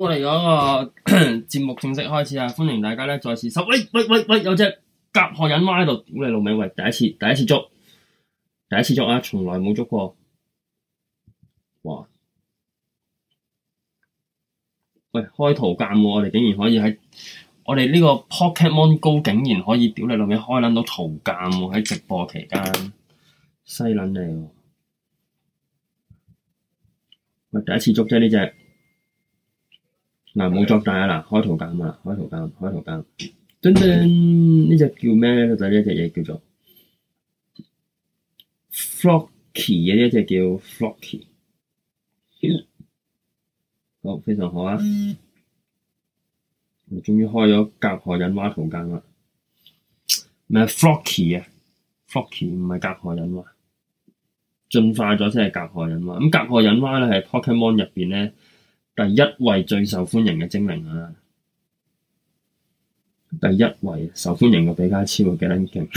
我哋嗰個節目正式開始啊！歡迎大家咧再次收喂喂喂喂，有隻甲殼人蛙喺度，屌你老味喂！第一次第一次捉，第一次捉啊，從來冇捉過，哇！喂，開圖鑑喎、啊，我哋竟然可以喺我哋呢個 Pokemon Go 竟然可以屌你老味開撚到圖鑑喎、啊，喺直播期間，犀撚嚟喎！喂，第一次捉啫，呢隻。嗱，冇作大啊！嗱，開圖鑑啊，開圖鑑，開圖鑑。叮叮，呢隻叫咩咧？就係呢隻嘢叫做 Flocky 嘅呢隻叫 Flocky。好，非常好啊！我終於開咗甲賀忍蛙圖鑑啦。咩 Flocky 啊？Flocky 唔係甲賀忍蛙，進化咗先係甲賀忍蛙。咁甲賀忍蛙咧，係 Pokemon 入邊咧，第一位最受歡迎嘅精靈啊！第一位受歡迎嘅比卡超幾靚勁？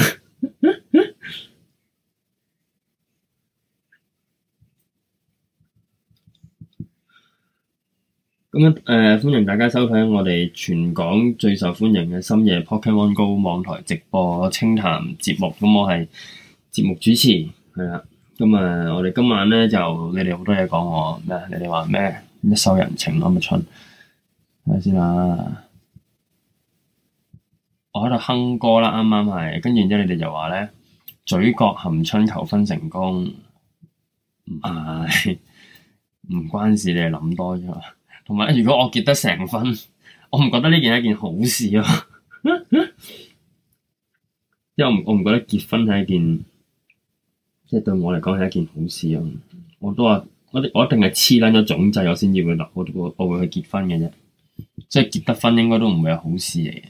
咁啊，誒、 呃，歡迎大家收睇我哋全港最受歡迎嘅深夜 Pokemon Go 網台直播清談節目。咁我係節目主持，係啦。咁啊、呃，我哋今晚咧就你哋好多嘢講，我咩？你哋話咩？咁收人情咯，咪春睇下先啦。我喺度哼歌啦，啱啱係，跟住然之後你哋就話咧，嘴角含春求婚成功，唔係，唔關事，你哋諗多咗。同埋，如果我結得成婚，我唔覺得呢件係一件好事啊。 因為我唔覺得結婚係一件，即係對我嚟講係一件好事啊。我都話。我一定係黐撚咗種籽，我先至會立嗰個，我會去結婚嘅啫。即係結得婚應該都唔會係好事嚟。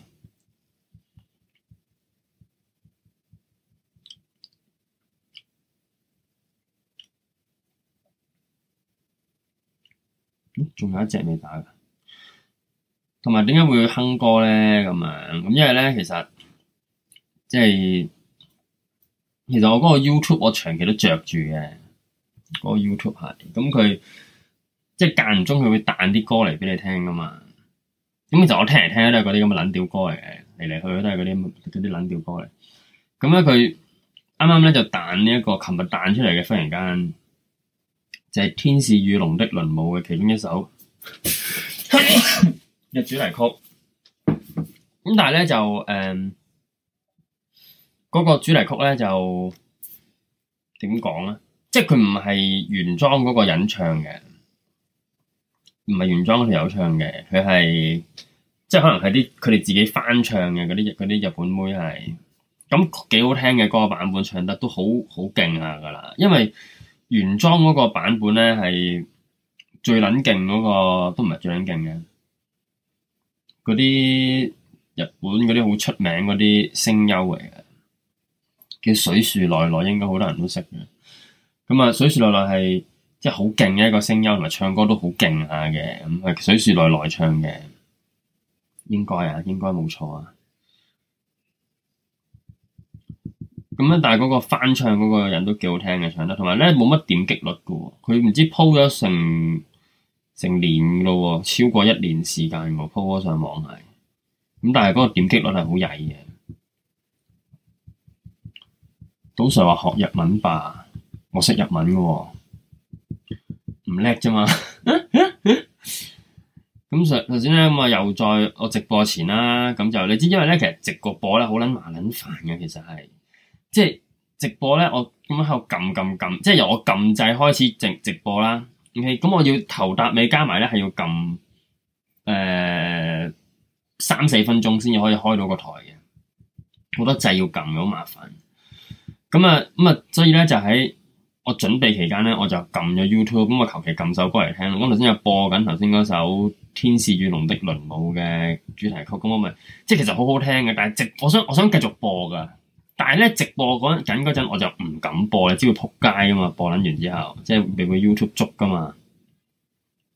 仲有一隻未打㗎，同埋點解會哼歌咧？咁樣，咁因為咧，其實即係其實我嗰個 YouTube 我長期都着住嘅。個 YouTube 下啲，咁佢即係間唔中佢會彈啲歌嚟俾你聽噶嘛，咁其實我聽嚟聽都係嗰啲咁嘅冷調歌嚟嘅，嚟嚟去去都係嗰啲啲冷調歌嚟。咁咧佢啱啱咧就彈呢一個琴日彈出嚟嘅，忽然間就係、是《天使與龍的輪舞》嘅其中一首嘅 主題曲。咁但係咧就誒，嗰、嗯那個主題曲咧就點講咧？即係佢唔係原裝嗰個人唱嘅，唔係原裝嗰條友唱嘅。佢係即係可能係啲佢哋自己翻唱嘅嗰啲嗰啲日本妹係咁幾好聽嘅歌嗰個版本，唱得都好好勁下噶啦。因為原裝嗰個版本咧係最撚勁嗰個，都唔係最撚勁嘅嗰啲日本嗰啲好出名嗰啲聲優嚟嘅，叫水樹奈奈，應該好多人都識嘅。咁啊，水樹奈奈係即係好勁嘅一個聲優，同埋唱歌都好勁下嘅。咁係水樹奈奈唱嘅，應該啊，應該冇錯啊。咁咧，但係嗰個翻唱嗰個人都幾好聽嘅，唱得同埋咧冇乜點擊率㗎。佢唔知鋪咗成成年咯，超過一年時間冇鋪咗上網係。咁但係嗰個點擊率係好曳嘅。多數話學日文吧。我識日文嘅，哦，唔叻啫嘛。咁上頭先咧，咁啊又在我直播前啦，啊，咁就你知，因為咧其實直個播咧好捻麻捻煩嘅，其實係即係直播咧，我咁樣喺度撳撳撳，即係由我撳掣開始直直播啦。OK，咁我要頭搭尾加埋咧，係要撳誒三四分鐘先至可以開到個臺嘅，好多掣要撳，好麻煩。咁啊咁啊，所以咧就喺、是。我準備期間咧，我就撳咗 YouTube，咁、嗯、我求其撳首歌嚟聽。咁頭先又播緊頭先嗰首《天使與龍的輪舞》嘅主題曲，咁、嗯、我咪即係其實好好聽嘅，但係直我想我想繼續播噶，但係咧直播嗰陣我就唔敢播，只會撲街啊嘛，播撚完之後即係俾個 YouTube 捉噶嘛，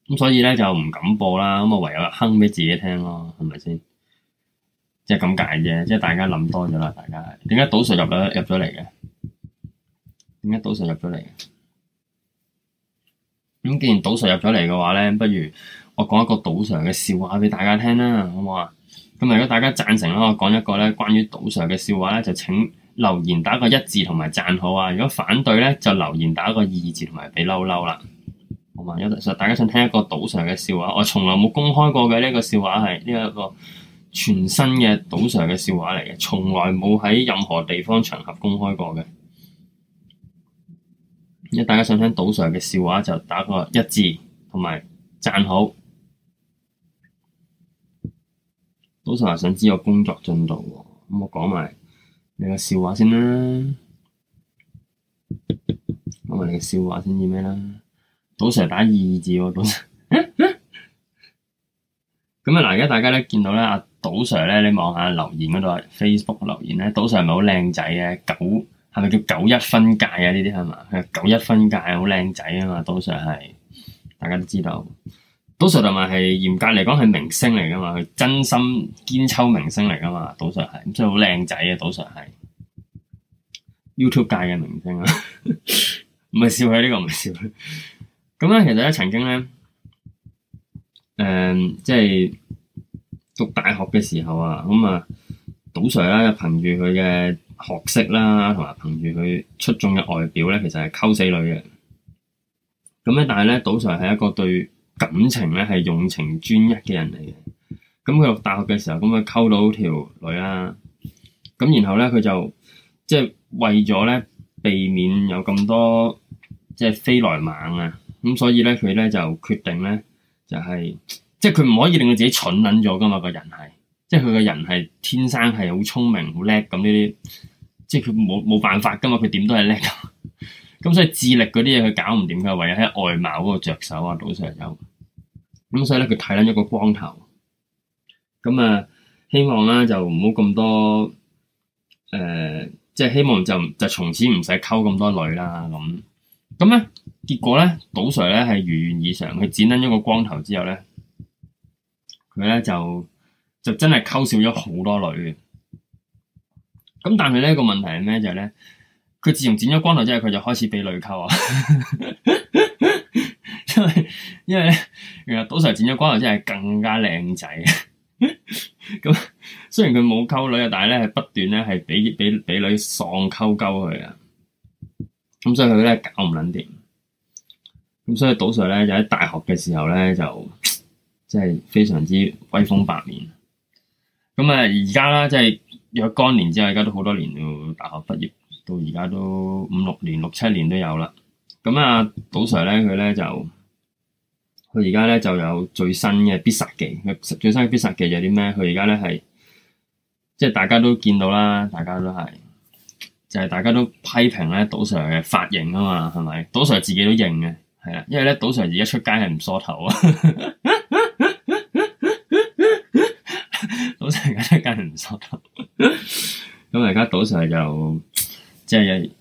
咁、嗯、所以咧就唔敢播啦，咁、嗯、啊唯有哼俾自己聽咯，係咪先？即係咁解啫，即係大家諗多咗啦，大家係點解倒數入咗入咗嚟嘅？而家賭場入咗嚟，嘅，咁既然賭場入咗嚟嘅話咧，不如我講一個賭場嘅笑話俾大家聽啦，好啊？咁如果大家贊成啦，我講一個咧關於賭場嘅笑話咧，就請留言打個一字同埋贊好啊！如果反對咧，就留言打個二字同埋俾嬲嬲啦。好嘛？有時候大家想聽一個賭場嘅笑話，我從來冇公開過嘅，呢個笑話係呢一個全新嘅賭場嘅笑話嚟嘅，從來冇喺任何地方場合公開過嘅。一，大家想聽賭 Sir 嘅笑話就打個一字同埋讚好。賭 Sir 想知我工作進度喎，咁我講埋你嘅笑話先啦。講埋你嘅笑話先知咩啦？賭 Sir 打二字喎，賭 Sir。咁啊嗱，而家大家咧見到咧阿賭 Sir 咧，你望下留言嗰度，Facebook 留言咧，賭 Sir 係咪好靚仔嘅狗？係咪叫九一分界啊？呢啲係嘛？係九一分界，好靚仔啊嘛！賭 Sir 係，大家都知道，賭 Sir 同埋係嚴格嚟講係明星嚟噶嘛？佢真心堅抽明星嚟噶嘛？賭 Sir 係，所以好靚仔啊！賭 Sir 係 YouTube 界嘅明星啊，唔係笑佢、這個、呢個唔係笑。佢咁咧，其實咧，曾經咧，誒、嗯，即係讀大學嘅時候啊，咁、嗯、啊，賭 Sir 咧憑住佢嘅。學識啦，同埋憑住佢出眾嘅外表咧，其實係溝死女嘅。咁咧，但係咧，賭 Sir 係一個對感情咧係用情專一嘅人嚟嘅。咁佢讀大學嘅時候，咁佢溝到條女啦，啊。咁然後咧，佢就即係、就是、為咗咧避免有咁多即係飛來猛啊。咁所以咧，佢咧就決定咧就係、是，即係佢唔可以令到自己蠢捻咗噶嘛。個人係，即係佢個人係天生係好聰明好叻咁呢啲。即係佢冇冇辦法噶嘛？佢點都係叻㗎咁， 所以智力嗰啲嘢佢搞唔掂㗎，唯有喺外貌嗰個着手啊。賭 Sir 有咁，所以咧，佢剃甩咗個光頭咁啊，希望咧就唔好咁多誒，即、呃、係、就是、希望就就從此唔使溝咁多女啦。咁咁咧，結果咧，賭 Sir 咧係如願以償，佢剪甩咗個光頭之後咧，佢咧就就真係溝少咗好多女嘅。咁但係咧個問題係咩？就係、是、咧，佢自從剪咗光頭之後，佢就開始俾女溝啊！因為因為咧，原來賭 Sir 剪咗光頭之後更加靚仔。咁雖然佢冇溝女啊，但係咧不斷咧係俾俾俾女喪溝溝佢啊。咁所以佢咧搞唔撚掂。咁所以賭 Sir 咧，就喺大學嘅時候咧，就即、是、係非常之威風八面。咁啊，而家啦，即係。若干年之後，而家都好多年了。要大學畢業到而家都五六年、六七年都有啦。咁啊，賭 Sir 咧，佢咧就佢而家咧就有最新嘅必殺技。佢最新嘅必殺技有啲咩？佢而家咧係即係大家都見到啦，大家都係就係、是、大家都批評咧賭 Sir 嘅髮型啊嘛，係咪？賭 Sir 自己都認嘅，係呀，因為咧賭 Sir 而家出街係唔梳頭啊，賭 Sir 而家出街係唔梳頭。 咁而家到時候就即係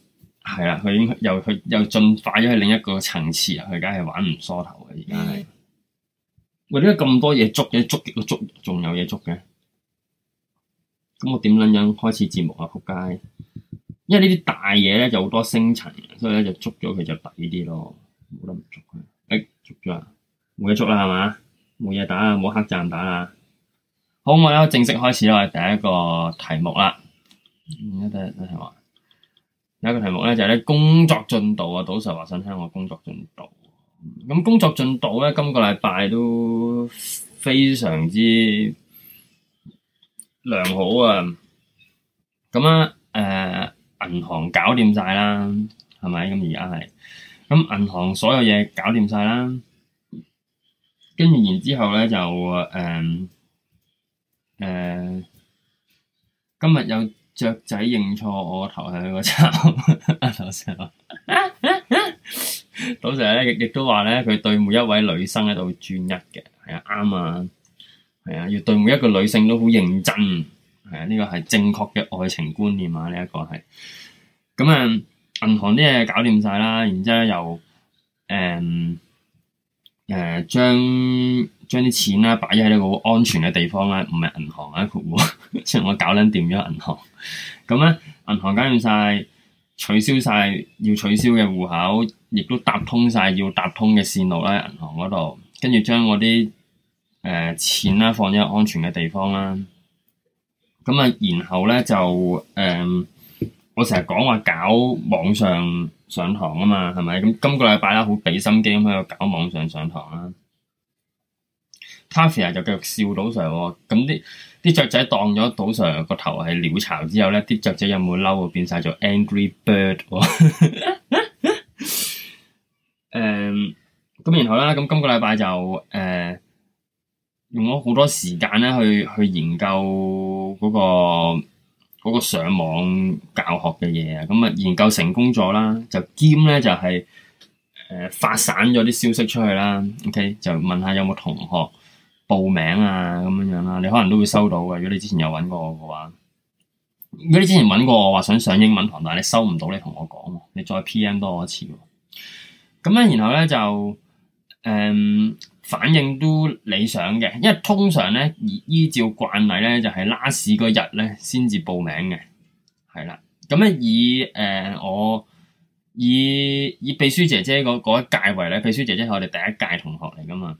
係啦，佢又佢又進化咗去另一個層次啊！佢而家係玩唔梳頭嘅，而家係我點解咁多嘢捉嘅？捉極都捉，仲有嘢捉嘅。咁我點捻樣開始節目啊？撲街！因為呢啲大嘢咧就好多星塵，所以咧就劃算劃算，捉咗佢就抵啲咯，冇得唔捉嘅。誒，捉咗啊？冇嘢捉啦，係嘛？冇嘢打啊，冇黑站打啊！好，我哋正式開始啦，第一個題目啦。而家第一第一個題目咧，就咧、是、工作進度啊。賭神話想聽我工作進度。咁、嗯、工作進度咧，今個禮拜都非常之良好啊。咁、嗯、啊，誒、嗯，銀行搞掂晒啦，係咪？咁而家係咁，銀、嗯、行所有嘢搞掂晒啦。跟住，然之後咧就誒。嗯誒，uh, 今日有雀仔認錯， 謝我頭係佢個頭，到時咧亦亦都話咧，佢對每一位女生喺度專一嘅，係啊啱啊，係啊，啊，要對每一個女性都好認真，係啊，呢個係正確嘅愛情觀念啊，呢、這、一個係，咁啊，銀行啲嘢搞掂晒啦，然之後又誒。嗯誒，將將啲錢啦擺喺一個好安全嘅地方啦，唔係銀行啊，即係我搞捻掂咗銀行，咁咧銀行搞掂晒，取消晒要取消嘅戶口，亦都搭通晒要搭通嘅線路啦，銀行嗰度，跟住將我啲誒、呃、錢啦放咗喺安全嘅地方啦，咁啊，然後咧就誒、呃，我成日講話搞網上。上堂啊嘛，係咪咁？今個禮拜啦，好俾心機咁喺度搞網上上堂啦。Taffia 成日就繼續笑賭 Sir、哦，咁啲啲雀仔當咗賭 Sir 個頭係鳥巢之後咧，啲雀仔有冇嬲變晒做 Angry Bird？誒，咁然後啦，咁今個禮拜就誒、呃、用咗好多時間咧去去研究嗰、那個。嗰個上網教學嘅嘢啊，咁啊研究成功咗啦，就兼咧就係、是、誒、呃、發散咗啲消息出去啦。OK，就問下有冇同學報名啊咁樣樣啦，你可能都會收到嘅。如果你之前有搵過我嘅話，如果你之前搵過我話想上英文堂，但係你收唔到，你同我講，你再 PM 多我一次喎。咁咧，然後咧就誒。嗯反應都理想嘅，因為通常咧依照慣例咧，就係拉屎個日咧先至報名嘅，係啦。咁、嗯、咧以誒、呃、我以以秘書姐姐嗰一屆為例，秘書姐姐係我哋第一屆同學嚟㗎嘛。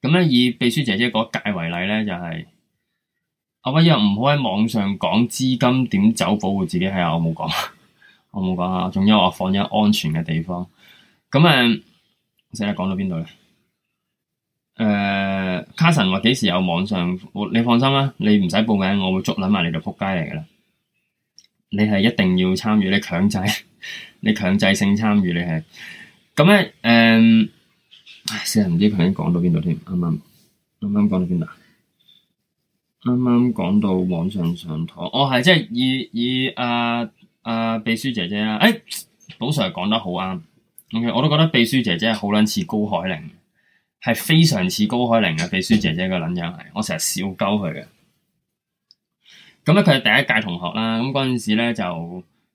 咁、嗯、咧以秘書姐姐嗰一屆為例咧，就係阿威又唔好喺網上講資金點走，保護自己係啊。我冇講，我冇講啊。仲有，有我放咗安全嘅地方咁誒，唔知咧講到邊度咧？誒，卡神話幾時有網上？你放心啦，你唔使報名，我會捉捻埋你做仆街嚟噶啦。你係一定要參與，你強制，你強制性參與，你係咁咧。誒，死、uh, 哎、人唔知佢已講到邊度添，啱啱？啱啱講到邊度？啱啱講到網上上台，哦，係即係以以阿阿、啊啊、秘書姐姐啦。誒、哎，寶 Sir 係講得好啱，ok，我都覺得秘書姐姐好卵似高海寧。係非常似高海寧嘅秘書姐姐個捻樣係，我成日笑鳩佢嘅。咁咧，佢係第一屆同學啦。咁嗰陣時咧，屆就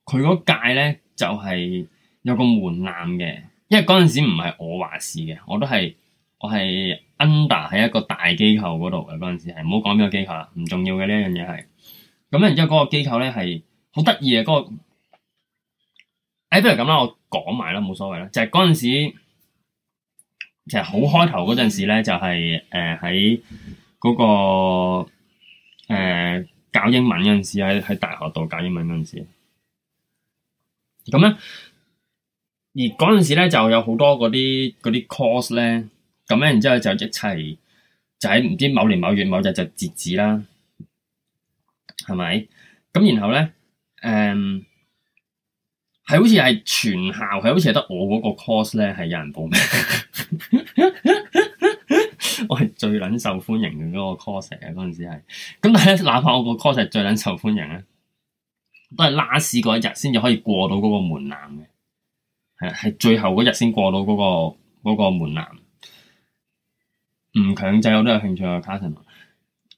佢嗰屆咧就係有個門檻嘅，因為嗰陣時唔係我話事嘅，我都係我係 under 喺一個大機構嗰度嘅。嗰陣時係唔好講呢個機構啦，唔重要嘅呢一樣嘢係。咁咧，然之後嗰個機構咧係好得意嘅嗰個。誒、哎，不如咁啦，我講埋啦，冇所謂啦，就係嗰陣時。其實好開頭嗰陣時咧，就係誒喺嗰個、呃、教英文嗰陣時，喺喺大學度教英文嗰陣時，咁咧，而嗰陣時咧就有好多嗰啲嗰啲 course 咧，咁咧然之後就一齊就喺唔知某年某月某日就截止啦，係咪？咁然後咧，誒、嗯。係好似係全校，係好似係得我嗰個 course 咧係有人報名， 我係最撚受歡迎嘅嗰個 course 啊！嗰陣時係，咁但係咧，哪怕我個 course 係最撚受歡迎咧，都係 last 嗰一日先至可以過到嗰個門檻嘅，係係最後嗰日先過到嗰、嗰個嗰、嗰個門檻。唔強制我都有興趣啊，卡森。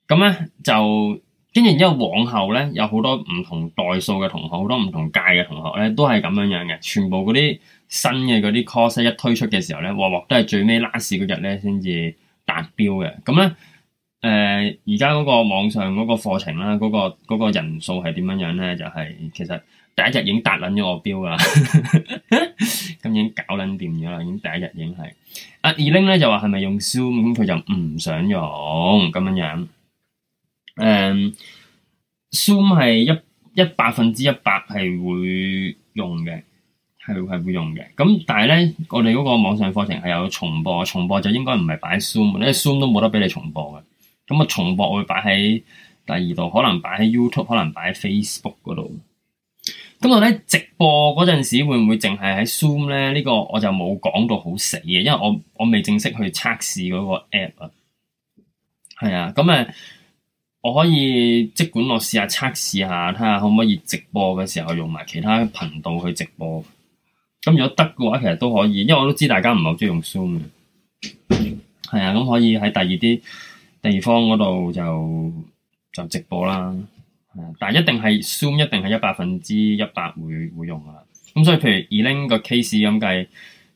咁咧就。跟住之後，往後咧有好多唔同代數嘅同學，好多唔同屆嘅同學咧，都係咁樣樣嘅。全部嗰啲新嘅嗰啲 course 一推出嘅時候咧，鑊鑊都係最尾 last 嗰日咧先至達標嘅。咁、嗯、咧，誒而家嗰個網上嗰個課程啦，嗰、那個嗰、那個人數係點樣樣咧？就係、是、其實第一日已經達撚咗個標噶啦，咁 已經搞撚掂咗啦，已經第一日已經係阿二 ling 咧就話係咪用 zoom？咁佢就唔想用咁樣樣。誒、um、Zoom 係一一百分之一百係會用嘅，係係會用嘅。咁但係咧，我哋嗰個網上課程係有重播，重播就應該唔係擺 Zoom，因為 Zoom 都冇得俾你重播嘅。咁啊，重播會擺喺第二度，可能擺喺 YouTube，可能擺喺 Facebook 嗰度。咁我咧直播嗰陣時會唔會淨係喺 Zoom 咧？呢、呢個我就冇講到好死嘅，因為我我未正式去測試嗰個 app 啊。係啊，咁、嗯、啊。.我可以即管我試下測試下，睇下可唔可以直播嘅時候用埋其他頻道去直播。咁如果得嘅話，其實都可以，因為我都知大家唔係好中意用 Zoom 嘅。係啊，咁可以喺第二啲地方嗰度就就直播啦。但係一定係 Zoom，一定係一百分之一百會會會用噶。咁所以譬如二 link 個 case 咁計，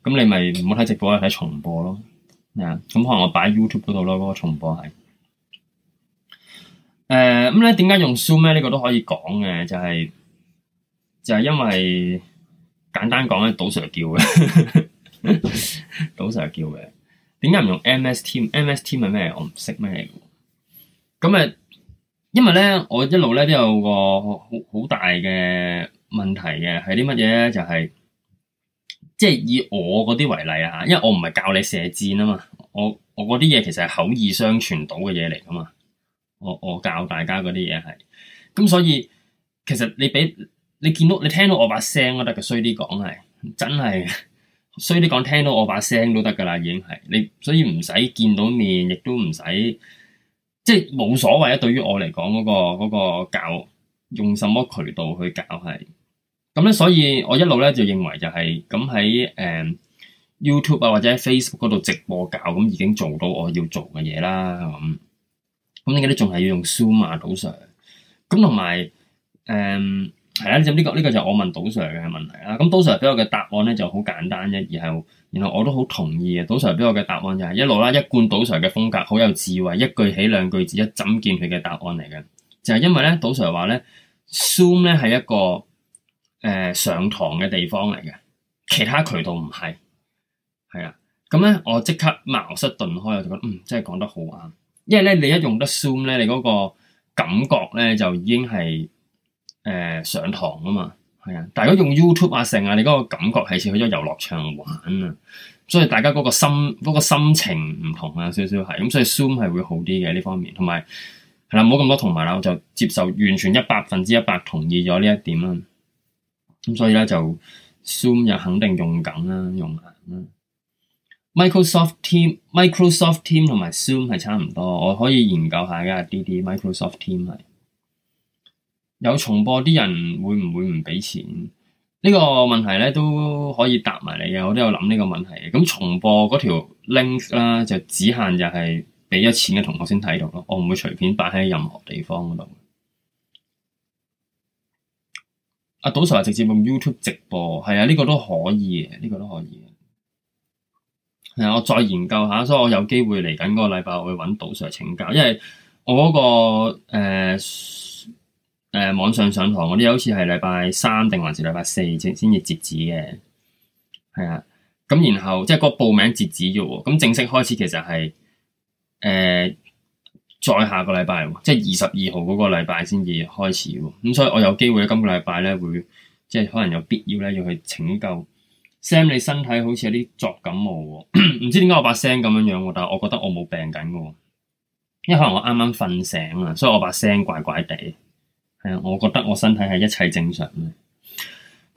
咁你咪唔好睇直播，睇、就、重播咯。啊，咁可能我擺 YouTube 嗰度咯，嗰、嗰個重播係。誒，咁咧點解用 Zoom 咧？呢個都可以講嘅，就係、是、就係、是、因為簡單講咧，導 Sir 叫嘅， 導 Sir 叫嘅。點解唔用 MS Team？MS Team 係咩？我唔識咩？咁啊，因為咧，我一路咧都有個好好大嘅問題嘅，係啲乜嘢咧？就係即係以我嗰啲為例啊，因為我唔係教你射箭啊嘛，我我嗰啲嘢其實係口耳相傳到嘅嘢嚟噶嘛。我我教大家嗰啲嘢係咁，所以其實你俾你見到你聽到我把聲都得，佢衰啲講係真係衰啲講，聽到我把聲都得㗎喇，已經係你，所以唔使見到面，亦都唔使即係冇所謂啊。對於我嚟講，嗰個嗰個教用什麼渠道去教係咁咧，所以我一路咧就認為就係咁喺誒 YouTube 啊或者喺 Facebook 嗰度直播教咁，已經做到我要做嘅嘢啦咁。咁呢啲仲係要用 Zoom 啊！賭 Sir，咁同埋，誒係啦，咁、嗯、呢、啊這個呢、這個就我問賭 Sir 嘅問題啦。咁賭 Sir 俾我嘅答案咧就好簡單啫，然後然後我都好同意嘅。賭 Sir 俾我嘅答案就係、是、一路啦，一貫賭 Sir 嘅風格，好有智慧，一句起兩句止，只一針見血嘅答案嚟嘅。就係、是、因為咧，賭 Sir 話咧，Zoom 咧係一個誒、呃、上堂嘅地方嚟嘅，其他渠道唔係。係啊，咁、嗯、咧我即刻茅塞頓開，我就覺得嗯，真係講得好啱。因為咧，你一用得 Zoom 咧，你嗰個感覺咧就已經係誒、呃、上堂啊嘛，係啊。但係用 YouTube 啊、成啊，你嗰個感覺係似去咗遊樂場玩啊，所以大家嗰個心、嗰個心情唔同啊，少少係。咁所以 Zoom 係會好啲嘅，呢方面，同埋係啦，冇咁多同埋啦，我就接受完全一百分之一百同意咗呢一點啦、啊。咁所以咧就 Zoom 就肯定用緊啦、啊，用眼啦、啊。Microsoft Team、Microsoft Team 同埋 Zoom 係差唔多，我可以研究下噶啲啲 Microsoft Team 係有重播啲人會唔會唔俾錢？呢個問題咧都可以答埋你嘅，我都有諗呢個問題，咁重播嗰條 link 啦，就只限就係俾咗錢嘅同學先睇到咯，我唔會隨便擺喺任何地方嗰度。阿賭 Sir 話直接用 YouTube 直播，係啊，呢個都可以，呢個都可以。係啊，我再研究下，所以我有機會嚟緊嗰個禮拜，我會揾導師請教，因為我嗰、那個誒誒、呃呃、網上上堂嗰啲，好似係禮拜三定還是禮拜四先至截止嘅，係啊。咁然後即係個報名截止嘅喎，咁正式開始其實係誒、呃、再下個禮拜，即係二十二號嗰個禮拜先至開始。咁所以我有機會今個禮拜咧，會即係可能有必要咧要去拯救。Sam，你身體好似有啲作感冒喎、哦，唔 知點解我把聲咁樣樣，但係我覺得我冇病緊嘅，因為可能我啱啱瞓醒啊，所以我把聲怪怪地。係啊，我覺得我身體係一切正常嘅。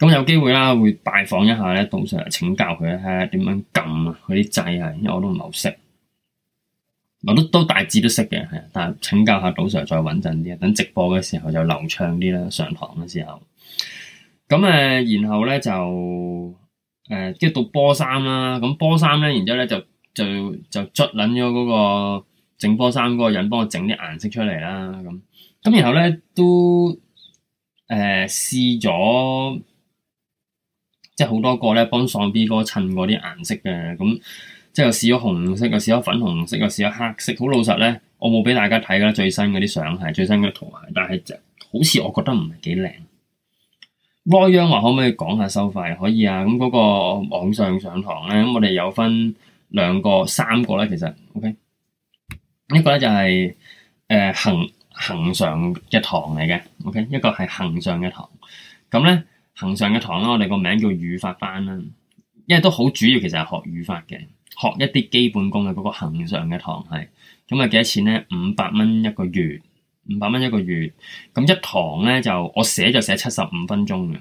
咁有機會啦，會拜訪一下咧，賭 Sir 請教佢咧，點樣撳啊，佢啲掣係，因為我都唔係好識。我都都大致都識嘅，係，但係請教下賭 Sir 再穩陣啲，等直播嘅時候就流暢啲啦。上堂嘅時候，咁誒、呃，然後咧就。誒、嗯，那個呃，即係到波衫啦，咁波衫咧，然之後咧就就就捽撚咗嗰個整波衫嗰個人幫我整啲顏色出嚟啦，咁，咁然後咧都誒試咗，即係好多個咧幫喪 B 哥襯嗰啲顏色嘅，咁即係又試咗紅色，又試咗粉紅色，又試咗黑色，好老實咧，我冇俾大家睇㗎啦，最新嗰啲相係，最新嘅啲圖係，但係就好似我覺得唔係幾靚。羅央話可唔可以講下收費？可以啊，咁嗰個網上上堂咧，咁我哋有分兩個、三個咧，其實，OK，一個咧就係、是、誒、呃、行行上嘅堂嚟嘅，OK，一個係行上嘅堂。咁、嗯、咧行上嘅堂咧，我哋個名叫語法班啦，因為都好主要，其實係學語法嘅，學一啲基本功嘅嗰個行上嘅堂係。咁啊，幾多錢咧？五百蚊一個月。五百蚊一個月，咁一堂咧就我寫就寫七十五分鐘嘅，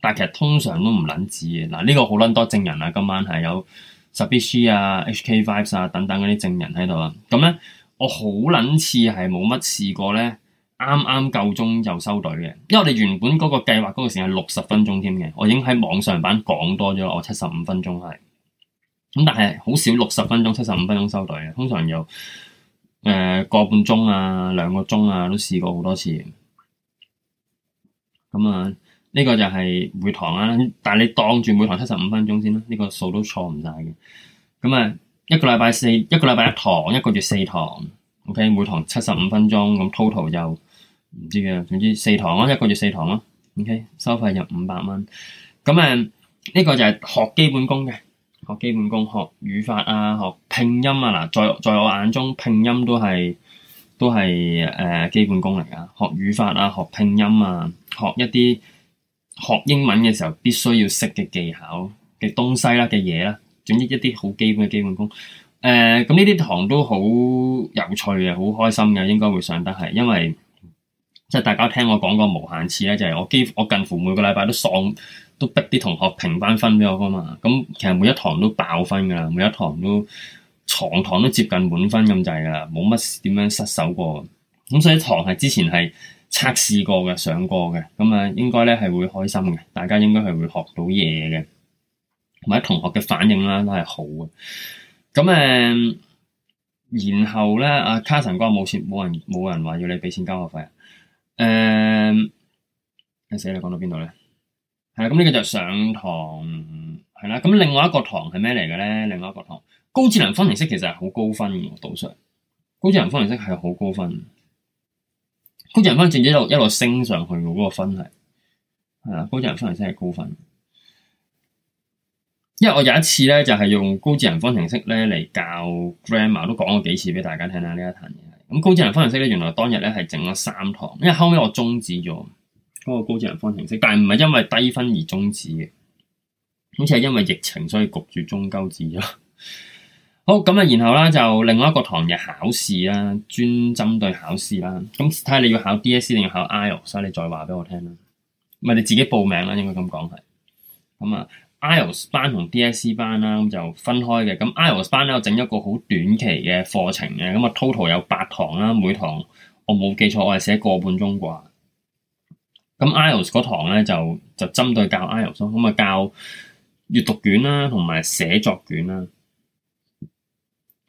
但係其實通常都唔捻字嘅。嗱呢個好捻多證人啊，今晚係有 Subi C 啊、HK Five 啊、等等嗰啲證人喺度啊。咁咧我好捻次係冇乜試過咧，啱啱夠鐘就收隊嘅，因為我哋原本嗰個計劃嗰個時間係六十分鐘添嘅，我已經喺網上版講多咗，我七十五分鐘係，咁但係好少六十分鐘、七十五分鐘收隊嘅，通常有。誒，個、呃、半鐘啊，兩個鐘啊，都試過好多次。咁啊，呢、這個就係每堂啊。但係你當住每堂七十五分鐘先啦，呢、這個數都錯唔晒嘅。咁啊，一個禮拜四，一個禮拜一堂，一個月四堂，OK，每堂七十五分鐘，咁 total 就唔知嘅，總之四堂啊，一個月四堂咯、啊，OK，收費就五百蚊。咁啊，呢、這個就係學基本功嘅。學基本功，學語法啊，學拼音啊，嗱，在在我眼中，拼音都係都係誒、呃、基本功嚟噶。學語法啊，學拼音啊，學一啲學英文嘅時候必須要識嘅技巧嘅東西啦、啊，嘅嘢啦，總之一啲好基本嘅基本功。誒、呃，咁呢啲堂都好有趣嘅，好開心嘅，應該會上得係，因為即係、就是、大家聽我講過無限次咧，就係、是、我幾我近乎每個禮拜都喪。都逼啲同學評翻分俾我噶嘛，咁其實每一堂都爆分噶啦，每一堂都長堂都接近滿分咁滯噶啦，冇乜點樣失手過。咁所以堂係之前係測試過嘅，上過嘅，咁啊應該咧係會開心嘅，大家應該係會學到嘢嘅，同埋同學嘅反應啦都係好嘅。咁誒、嗯，然後咧啊，卡神哥冇錢冇人冇人話要你俾錢交學費誒，阿 s i 你講到邊度咧？係咁呢個就上堂係啦，咁另外一個堂係咩嚟嘅咧？另外一個堂高智能分程式其實係好高分嘅，島上高智能分程式係好高分，高智能分程式一路一路升上去嘅嗰、那個分係，係啦，高智能分程式係高分，因為我有一次咧就係、是、用高智能分程式咧嚟教 grammar 都講過幾次俾大家聽下、啊、呢一壇嘢。咁高智能分程式咧，原來當日咧係整咗三堂，因為後尾我終止咗。嗰個高智能方程式，但係唔係因為低分而終止嘅，好似係因為疫情所以焗住中間止咗。好，咁啊，然後啦就另外一個堂嘅考試啦，專針對考試啦。咁睇下你要考 DSE 定要考 IELTS，所以你再話俾我聽啦。咪你自己報名啦，應該咁講係。咁啊，IELTS 班同 DSE 班啦，咁就分開嘅。咁 IELTS 班咧，我整一個好短期嘅課程嘅。咁啊，total 有八堂啦，每堂我冇記錯，我係寫個半鐘啩。咁 IELTS 嗰堂咧就就針對教 IELTS 咁啊教閱讀卷啦，同埋寫作卷啦。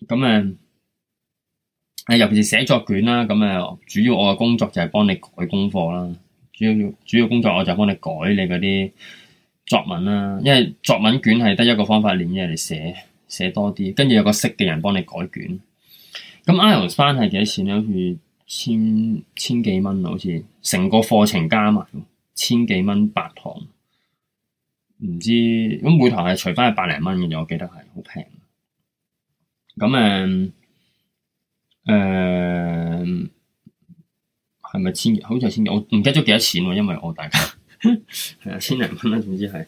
咁誒，誒，尤其是寫作卷啦。咁誒，主要我嘅工作就係幫你改功課啦。主要主要工作我就幫你改你嗰啲作文啦，因為作文卷係得一個方法練嘅，你寫寫多啲，跟住有個識嘅人幫你改卷。咁 IELTS 班係幾多錢咧？好似。千千幾蚊，好似成個課程加埋千幾蚊八堂，唔知咁每堂係除翻係百零蚊嘅，我記得係、嗯呃、好平。咁誒誒係咪千幾，好似係千幾？我唔記得咗幾多錢，因為我大家係 啊千零蚊啦，總之係。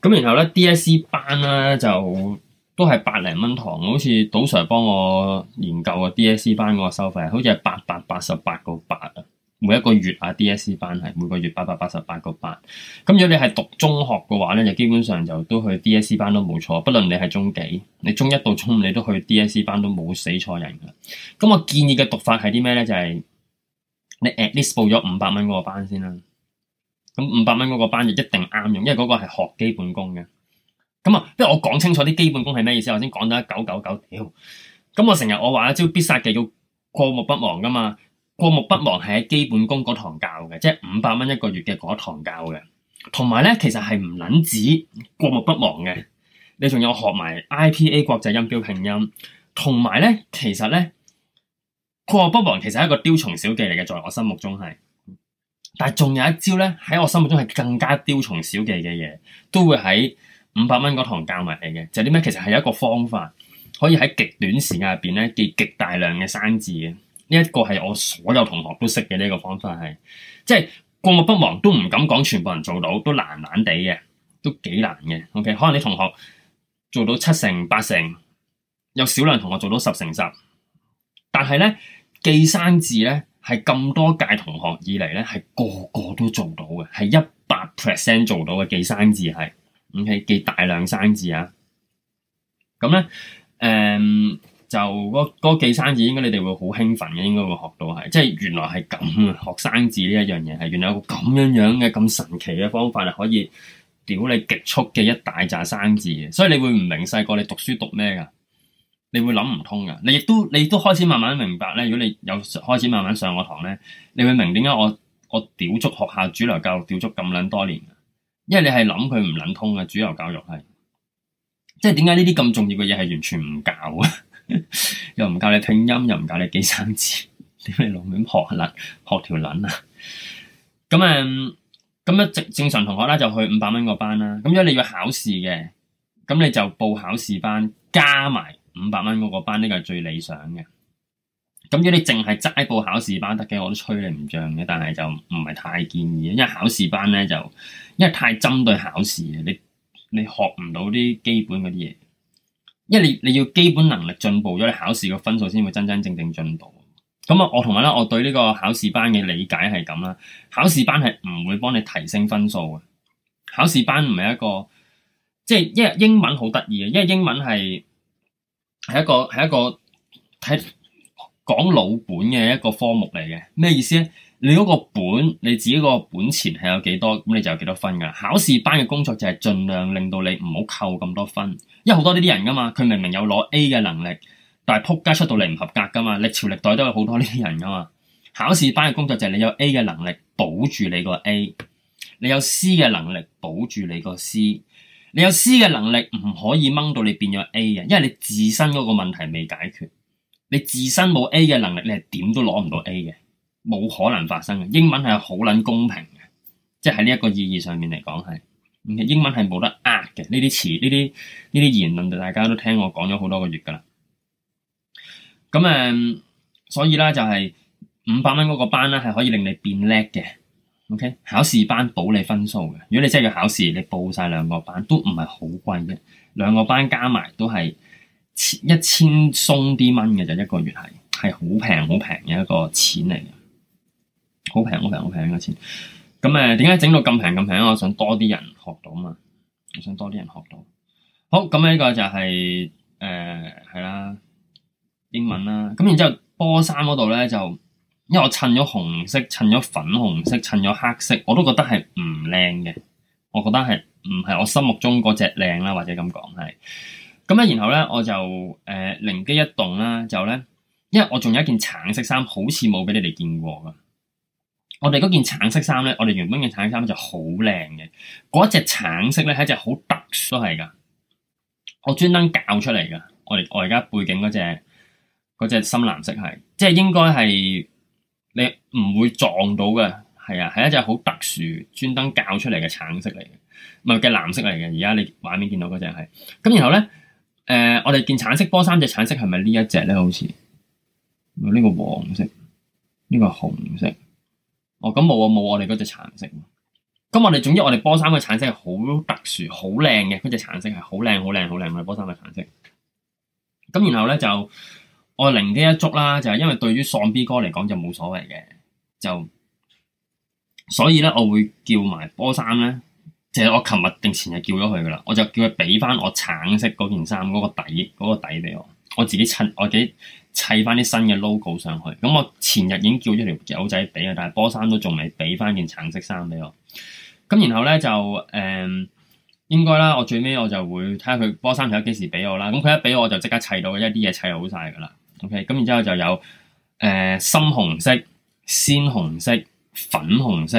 咁然後咧 DSC 班啦就。都係百零蚊堂，好似杜 Sir 幫我研究個 DSC 班嗰個收費，好似係八百八十八個八啊！每一個月啊，DSC 班係每個月八百八十八個八。咁如果你係讀中學嘅話咧，就基本上就都去 DSC 班都冇錯。不論你係中幾，你中一到中五你都去 DSC 班都冇死錯人噶。咁我建議嘅讀法係啲咩咧？就係、是、你 at least 報咗五百蚊嗰個班先啦。咁五百蚊嗰個班就一定啱用，因為嗰個係學基本功嘅。咁啊，不如、嗯、我講清楚啲基本功係咩意思？我先講得九九九屌。咁、嗯、我成日我話一招必殺技叫過目不忘噶嘛，過目不忘係喺基本功嗰堂教嘅，即係五百蚊一個月嘅嗰堂教嘅。同埋咧，其實係唔撚止過目不忘嘅，你仲有學埋 IPA 國際音標拼音。同埋咧，其實咧過目不忘其實係一個雕蟲小技嚟嘅，在我心目中係。但係仲有一招咧，喺我心目中係更加雕蟲小技嘅嘢，都會喺。五百蚊嗰堂教埋你嘅就係啲咩？其實係一個方法，可以喺極短時間入邊咧記極大量嘅生字嘅。呢一個係我所有同學都識嘅，呢一個方法係，即係過目不忘都唔敢講全部人做到，都難難地嘅，都幾難嘅。OK，可能你同學做到七成八成，有少量同學做到十成十，但係咧記生字咧係咁多屆同學以嚟咧係個個都做到嘅，係一百 percent 做到嘅記生字係。唔係記大量生字啊，咁咧，誒、嗯，就嗰嗰記生字，應該你哋會好興奮嘅，應該會學到係，即係原來係咁啊，學生字呢一樣嘢係原來有個咁樣樣嘅咁神奇嘅方法，係可以屌你極速嘅一大紮生字嘅，所以你會唔明細個你讀書讀咩噶，你會諗唔通噶，你亦都你都開始慢慢明白咧，如果你有開始慢慢上我堂咧，你會明點解我我屌足學校主流教育屌足咁卵多年。因為你係諗佢唔諗通嘅，主流教育係即係點解呢啲咁重要嘅嘢，係完全唔教啊？ 又唔教你聽音，又唔教你記生字，點你老母學卵學條卵啊？咁 誒，咁一直正常同學啦，就去五百蚊嗰個班啦。咁如果你要考試嘅，咁你就報考試班加埋五百蚊嗰個班，呢個係最理想嘅。咁如果你淨係齋報考試班得嘅，我都吹你唔漲嘅，但係就唔係太建議，因為考試班咧，就。因為太針對考試啊，你你學唔到啲基本嗰啲嘢，因為你你要基本能力進步咗，你考試個分數先會真真正正正進步。咁、嗯、啊，我同埋啦，我對呢個考試班嘅理解係咁啦，考試班係唔會幫你提升分數嘅，考試班唔係一個，即係因為英文好得意嘅，因為英文係係一個係一個睇講老本嘅一個科目嚟嘅，咩意思咧？你嗰個本，你自己嗰個本錢係有幾多？咁你就有幾多分噶喇。考試班嘅工作就係盡量令到你唔好扣咁多分，因為好多呢啲人噶嘛，佢明明有攞 A 嘅能力，但係撲街出到嚟唔合格噶嘛。歷朝歷代都有好多呢啲人噶嘛。考試班嘅工作就係你有 A 嘅能力保住你個 A，你有 C 嘅能力保住你個 C，你有 C 嘅能力唔可以掹到你變咗 A 嘅，因為你自身嗰個問題未解決，你自身冇 A 嘅能力，你係點都攞唔到 A 嘅。冇可能發生嘅。英文係好撚公平嘅，即係呢一個意義上面嚟講係。英文係冇得呃嘅。呢啲詞，呢啲呢啲言論，大家都聽我講咗好多個月㗎啦。咁誒、嗯，所以咧就係五百蚊嗰個班咧，係可以令你變叻嘅。OK，考試班補你分數嘅，如果你真係要考試，你報晒兩個班都唔係好貴嘅，兩個班加埋都係千一千鬆啲蚊嘅，就一個月係係好平好平嘅一個錢嚟嘅。好平，好平，好平嘅錢咁誒。點解整到咁平咁平？我想多啲人學到啊嘛，我想多啲人學到。好，咁呢個就係誒，係啦英文啦。咁然之後波衫嗰度咧，就因為我襯咗紅色，襯咗粉紅色，襯咗黑色，我都覺得係唔靚嘅。我覺得係唔係我心目中嗰隻靚啦，或者咁講係咁咧。然後咧，我就誒靈機一動啦，就咧，因為我仲有一件橙色衫，好似冇俾你哋見過噶。我哋嗰件橙色衫咧，我哋原本嘅橙色衫就好靚嘅。嗰隻橙色咧係一隻好特殊都係噶，我專登校出嚟噶。我哋我而家背景嗰隻嗰隻深藍色係，即係應該係你唔會撞到嘅。係啊，係一隻好特殊專登校出嚟嘅橙色嚟嘅，唔係嘅藍色嚟嘅。而家你畫面見到嗰隻係咁，然後咧誒、呃，我哋件橙色波衫隻橙色係咪呢一隻咧？好似呢個黃色，呢個紅色。哦，咁冇啊，冇我哋嗰隻橙色。咁我哋，總之我哋波衫嘅橙色係好特殊，好靚嘅，嗰隻橙色係好靚，好靚，好靚嘅波衫嘅橙色。咁然後咧就我靈機一觸啦，就係因為對於喪 B 哥嚟講就冇所謂嘅，就所以咧我會叫埋波衫咧，就係、是、我琴日定前日叫咗佢噶啦，我就叫佢俾翻我橙色嗰件衫嗰、個底嗰、個底俾我，我自己襯，我幾。砌翻啲新嘅 logo 上去，咁我前日已經叫咗條狗仔俾啊，但係波衫都仲未俾翻件橙色衫俾我。咁然後咧就誒、嗯、應該啦，我最尾我就會睇下佢波衫有幾時俾我啦。咁佢一俾我就即刻砌到，一啲嘢砌好晒㗎啦。OK，咁然之後就有誒、呃、深紅色、鮮紅色、粉紅色、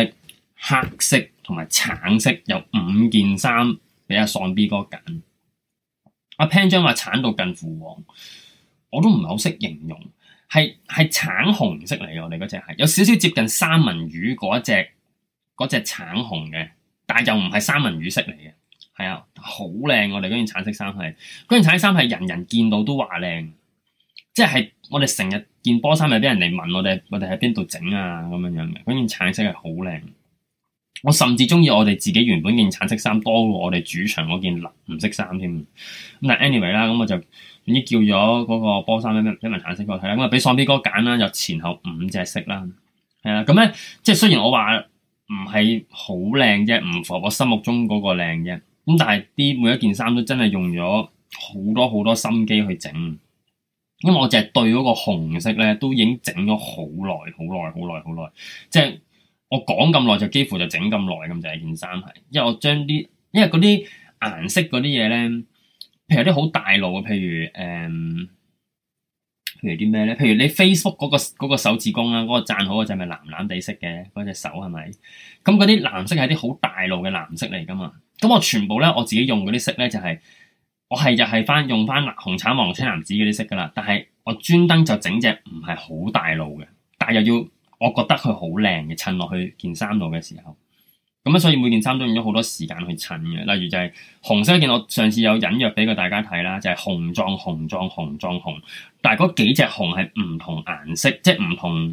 黑色同埋橙色，有五件衫俾阿喪 B 哥揀。阿 Pan 將話鏟到近乎黃。我都唔係好識形容，係係橙紅色嚟嘅，我哋嗰隻係有少少接近三文魚嗰隻隻橙紅嘅，但係又唔係三文魚色嚟嘅，係啊，好靚！我哋嗰件橙色衫係，嗰件橙色衫係人人見到都話靚，即係我哋成日件波衫又俾人哋問我哋，我哋喺邊度整啊咁樣樣嘅，嗰件橙色係好靚。我甚至中意我哋自己原本件橙色衫多過我哋主場嗰件藍唔色衫添。咁但 anyway 啦，咁我就已經叫咗嗰個波衫一咩，即橙色過去。啦。咁啊，俾喪屍哥揀啦，就前後五隻色啦。係啊，咁咧即係雖然我話唔係好靚啫，唔符合我心目中嗰個靚啫。咁但係啲每一件衫都真係用咗好多好多心機去整。因為我只係對嗰個紅色咧，都已經整咗好耐，好耐，好耐，好耐。即係。我講咁耐就幾乎就整咁耐，咁就係件衫係，因為我將啲因為嗰啲顏色嗰啲嘢咧，譬如啲好大路嘅，譬如誒、嗯，譬如啲咩咧？譬如你 Facebook 嗰、嗰個、嗰個手指公啊，嗰、嗰個讚好嗰隻係咪藍藍地色嘅？嗰隻手係咪？咁嗰啲藍色係啲好大路嘅藍色嚟噶嘛？咁我全部咧我自己用嗰啲色咧就係、係，我係就係翻用翻紅橙黃青藍紫嗰啲色噶啦，但係我專登就整隻唔係好大路嘅，但係又要。我覺得佢好靚嘅，襯落去件衫度嘅時候，咁啊，所以每件衫都用咗好多時間去襯嘅。例如就係紅色一件，我上次有隱約俾過大家睇啦，就係紅撞紅撞紅撞紅，但係嗰幾隻紅係唔同顏色，即係唔同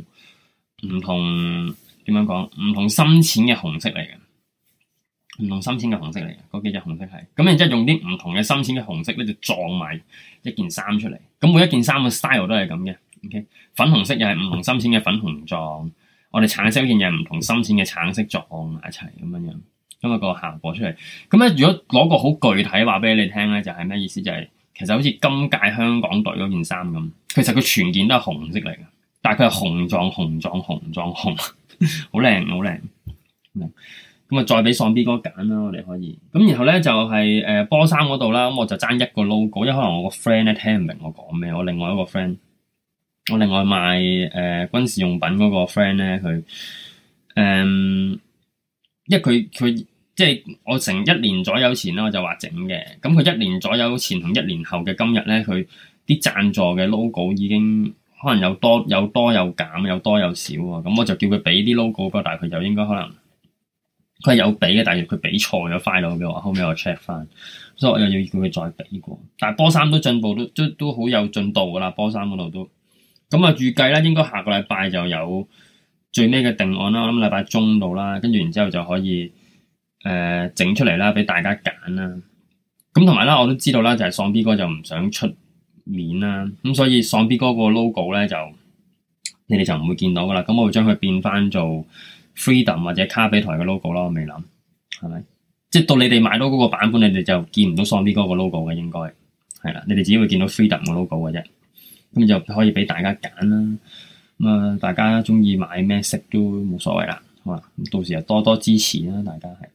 唔同點樣講？唔同深淺嘅紅色嚟嘅，唔同深淺嘅紅色嚟嘅，嗰幾隻紅色係咁，然之後用啲唔同嘅深淺嘅紅色咧，就撞埋一件衫出嚟。咁每一件衫嘅 style 都係咁嘅。 粉紅色又係唔同深淺嘅粉紅撞，我哋橙色嗰件又係唔同深淺嘅橙色撞埋一齊咁樣樣，咁啊、那個效果出嚟。咁咧，如果攞個好具體話俾你聽咧，就係、是、咩意思就係、是、其實好似今屆香港隊嗰件衫咁，其實佢全件都係紅色嚟噶，但係佢係紅撞、紅撞、紅撞、紅，好 靚，好靚，靚咁啊！再俾喪 B 哥揀啦，我哋可以咁。然後咧就係、是、誒、呃、波衫嗰度啦，咁我就爭一個 logo，因為可能我個 friend 咧聽唔明我講咩，我另外一個 friend。我另外賣誒、呃、軍事用品嗰個 friend 咧，佢誒、嗯，因為佢佢即係我成一年左右前咧，我就話整嘅。咁佢一年左右前同一年後嘅今日咧，佢啲贊助嘅 logo 已經可能有多有多有減，有多有少啊。咁我就叫佢俾啲 logo，但係佢就應該可能佢有俾嘅，但係佢俾錯咗 file 俾我。後尾我 check 返，所以我又要叫佢再俾過。但係波衫都進步，都都都好有進度噶啦，波衫嗰度都。咁啊，預計咧應該下個禮拜就有最尾嘅定案啦，我諗禮拜中度啦，跟住然之後就可以誒整、呃、出嚟啦，俾大家揀啦。咁同埋啦，我都知道啦，就係、是、喪 B 哥就唔想出面啦，咁所以喪 B 哥個 logo 咧就你哋就唔會見到噶啦。咁我會將佢變翻做 Freedom 或者卡比台嘅 logo 咯。我未諗係咪？即係到你哋買到嗰個版本，你哋就見唔到喪 B 哥個 logo 嘅應該係啦。你哋自己會見到 Freedom 嘅 logo 嘅啫。咁就可以俾大家揀啦。咁啊，大家中意買咩色都冇所謂啦，好嘛？咁到時又多多支持啦，大家係。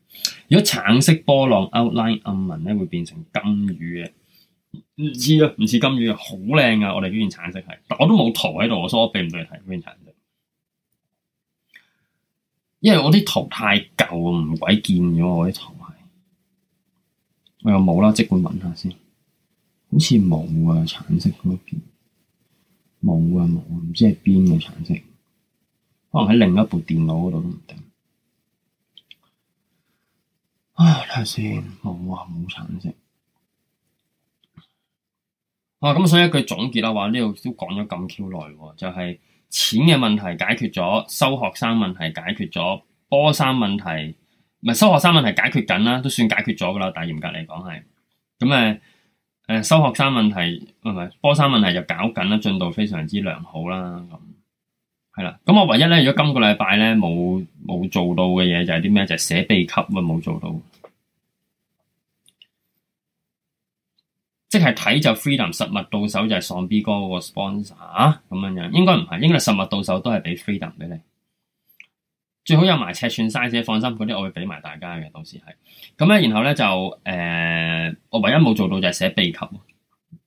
如果橙色波浪 outline 暗紋咧，會變成金魚嘅，唔似啊，唔似金魚，好靚啊！我哋呢件橙色係，但我都冇圖喺度，所以我俾唔俾你睇呢件橙色？因為我啲圖太舊，唔鬼見咗我啲圖係，我又冇啦，即管問下先。好似冇啊，橙色嗰邊。冇啊冇，唔知係邊個橙色，可能喺另一部電腦嗰度都唔定。睇下先，冇啊冇橙色。啊，咁所以一句總結啊，話呢度都講咗咁 Q 耐喎，就係錢嘅問題解決咗，收學生問題解決咗，波衫問題唔係收學生問題解決緊啦，都算解決咗噶啦。但係嚴格嚟講係，咁誒。呃誒收學生問題，唔係波衫問題就搞緊啦，進度非常之良好啦，咁係啦。咁我唯一咧，如果今個禮拜咧冇冇做到嘅嘢就係啲咩？就係寫秘笈啊，冇做到。即係睇就 freedom 實物到手就係送 B 哥嗰個 sponsor 啊，咁樣應該唔係，應該，應該實物到手都係俾 freedom 俾你。最好有埋尺寸 size，放心，嗰啲我會俾埋大家嘅。到時係咁咧，然後咧就誒、呃，我唯一冇做到就係寫秘笈，呢、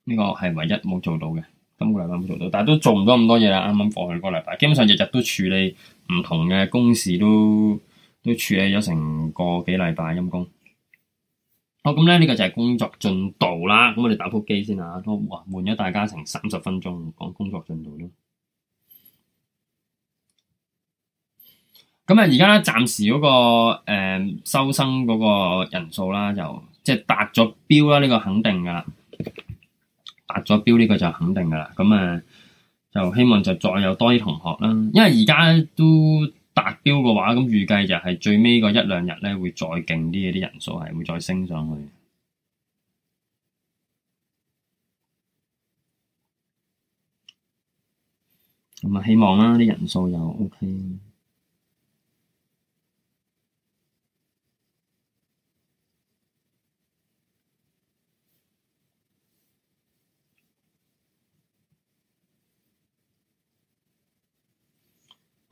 這個係唯一冇做到嘅。今個禮拜冇做到，但係都做唔到咁多嘢啦。啱啱過去個禮拜，基本上日日都處理唔同嘅公事，都都處理咗成個幾禮拜陰公。好咁咧，哦、呢、這個就係工作進度啦。咁我哋打部機先啊，都換咗大家成三十分鐘講工作進度咯。咁啊，而家暫時嗰、個、嗯、收生嗰個人數啦，就即係達咗標啦，呢個肯定噶啦，達咗標呢個就肯定噶啦。咁啊，就希望就再有多啲同學啦，因為而家都達標嘅話，咁預計就係最尾嗰一兩日咧，會再勁啲嘅啲人數係會再升上去。咁啊，希望啦，啲人數又 OK。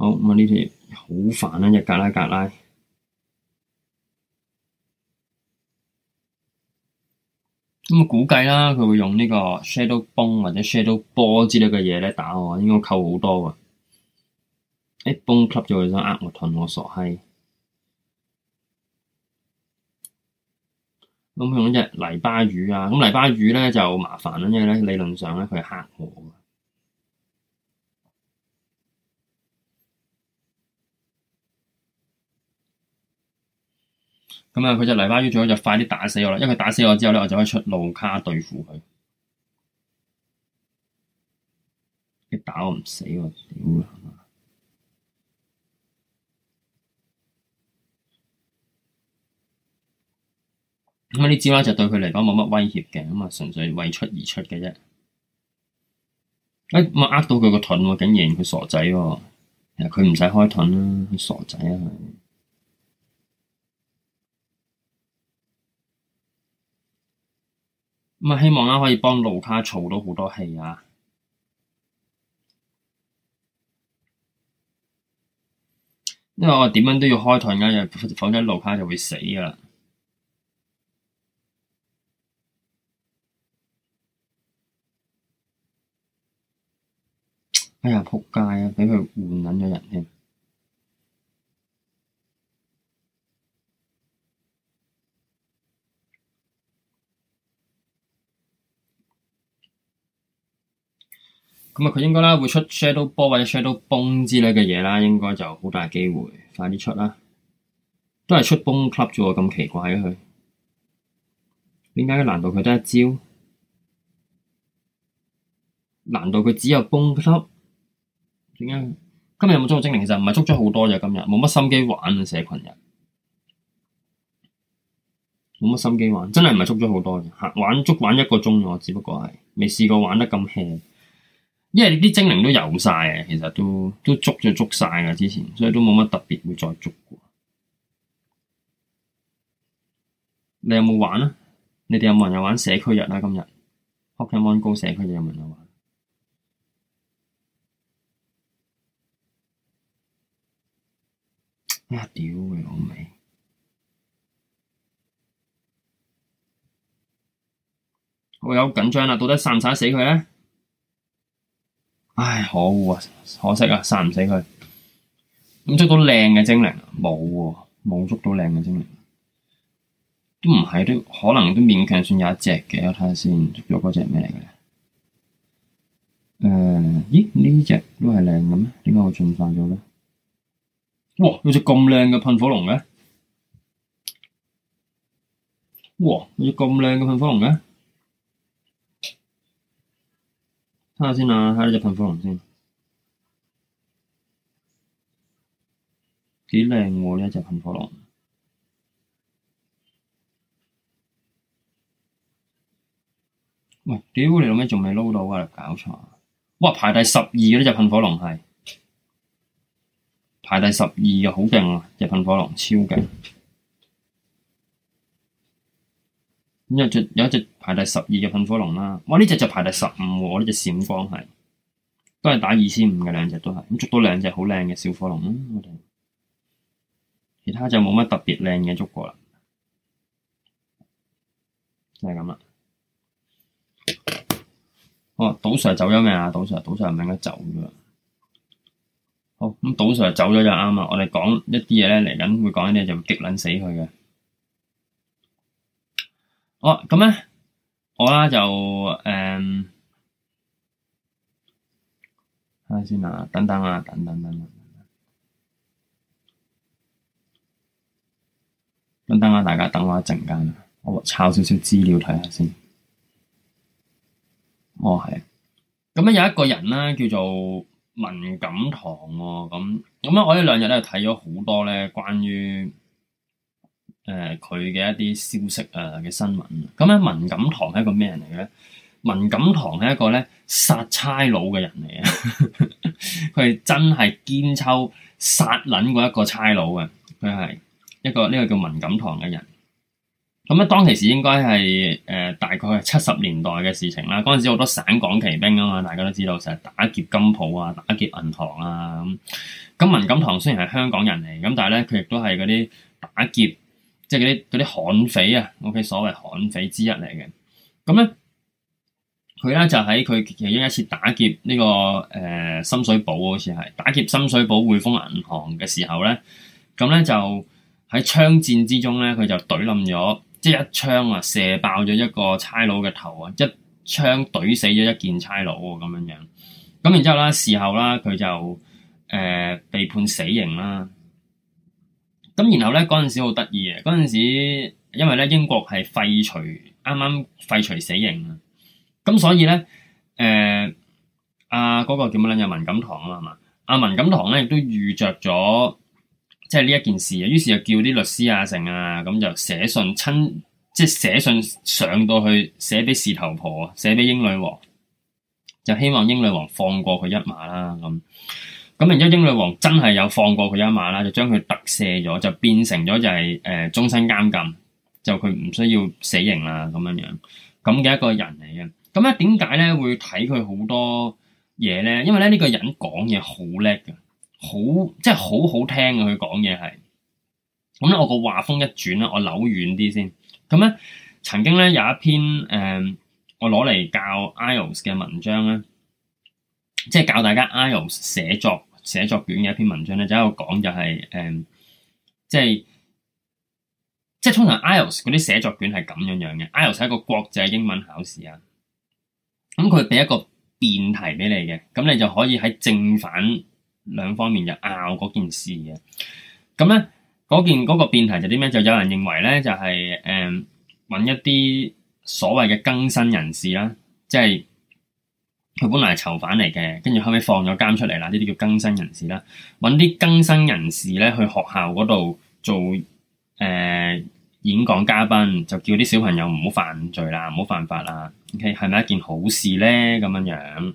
好，咁呢啲好煩啊，隻格拉格拉咁我、嗯、估計啦，佢會用呢個 shadow bone 或者 shadow ball 之類嘅嘢嚟打我，應該扣好多喎。哎、欸，崩吸咗佢先，呃 ong 我盾，我傻閪咁、嗯、用一隻泥巴魚啊！咁、嗯、泥巴魚咧就麻煩啦，因為咧理論上咧佢係蝦我。咁啊，佢、嗯、就嚟巴魚最好就快啲打死我啦，因為佢打死我之後咧，我就可以出路卡對付佢。佢打我唔死我，屌啊！咁、嗯嗯、呢招咧就對佢嚟講冇乜威脅嘅，咁啊，純粹為出而出嘅啫。哎，我呃到佢個盾喎、啊，竟然佢傻仔喎、啊，其實佢唔使開盾啦、啊，佢傻仔啊佢。希望可以幫路卡嘈到好多氣啊，因為我點樣都要開台啱人，否則路卡就會死噶啦、哎。哎呀，撲街啊！畀佢換撚咗人添。咁啊！佢應該啦，會出 shadow 波或者 shadow Bone 之類嘅嘢啦。應該就好大機會，快啲出啦。都係出 Bone Club 啫喎。咁奇怪嘅，佢點解，難道佢得一招？難道佢只有 Bone Club？點解今日有冇捉到精靈？其實唔係捉咗好多啫。今日冇乜心機玩啊，社群人冇乜心機玩，真係唔係捉咗好多嘅。玩捉玩一個鐘，我只不過係未試過玩得咁 h 因為啲精靈都游晒，其實都都捉咗捉晒噶，之前所以都冇乜特別會再捉過。你有冇玩啊？你哋有冇人有玩社區日啊？今日 Pokemon Go 社區你有冇人玩？啊屌你老味，我有緊張啦，到底散唔散死佢咧？唉，可惡啊！可惜啊，殺唔死佢。咁捉到靚嘅精靈，冇喎、哦，冇捉到靚嘅精靈。都唔係，都可能都勉強算有一隻嘅。我睇下先，捉咗嗰隻咩嚟嘅？誒、呃，咦？隻呢隻都係靚嘅咩？點解會進化咗咧？哇！有隻咁靚嘅噴火龍嘅？哇！有隻咁靚嘅噴火龍嘅？睇下先啊，睇下呢隻噴火龍先。幾靚喎，呢隻噴火龍。喂，屌你老味，仲未撈到啊！搞錯了。哇，排第十二嘅呢隻噴火龍係。排第十二嘅好勁啊，隻噴火龍超勁。咁有隻有一隻排第十二嘅噴火龍啦，哇！呢隻就排第十五喎，呢隻閃光係，都係打二千五嘅兩隻都係，咁捉到兩隻好靚嘅小火龍，我哋其他就冇乜特別靚嘅捉過啦，就係咁啦。哦，賭 Sir 走咗未啊？賭 Sir，賭 Sir 唔應該走咗。好，咁賭 Sir 走咗就啱啦！我哋講一啲嘢咧，嚟緊會講一啲嘢就會激撚死佢嘅。哦，咁咧、oh,，我啦就誒，睇下先啊，等等啊，等等等等，等等啊，大家等我一陣間啊，我抄少少資料睇下先。哦，係。咁咧有一個人咧叫做文錦堂喎，咁咁咧我呢兩日咧睇咗好多咧關於。誒佢嘅一啲消息啊嘅、呃、新聞，咁咧文錦堂係一個咩人嚟嘅咧？文錦堂係一個咧殺差佬嘅人嚟嘅，佢係真係堅抽殺撚過一個差佬嘅。佢係一個呢、呢個叫文錦堂嘅人。咁、嗯、咧、嗯、當其時應該係誒、呃、大概係七十年代嘅事情啦。嗰陣時好多省港旗兵啊嘛，大家都知道成日打劫金鋪啊，打劫銀行啊咁。咁、嗯嗯、文錦堂雖然係香港人嚟，咁但係咧佢亦都係嗰啲打劫。即係嗰啲啲悍匪啊，OK，所謂悍匪之一嚟嘅。咁咧，佢咧就喺佢其中一次打劫呢個誒深水埗好似係打劫深水埗匯豐銀行嘅時候咧，咁咧就喺槍戰之中咧，佢就懟冧咗，即係一槍啊射爆咗一個差佬嘅頭啊，一槍懟死咗一件差佬喎咁樣樣。咁然之後啦，事後啦，佢就誒被判死刑啦。咁然後咧，嗰陣時好得意嘅，嗰陣時因為咧英國係廢除啱啱廢除死刑、呃、啊，咁所以咧誒阿嗰個叫乜撚嘢文錦堂啊嘛，阿文錦堂咧亦都預着咗即係呢一件事啊，於是就叫啲律師阿成啊，咁就寫信親，即係寫信上到去寫俾事頭婆，寫俾英女王，就希望英女王放過佢一馬啦咁。咁，然之後英女王真係有放過佢一馬啦，就將佢特赦咗，就變成咗就係誒終身監禁，就佢唔需要死刑啦咁樣樣，咁嘅一個人嚟嘅。咁咧點解咧會睇佢好多嘢咧？因為咧呢、這個人講嘢好叻㗎，好即係好好聽嘅、啊。佢講嘢係咁咧，我個話風一轉啦，我扭遠啲先。咁咧曾經咧有一篇誒、呃，我攞嚟教 IELTS 嘅文章咧，即係教大家 IELTS 寫作。寫作卷嘅一篇文章咧，就喺度講就係誒，即係即係通常 IELTS 嗰啲寫作卷係咁樣樣嘅。IELTS 係一個國際英文考試啊，咁佢俾一個辯題俾你嘅，咁你就可以喺正反兩方面就拗嗰件事嘅。咁咧嗰件嗰、嗰個辯題就點咧？就有人認為咧，就係誒揾一啲所謂嘅更新人士啦，即係。佢本嚟係囚犯嚟嘅，跟住後尾放咗監出嚟啦，呢啲叫更生人士啦，揾啲更生人士咧去學校嗰度做誒、呃、演講嘉賓，就叫啲小朋友唔好犯罪啦，唔好犯法啦。OK，係咪一件好事咧？咁樣樣，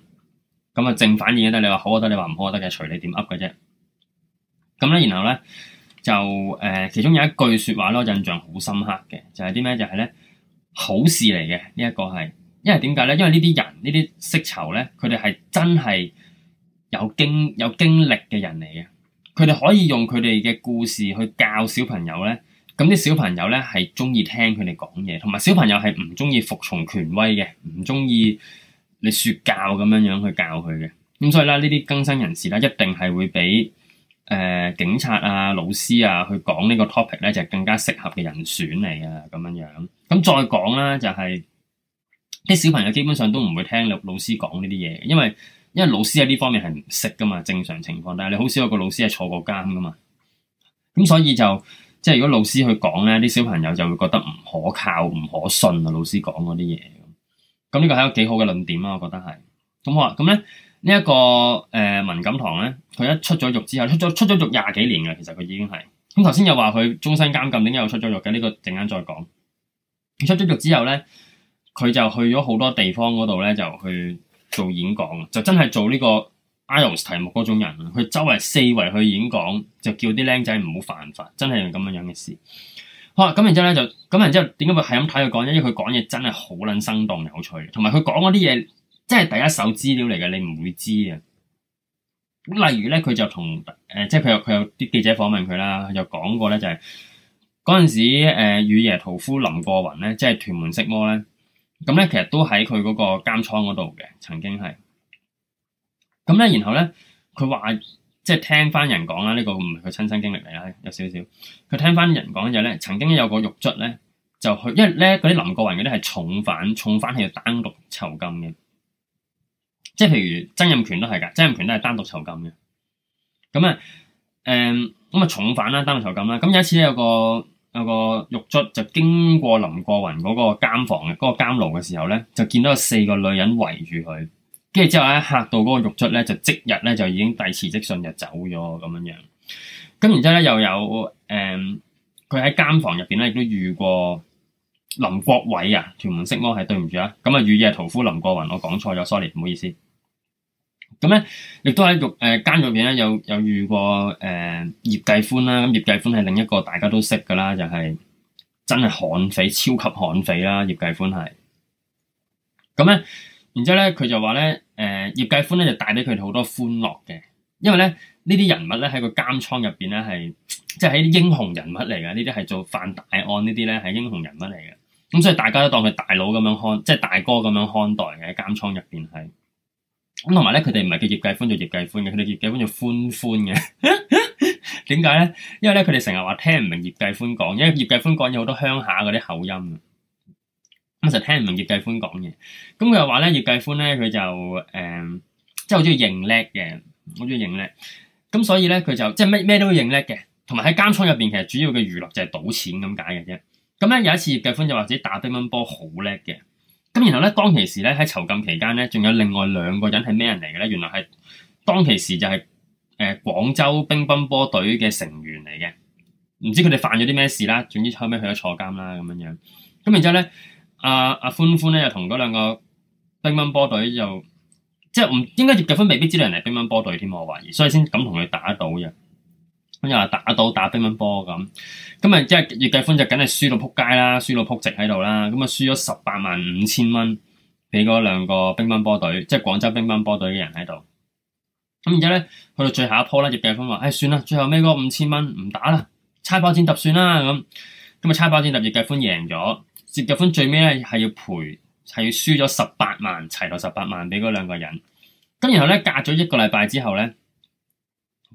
咁啊正反意見都你話好我得，你話唔好我都嘅，隨你點噏嘅啫。咁咧，然後咧就誒、呃，其中有一句説話咯，印象好深刻嘅，就係啲咩？就係、是、咧好事嚟嘅，呢、這、一個係。因為點解咧？因為呢啲人呢啲釋囚咧，佢哋係真係有經有經歷嘅人嚟嘅，佢哋可以用佢哋嘅故事去教小朋友咧。咁啲小朋友咧係中意聽佢哋講嘢，同埋小朋友係唔中意服從權威嘅，唔中意你說教咁樣樣去教佢嘅。咁所以咧，呢啲更新人士咧，一定係會畀誒、呃、警察啊、老師啊去講呢個 topic 咧，就更加適合嘅人選嚟嘅咁樣樣。咁再講啦、就是，就係。啲小朋友基本上都唔會聽老老師講呢啲嘢，因為因為老師喺呢方面係唔識噶嘛，正常情況。但係你好少有個老師係坐過監噶嘛，咁所以就即係如果老師去講咧，啲小朋友就會覺得唔可靠，唔可信啊。老師講嗰啲嘢，咁呢個係一個幾好嘅論點啊，我覺得係。咁好啊，咁咧呢一個誒、呃、文錦堂咧，佢一出咗獄之後，出咗出咗獄廿幾年嘅，其實佢已經係。咁頭先又話佢終身監禁，點解又出咗獄嘅？呢個陣間再講。佢出咗獄之後咧，佢就去咗好多地方嗰度咧，就去做演講，就真係做呢個 IELTS 題目嗰種人。佢周圍四圍去演講，就叫啲靚仔唔好犯法，真係咁樣樣嘅事。好哇！咁然之後咧，就咁然之後，點解會係咁睇佢講？因為佢講嘢真係好撚生動有趣，同埋佢講嗰啲嘢真係第一手資料嚟嘅，你唔會知嘅。例如咧，佢就同誒、呃，即係佢有佢有啲記者訪問佢啦，佢就講過咧、就是，就係嗰陣時雨夜屠夫林過雲咧，即係屯門色魔咧。咁咧，其實都喺佢嗰個監倉嗰度嘅，曾經係咁咧。然後咧，佢話即係聽翻人講啦，呢、這個唔係佢親身經歷嚟啦，有少少。佢聽翻人講嘢咧，曾經有個獄卒咧就去，因為咧嗰啲林過雲嗰啲係重犯，重犯係要單獨囚禁嘅，即係譬如曾蔭權都係噶，曾蔭權都係單獨囚禁嘅。咁啊，誒、嗯，咁啊重犯啦，單獨囚禁啦。咁有一次咧，有個。有個獄卒就經過林過雲嗰個監房嗰、嗰個監牢嘅時候咧，就見到有四個女人圍住佢，跟住之後咧嚇到嗰個獄卒咧就即日咧就已經遞辭職信就走咗咁樣樣，咁然之後咧又有誒，佢喺監房入邊咧亦都遇過林國偉啊，屯門色魔係對唔住啊，咁啊雨夜屠夫林過雲，我講錯咗，sorry，唔好意思。咁咧，亦都喺獄誒監獄入邊咧，面有有遇過誒葉繼歡啦。咁葉繼歡係另一個大家都識噶啦，就係、是、真係悍匪，超級悍匪啦。葉繼歡係咁咧，然之後咧，佢就話咧，誒葉繼歡咧就帶俾佢哋好多歡樂嘅，因為咧呢啲人物咧喺個監倉入邊咧係即係喺英雄人物嚟噶。呢啲係做犯大案呢啲咧係英雄人物嚟嘅。咁、嗯、所以大家都當佢大佬咁樣看，即、就、係、是、大哥咁樣看待嘅。喺監倉入邊係。咁同埋咧，佢哋唔係叫葉繼歡做葉繼歡嘅，佢哋葉繼歡做歡歡嘅。點解咧？因為咧，佢哋成日話聽唔明葉繼歡講，因為葉繼歡講有好多鄉下嗰啲口音，咁就聽唔明葉繼歡講嘢。咁佢又話咧，葉繼歡咧，佢就誒，即係好中意認叻嘅，好中意認叻。咁所以咧，佢就即係咩咩都認叻嘅。同埋喺監倉入邊，其實主要嘅娛樂就係賭錢咁解嘅啫。咁咧有一次，葉繼歡就話自己打乒乓波好叻嘅。咁然後咧，當其時咧，喺囚禁期間咧，仲有另外兩個人係咩人嚟嘅咧？原來係當其時就係誒廣州乒乓波隊嘅成員嚟嘅，唔知佢哋犯咗啲咩事啦。總之後尾去咗坐監啦咁樣樣。咁然之後咧，阿、啊、阿、啊、歡歡咧又同嗰兩個乒乓波隊又即係唔應該，葉繼歡未必知道人係乒乓波隊添，我懷疑，所以先咁同佢打到嘅。咁又話打到打乒乓波咁，今日即係葉繼歡就梗係輸到撲街啦，輸到撲直喺度啦，咁啊輸咗十八萬五千蚊俾嗰兩個乒乓波隊，即係廣州乒乓波隊嘅人喺度。咁而家咧去到最後一鋪啦，葉繼歡話：唉、哎，算啦，最後尾嗰五千蚊唔打啦，猜包錢揼算啦。咁咁啊，猜包錢揼，葉繼歡贏咗。葉繼歡最尾咧係要賠，係要輸咗十八萬，齊到十八萬俾嗰兩個人。咁然後咧隔咗一個禮拜之後咧，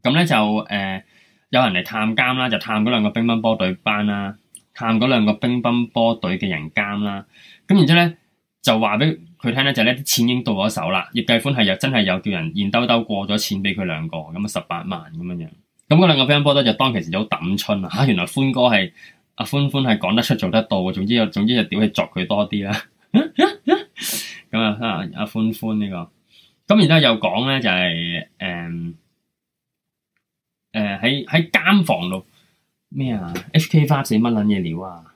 咁咧就誒。呃有人嚟探監啦，就探嗰兩個乒乓波隊班啦，探嗰兩個乒乓波隊嘅人監啦。咁然之後咧，就話俾佢聽咧，就係咧啲錢已經到咗手啦。葉繼歡係又真係有叫人現兜兜過咗錢俾佢兩個，咁啊十八萬咁樣樣。咁嗰兩個乒乓波隊就當其時有好揼春啊！嚇，原來歡哥係阿歡歡係講得出做得到嘅。總之又總之又屌佢作佢多啲啦。咁啊啊，阿歡歡呢個。咁然之後又講咧，就係、是、誒。嗯誒，喺喺監房度咩啊？HK5 乜撚嘢料啊？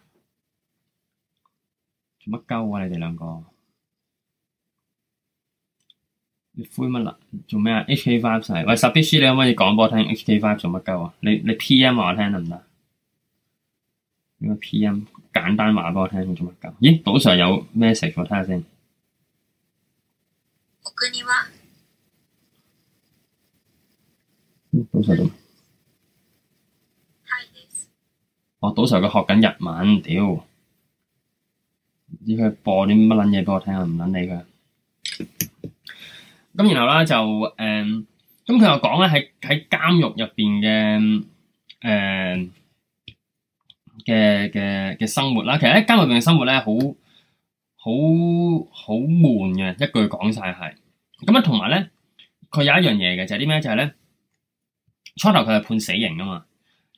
做乜鳩啊？你哋兩個亂吹乜啦？做咩啊？HK5 喂，十點先嚟，你可唔可以講俾我聽 HK5 做乜鳩啊？你你 PM 話我聽得唔得？你個 PM 簡單話俾我聽，你做乜鳩？咦，早上有 message？我睇下先。我嗰時候佢學緊日文，屌！唔知佢播啲乜撚嘢俾我聽啊？唔撚理佢。咁然後啦，就誒，咁佢又講咧喺喺監獄入邊嘅誒嘅嘅嘅生活啦。其實喺監獄入邊嘅生活咧，好好好悶嘅，一句講曬係。咁啊，同埋咧，佢有一樣嘢嘅，就係啲咩？就係咧，初頭佢係判死刑噶嘛。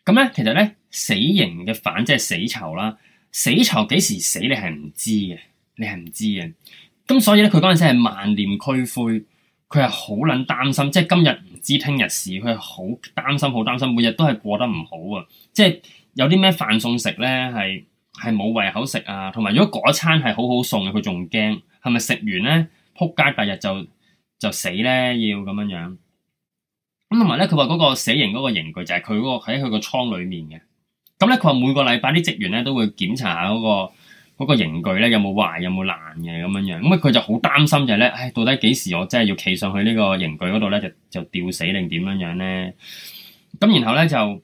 咁咧，其實咧。死刑嘅犯即係死囚啦，死囚幾時死你係唔知嘅，你係唔知嘅。咁所以咧，佢嗰陣時係萬念俱灰，佢係好捻擔心，即係今日唔知聽日事，佢係好擔心，好擔心，每日都係過得唔好啊！即係有啲咩飯餸食咧，係係冇胃口食啊，同埋如果嗰餐係好好餸，佢仲驚係咪食完咧，撲街第日就就死咧，要咁樣樣。咁同埋咧，佢話嗰個死刑嗰個刑具就係佢嗰個喺佢個倉裏面嘅。咁咧，佢話每個禮拜啲職員咧都會檢查下嗰個個刑具咧有冇壞，有冇爛嘅咁樣樣。咁啊，佢就好擔心就係、是、咧，唉，到底幾時我真係要企上去呢個刑具嗰度咧，就就吊死定點樣樣咧？咁然後咧就誒，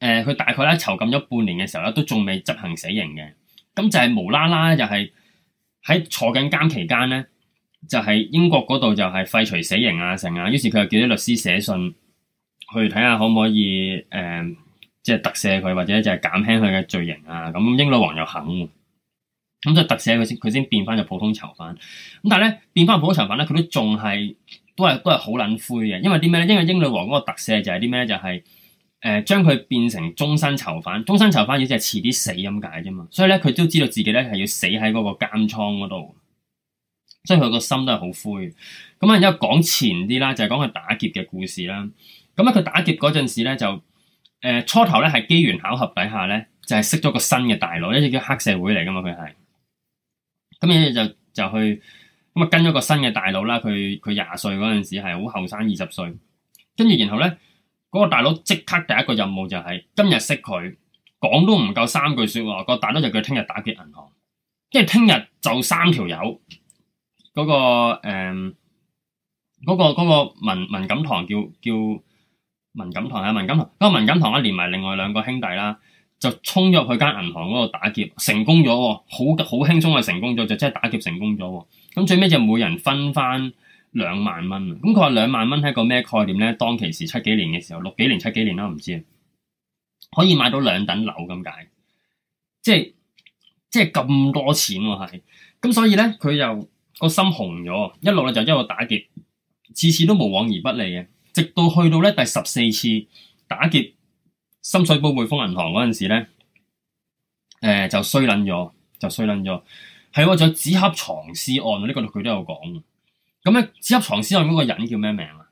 佢、呃、大概咧囚禁咗半年嘅時候咧，都仲未執行死刑嘅。咁就係無啦啦，就係喺坐緊監期間咧，就係英國嗰度就係廢除死刑啊，成啊。於是佢又叫啲律師寫信去睇下可唔可以誒。呃即係特赦佢，或者就係減輕佢嘅罪刑啊！咁英女王又肯，咁就特赦佢先，佢先變翻就普通囚犯。咁但係咧，變翻普通囚犯咧，佢都仲係都係都係好捻灰嘅。因為啲咩咧？因為英女王嗰個特赦就係啲咩咧？就係、是、誒，將、呃、佢變成終身囚犯。終身囚犯好似係遲啲死咁解啫嘛。所以咧，佢都知道自己咧係要死喺嗰個監倉嗰度。所以佢個心都係好灰。咁啊，然之後講前啲啦，就係、是、講佢打劫嘅故事啦。咁啊，佢打劫嗰陣時咧就，就，就誒、呃，初頭咧係機緣巧合底下咧，就係、是、識咗個新嘅大佬，呢啲叫黑社會嚟噶嘛，佢係，咁然後就就去，咁啊跟咗個新嘅大佬啦，佢佢廿歲嗰陣時係好後生，二十歲，跟住然後咧，嗰、那個大佬即刻第一個任務就係、是、今日識佢，講都唔夠三句說話，那個大佬就叫佢聽日打劫銀行，即係聽日就三條友，嗰、那個誒，呃那個、那個那個文文錦堂叫叫。文錦堂係啊，文錦堂，個文錦堂呀連埋另外兩個兄弟啦，就衝入去間銀行嗰度打劫，成功咗，好好輕鬆啊，成功咗就即、是、係打劫成功咗。咁最尾就每人分翻兩萬蚊。咁佢話兩萬蚊係一個咩概念咧？當其時七幾年嘅時候，六幾年七幾年啦，唔知啊，可以買到兩等樓咁解，即係即係咁多錢喎，啊，係。咁所以咧，佢又個心紅咗，一路咧就一路打劫，次次都無往而不利嘅。直到去到咧第十四次打劫深水埗匯豐銀行嗰陣時咧，誒就衰捻咗，就衰捻咗。係我仲有紙盒藏屍案，呢個佢都有講。咁咧紙盒藏屍案嗰個人叫咩名啊？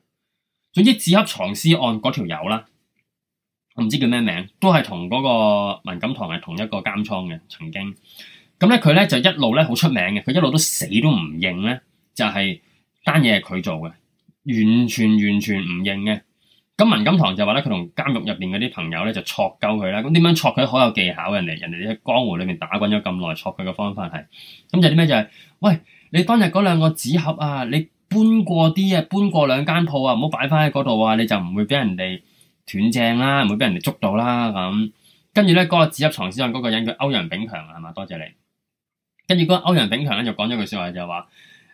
總之紙盒藏屍案嗰條友啦，我唔知叫咩名，都係同嗰個文錦堂係同一個監倉嘅，曾經。咁咧佢咧就一路咧好出名嘅，佢一路都死都唔認咧，就係單嘢係佢做嘅。完全完全唔認嘅，咁文錦堂就話咧，佢同監獄入邊嗰啲朋友咧就捉鳩佢啦。咁點樣捉佢？好有技巧，啊，人哋人哋喺江湖裏面打滾咗咁耐，捉佢嘅方法係，咁就啲咩？就係、是，喂，你當日嗰兩個紙盒啊，你搬過啲啊，搬過兩間鋪啊，唔好擺翻喺嗰度啊，你就唔會俾人哋斷正啦，啊，唔會俾人哋捉到啦，啊。咁跟住咧，嗰、那個紙盒藏屍案嗰個人叫歐陽炳強啊，係嘛？多謝你。跟住嗰個歐陽炳強咧就講咗句説話，就係話。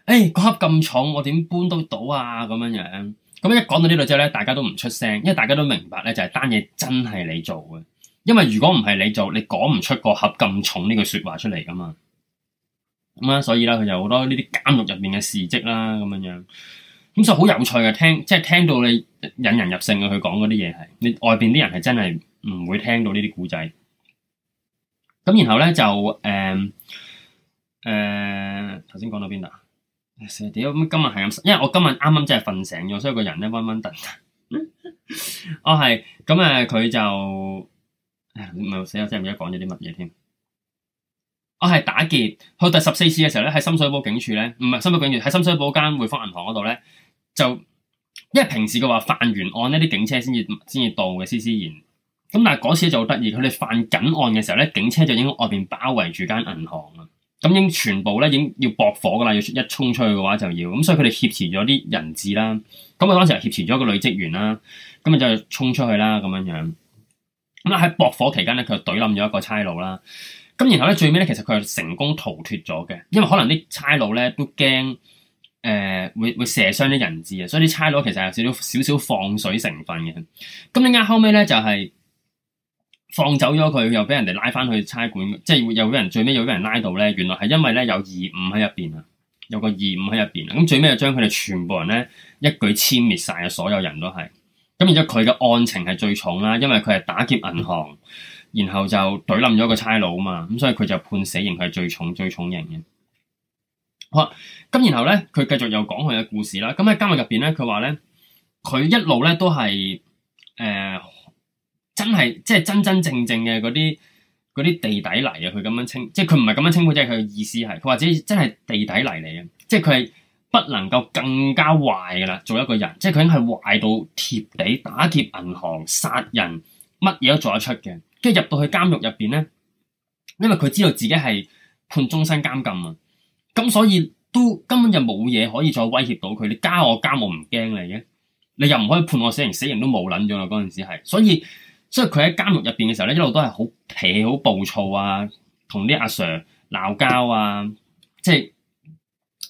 誒，個、哎、盒咁重，我點搬都到啊？咁樣樣，咁一講到呢度之後咧，大家都唔出聲，因為大家都明白咧，就係單嘢真係你做嘅，因為如果唔係你做，你講唔出個盒咁重呢句説話出嚟噶嘛。咁啊，所以呢啦，佢就好多呢啲監獄入面嘅事跡啦，咁樣樣，咁所以好有趣嘅，聽即係聽到你引人入勝嘅佢講嗰啲嘢係，你外邊啲人係真係唔會聽到呢啲古仔。咁然後咧就誒，誒頭先講到邊度？死屌！今日係咁，因為我今日啱啱真係瞓醒咗，所以個人咧溫溫頓。我係咁誒，佢就唔死，啦，真係唔記得講咗啲乜嘢添。我係打劫，去第十四次嘅時候咧，喺深水埗警署咧，唔係深水埗警署，喺深，深水埗間匯豐銀行嗰度咧，就因為平時佢話犯完案呢啲警車先至先至到嘅，絲絲然。咁但係嗰次就得意，佢哋犯緊案嘅時候咧，警車就已經外邊包圍住間銀行啦。咁已經全部咧，已經要駁火噶啦，要一衝出去嘅話就要，咁所以佢哋挾持咗啲人質啦。咁佢當時係挾持咗個女職員啦，咁啊就衝出去啦，咁樣樣。咁啊喺駁火期間咧，佢就懟冧咗一個差佬啦。咁然後咧，最尾咧，其實佢係成功逃脫咗嘅，因為可能啲差佬咧都驚誒、呃、會會射傷啲人質啊，所以啲差佬其實係有少少少少放水成分嘅。咁點解後尾咧就係、是？放走咗佢，又俾人哋拉翻去差館，即係又俾人最尾又俾人拉到咧。原來係因為咧有二五喺入邊啊，有個二五喺入邊，咁最尾就將佢哋全部人咧一舉殲滅晒啊！所有人都係咁，然之後佢嘅案情係最重啦，因為佢係打劫銀行，然後就懟冧咗個差佬嘛。咁所以佢就判死刑，佢係最重最重刑嘅。好，咁然後咧，佢繼續又講佢嘅故事啦。咁喺今日入邊咧，佢話咧，佢一路咧都係誒。呃真係即係真真正正嘅嗰啲啲地底泥啊！佢咁樣稱，即係佢唔係咁樣稱呼，即係佢意思係，或者真係地底泥嚟嘅，即係佢係不能夠更加壞噶啦。做一個人，即係佢已經係壞到貼地，打劫銀行、殺人，乜嘢都做得出嘅。跟住入到去監獄入邊咧，因為佢知道自己係判終身監禁啊，咁所以都根本就冇嘢可以再威脅到佢。你加我加我唔驚你嘅，你又唔可以判我死刑，死刑都冇捻咗啦。嗰陣時係，所以。所以佢喺監獄入邊嘅時候咧，一路都係好脾氣、好暴躁啊，同啲阿 Sir 鬧交啊，即係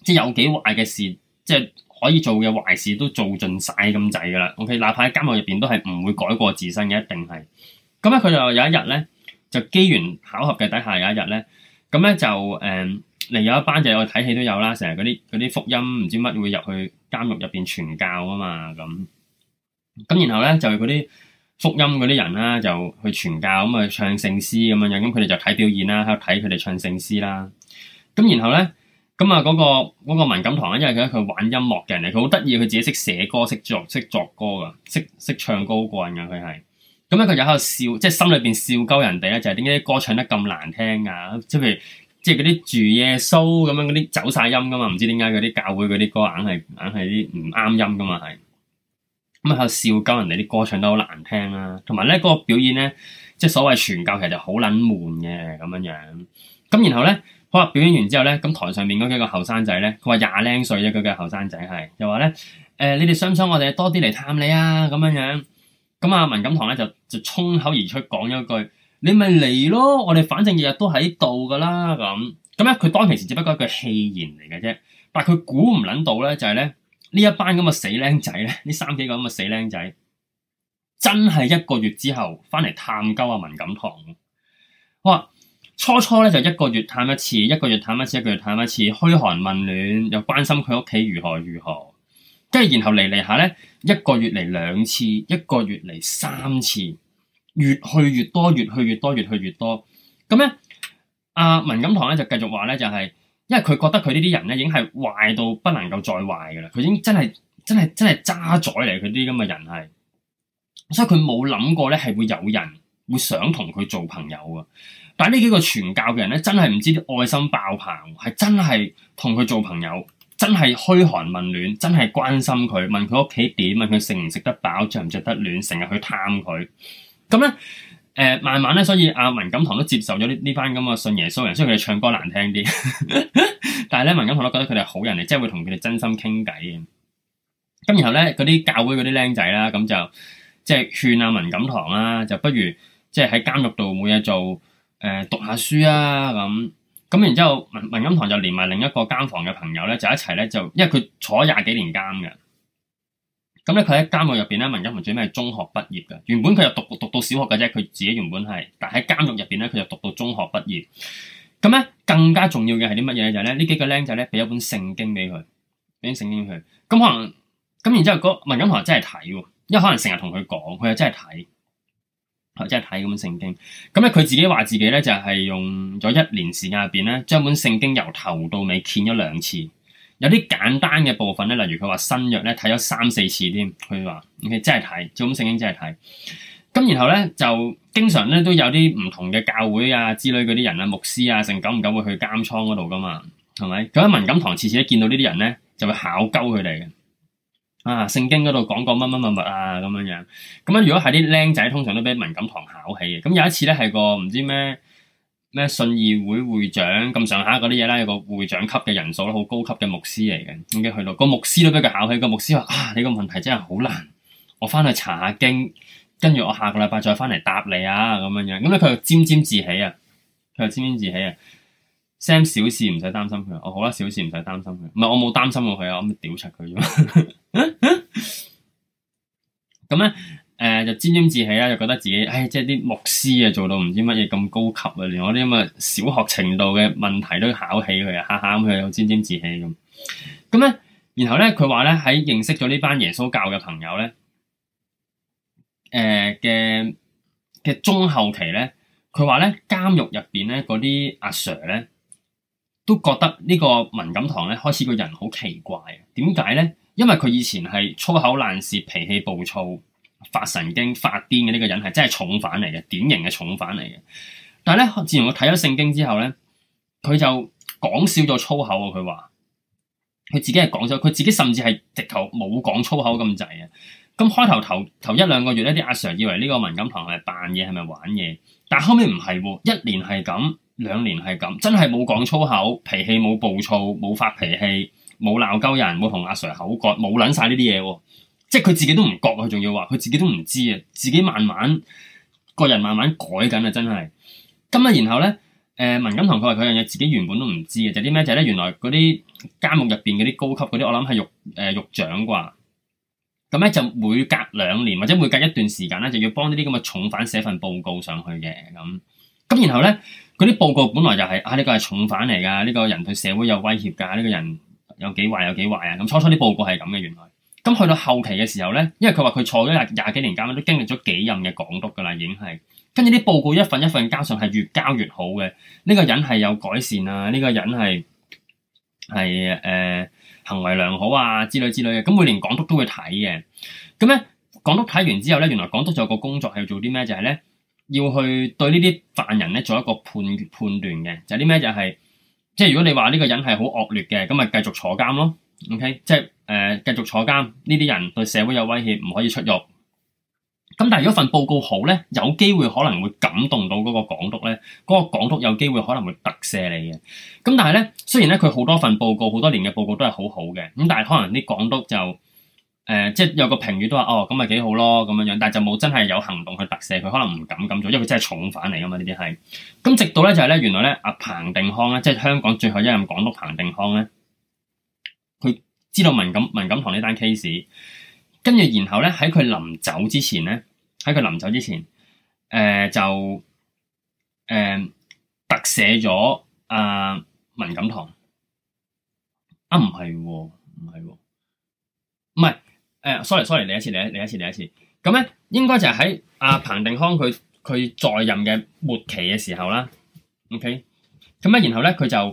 即係有幾壞嘅事，即係可以做嘅壞事都做盡晒咁滯㗎啦。O.K. 哪怕喺監獄入邊都係唔會改過自身嘅，一定係。咁咧佢就有一日咧，就機緣巧合嘅底下有一日咧，咁咧就誒，嚟、嗯、有一班就有睇戲都有啦，成日嗰啲啲福音唔知乜會入去監獄入邊傳教啊嘛咁。咁然後咧就係嗰啲。福音嗰啲人啦，就去傳教，咁啊唱聖詩咁樣嘅，咁佢哋就睇表演啦，喺度睇佢哋唱聖詩啦。咁然後咧，咁啊嗰個嗰、嗰個文錦堂啊，因為佢佢玩音樂嘅人嚟，佢好得意，佢自己識寫歌、識作、識作歌噶，識識唱高音噶，佢係。咁咧佢喺度笑，即係心裏邊笑鳩人哋啊，就係點解啲歌唱得咁難聽啊？即係譬如即係嗰啲主耶穌咁樣嗰啲走晒音噶嘛，唔知點解嗰啲教會嗰啲歌硬係硬係啲唔啱音噶嘛係。咁啊，笑鳩人哋啲歌唱得好難聽啦、啊，同埋咧嗰個表演咧，即係所謂傳教其實好撚悶嘅咁樣樣。咁然後咧，好啦，表演完之後咧，咁台上面嗰幾個後生仔咧，佢話廿零歲啫，佢嘅後生仔係又話咧，誒、呃，你哋想唔想我哋多啲嚟探你啊？咁樣樣。咁啊，文錦堂咧就就衝口而出講咗一句，你咪嚟咯，我哋反正日日都喺度噶啦。咁咁咧，佢當其時只不過係一句戲言嚟嘅啫，但係佢估唔撚到咧，就係、是、咧。呢一班咁嘅死僆仔咧，呢三幾個咁嘅死僆仔，真係一個月之後翻嚟探究阿文錦堂。哇！初初咧就一個月探一次，一個月探一次，一個月探一次，噓寒問暖又關心佢屋企如何如何，跟住然後嚟嚟下咧，一個月嚟兩次，一個月嚟三次，越去越多，越去越多，越去越多，咁咧阿文錦堂咧就繼續話咧就係、是。因為佢覺得佢呢啲人咧，已經係壞到不能夠再壞噶啦，佢已經真係真係真係渣滓嚟，佢啲咁嘅人係，所以佢冇諗過咧係會有人會想同佢做朋友噶。但係呢幾個傳教嘅人咧，真係唔知啲愛心爆棚，係真係同佢做朋友，真係噓寒問暖，真係關心佢，問佢屋企點，問佢食唔食得飽，着唔着得暖，成日去探佢，咁咧。誒、呃，慢慢咧，所以阿、啊、文錦堂都接受咗呢呢班咁嘅信耶穌人，雖然佢哋唱歌難聽啲， 但係咧文錦堂都覺得佢哋係好人嚟，即係會同佢哋真心傾偈嘅。咁然後咧，嗰啲教會嗰啲僆仔啦，咁就即係勸阿文錦堂啦，就不如即係喺監獄度冇嘢做，誒、呃，讀下書啊咁。咁然之後文，文文錦堂就連埋另一個監房嘅朋友咧，就一齊咧就，因為佢坐廿幾年監嘅。咁咧，佢喺監獄入邊咧，文錦雄最尾係中學畢業嘅。原本佢又讀讀到小學嘅啫，佢自己原本係，但喺監獄入邊咧，佢又讀到中學畢業。咁咧，更加重要嘅係啲乜嘢咧？就係咧，呢幾個僆仔咧，俾一本聖經俾佢，俾聖經佢。咁可能，咁然之後，個文錦雄真係睇，因為可能成日同佢講，佢又真係睇，佢真係睇咁本聖經。咁咧，佢自己話自己咧，就係、是、用咗一年時間入邊咧，將本聖經由頭到尾見咗兩次。有啲簡單嘅部分咧，例如佢話新約咧睇咗三四次添，佢話 OK 真係睇，就咁聖經真係睇。咁然後咧就經常咧都有啲唔同嘅教會啊之類嗰啲人啊，牧師啊，成久唔久會去監倉嗰度噶嘛，係咪？咁喺文錦堂次次都見到呢啲人咧，就會考鳩佢哋嘅。啊，聖經嗰度講過乜乜乜乜啊咁樣樣。咁樣如果係啲僆仔，通常都俾文錦堂考起嘅。咁有一次咧係個唔知咩。咩信義會會長咁上下嗰啲嘢啦，有個會長級嘅人數啦，好高級嘅牧師嚟嘅，咁嘅去到個牧師都俾佢考起，個牧師話啊，你個問題真係好難，我翻去查下經，跟住我下個禮拜再翻嚟答你啊，咁樣樣，咁咧佢又沾沾自喜啊，佢又沾沾自喜啊，Sam 小事唔使擔心佢，我、啊、好啦，小事唔使擔心佢，唔係我冇擔心過佢啊，我屌柒佢啫嘛，咁、嗯、咧。嗯誒、呃，就沾沾自喜啦，就覺得自己誒，即係啲牧師啊，做到唔知乜嘢咁高級啊，連我啲咁嘅小學程度嘅問題都考起佢啊，吓下佢又沾沾自喜咁。咁咧，然後咧，佢話咧喺認識咗呢班耶穌教嘅朋友咧，誒嘅嘅中後期咧，佢話咧監獄入邊咧嗰啲阿 Sir 咧都覺得呢個文錦堂咧開始個人好奇怪啊。點解咧？因為佢以前係粗口爛舌，脾氣暴躁。發神經、發癲嘅呢個人係真係重犯嚟嘅，典型嘅重犯嚟嘅。但係咧，自從我睇咗聖經之後咧，佢就講少咗粗口啊！佢話佢自己係講咗，佢自己甚至係直頭冇講粗口咁滯啊！咁開頭頭頭一兩個月咧，啲阿 sir 以為呢個文錦堂係扮嘢，係咪玩嘢？但係後屘唔係，一年係咁，兩年係咁，真係冇講粗口，脾氣冇暴躁，冇發脾氣，冇鬧鳩人，冇同阿 sir 口角，冇捻晒呢啲嘢喎。即係佢自己都唔覺，佢仲要話佢自己都唔知啊！自己慢慢個人慢慢改緊啊，真係。咁啊，然後咧，誒、呃、文錦堂佢話佢樣嘢自己原本都唔知嘅，就啲、是、咩就咧、是，原來嗰啲監獄入邊嗰啲高級嗰啲，我諗係獄誒獄長啩。咁咧就每隔兩年或者每隔一段時間咧，就要幫呢啲咁嘅重犯寫份報告上去嘅咁。咁然後咧，嗰啲報告本來就係、是、啊呢、這個係重犯嚟㗎，呢、這個人對社會有威脅㗎，呢、這個人有幾壞有幾壞啊！咁初初啲報告係咁嘅，原來。咁去到後期嘅時候咧，因為佢話佢坐咗廿廿幾年監，都經歷咗幾任嘅港督噶啦，已經係跟住啲報告一份一份交上，係越交越好嘅。呢個人係有改善啊，呢個人係係誒行為良好啊之類之類嘅。咁每年港督都會睇嘅。咁咧，港督睇完之後咧，原來港督就有個工作係要做啲咩？就係咧，要去對呢啲犯人咧做一個判判斷嘅，就係啲咩？就係即係如果你話呢個人係好惡劣嘅，咁咪繼續坐監咯。OK，即係誒，繼續坐監，呢啲人對社會有威脅，唔可以出獄。咁但係如果份報告好咧，有機會可能會感動到嗰個港督咧，嗰個港督有機會可能會特赦你嘅。咁但係咧，雖然咧佢好多份報告，好多年嘅報告都係好好嘅，咁但係可能啲港督就誒、呃，即係有個評語都話哦，咁咪幾好咯，咁樣樣，但係就冇真係有行動去特赦佢，可能唔敢咁做，因為佢真係重犯嚟噶嘛，呢啲係。咁直到咧就係咧，原來咧阿彭定康咧，即係香港最後一任港督彭定康咧。知道文錦文錦堂呢單 case，跟住然後咧喺佢臨走之前咧，喺佢臨走之前，誒、呃、就誒、呃、特赦咗阿文錦堂。啊唔係喎，唔係喎，唔係誒，sorry sorry，嚟一次嚟一次嚟一次嚟一次。咁咧應該就係喺阿彭定康佢佢在任嘅末期嘅時候啦。OK，咁咧然後咧佢就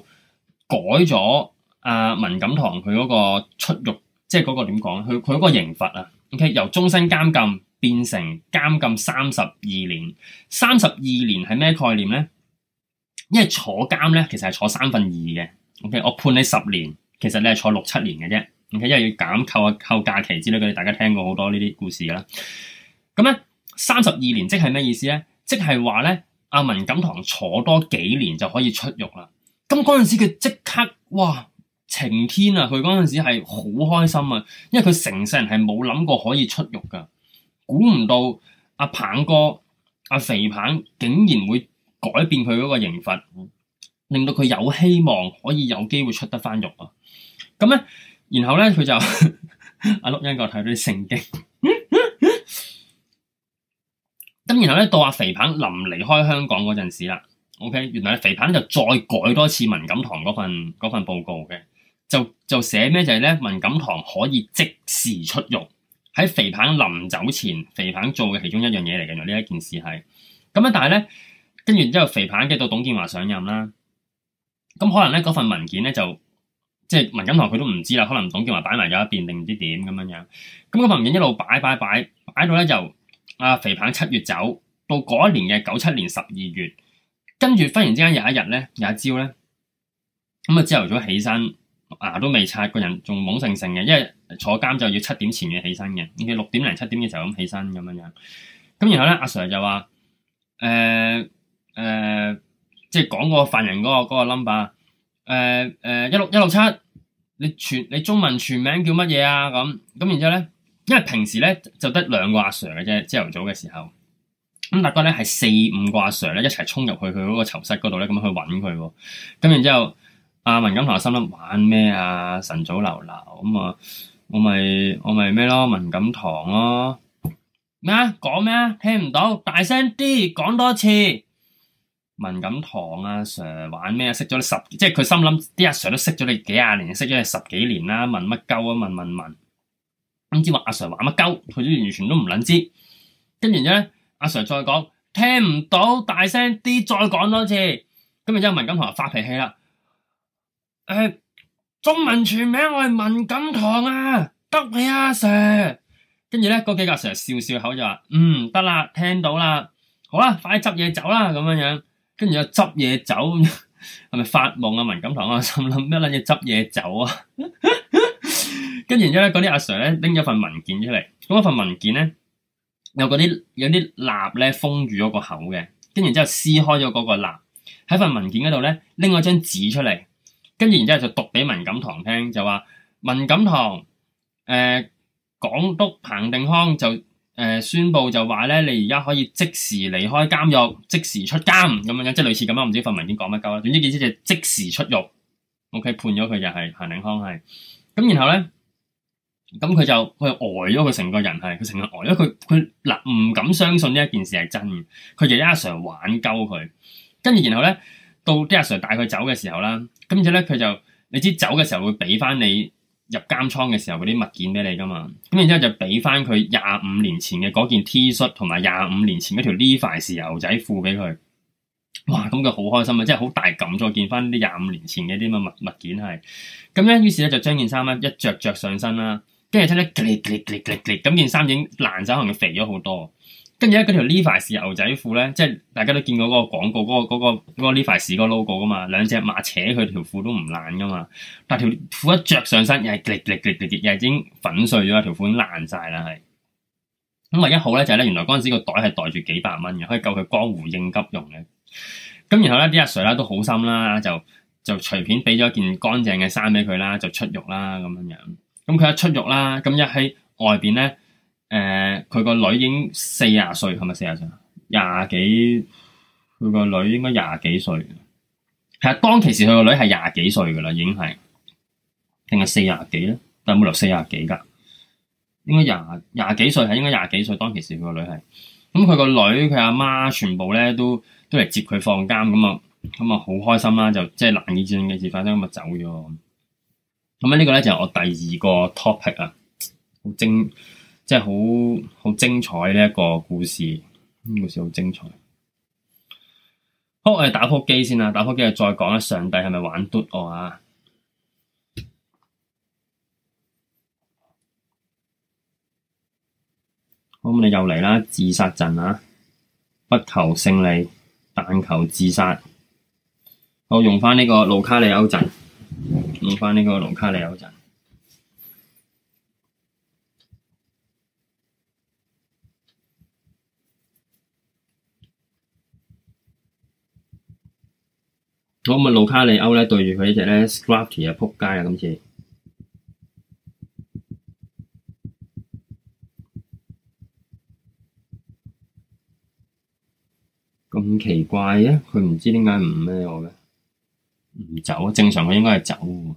改咗。阿、啊、文錦堂佢嗰個出獄，即係嗰個點講？佢佢嗰個刑罰啊，OK 由終身監禁變成監禁三十二年。三十二年係咩概念咧？因為坐監咧，其實係坐三分二嘅 OK。我判你十年，其實你係坐六七年嘅啫。OK，因為要減扣啊扣假期之類嘅。大家聽過好多呢啲故事啦。咁咧，三十二年即係咩意思咧？即係話咧，阿文錦堂坐多幾年就可以出獄啦。咁嗰陣時佢即刻哇！晴天啊！佢嗰陣時係好開心啊，因為佢成世人係冇諗過可以出獄噶，估唔到阿棒哥、阿肥棒竟然會改變佢嗰個刑罰，令到佢有希望可以有機會出得翻獄啊！咁咧，然後咧佢就 阿陸茵哥睇到啲聖經， 咁然後咧到阿肥棒臨離開香港嗰陣時啦，OK，原來肥棒就再改多次文錦堂嗰份嗰份報告嘅。就就寫咩就係咧，文錦堂可以即時出獄。喺肥彭臨走前，肥彭做嘅其中一樣嘢嚟嘅，呢一件事係咁啊。但係咧，跟住之後，肥彭嘅到董建華上任啦。咁可能咧嗰份文件咧就即係文錦堂佢都唔知啦。可能董建華擺埋咗一邊定唔知點咁樣樣。咁嗰份文件一路擺擺擺擺，擺到咧，由阿肥彭七月走到嗰一年嘅九七年十二月，跟住忽然之間有一日咧，有一朝咧，咁啊朝頭早起身。牙、啊、都未刷，個人仲懵成成嘅，因為坐監就要七點前嘅起身嘅，咁嘅六點零七點嘅時候咁起身咁樣樣。咁然後咧，阿 sir 就話誒誒，即係講個犯人嗰、那個 number，誒誒一六一六七，那個呃呃、16, 16 7, 你全你中文全名叫乜嘢啊？咁咁然之後咧，因為平時咧就得兩個阿 sir 嘅啫，朝頭早嘅時候，咁大係咧係四五個 sir 咧一齊衝入去佢嗰個囚室嗰度咧，咁去揾佢喎。咁然之後。啊！文錦堂心諗，玩咩啊？晨早流流咁啊，我咪我咪咩咯？文錦堂咯咩啊？講咩啊？聽唔到，大聲啲，講多次。文錦堂阿 Sir 玩咩啊？識咗你十即係佢心諗啲阿 Sir 都識咗你幾廿年，識咗你十幾年啦，問乜鳩啊？問問問，唔知話阿 Sir 玩乜鳩，佢都完全都唔捻知。跟住咧，阿 Sir 再講，聽唔到，大聲啲，再講多次。咁啊，之後文錦堂發脾氣啦。誒，中文全名我係文錦堂啊，得你啊，阿 Sir？跟住咧嗰幾個阿 Sir 笑笑口就話，嗯，得啦，聽到啦，好啦，快執嘢走啦，咁樣樣。跟住又執嘢走，係 咪發夢啊？文錦堂啊，心諗咩撚嘢執嘢走啊？跟 住然之後咧，嗰啲阿 Sir 咧拎咗份文件出嚟，咁份文件咧有啲有啲蠟咧封住咗個口嘅，跟住之後撕開咗嗰個蠟，喺份文件嗰度咧拎咗張紙出嚟。跟住，然之後就讀俾文錦堂聽，就話文錦堂，誒、呃，港督彭定康就誒、呃、宣佈就話咧，你而家可以即時離開監獄，即時出監咁樣樣，即係類似咁啦。唔知份文件經講乜鳩啦。總之，意思就即時出獄。OK，判咗佢就係、是、彭定康係。咁然後咧，咁佢就佢呆咗，佢成個人係，佢成日呆，咗，佢佢嗱唔敢相信呢一件事係真。佢就一場玩 i 鳩佢，跟住然後咧。到啲阿 Sir 帶佢走嘅時候啦，跟住之後咧佢就，你知走嘅時候會俾翻你入監倉嘅時候嗰啲物件俾你噶嘛，咁然之後就俾翻佢廿五年前嘅嗰件 T 恤同埋廿五年前嗰條 Levi's 牛仔褲俾佢，哇！咁佢好開心啊，即係好大感再見翻啲廿五年前嘅啲嘅物物件係，咁咧於是咧就將件衫咧一着，着着上身啦，跟住之後咧咁件衫已經爛咗，可能肥咗好多。跟住咧，嗰條 Levi's 牛仔褲咧，即係大家都見過嗰個廣告，嗰、嗰個嗰 Levi's、嗰個、嗰個、個 logo 噶嘛，兩隻馬扯佢條褲都唔爛噶嘛。但係條褲一着上身，又係裂裂裂裂裂，又係已經粉碎咗，條褲爛晒啦，係。咁啊，一號咧就咧、係，原來嗰陣時個袋係袋住幾百蚊嘅，可以夠佢江湖應急用嘅。咁然後咧，啲阿 Sir 咧都好心啦，就就隨便俾咗件乾淨嘅衫俾佢啦，就出獄啦咁樣。咁佢一出獄啦，咁一喺外邊咧。誒，佢個、呃、女已經四十歲，係咪四十歲啊？廿幾，佢個女應該廿幾歲，係啊。當其時佢個女係廿幾歲噶啦，已經係，定係四十幾咧？但係冇理由四十幾噶，應該廿廿幾歲，係應該廿幾歲。當其時佢個女係，咁佢個女佢阿媽全部咧都都嚟接佢放監咁啊，咁啊好開心啦，就即係難以置信嘅事發生，咁咪走咗。咁啊，呢個咧就係、是、我第二個 topic 啊，好精。即係好好精彩呢一個故事，呢、這個故事好精彩。好，我哋打破機先啦，打破機再講啦。上帝係咪玩嘟我啊？好，我哋又嚟啦，自殺陣啊！不求勝利，但求自殺。我用翻呢個盧卡利歐陣，用翻呢個盧卡利歐陣。好，咁啊，路卡利歐咧對住佢呢隻咧，Scrappy 啊扑街啊，今次咁奇怪嘅，佢唔知點解唔咩我嘅，唔走，正常佢應該係走。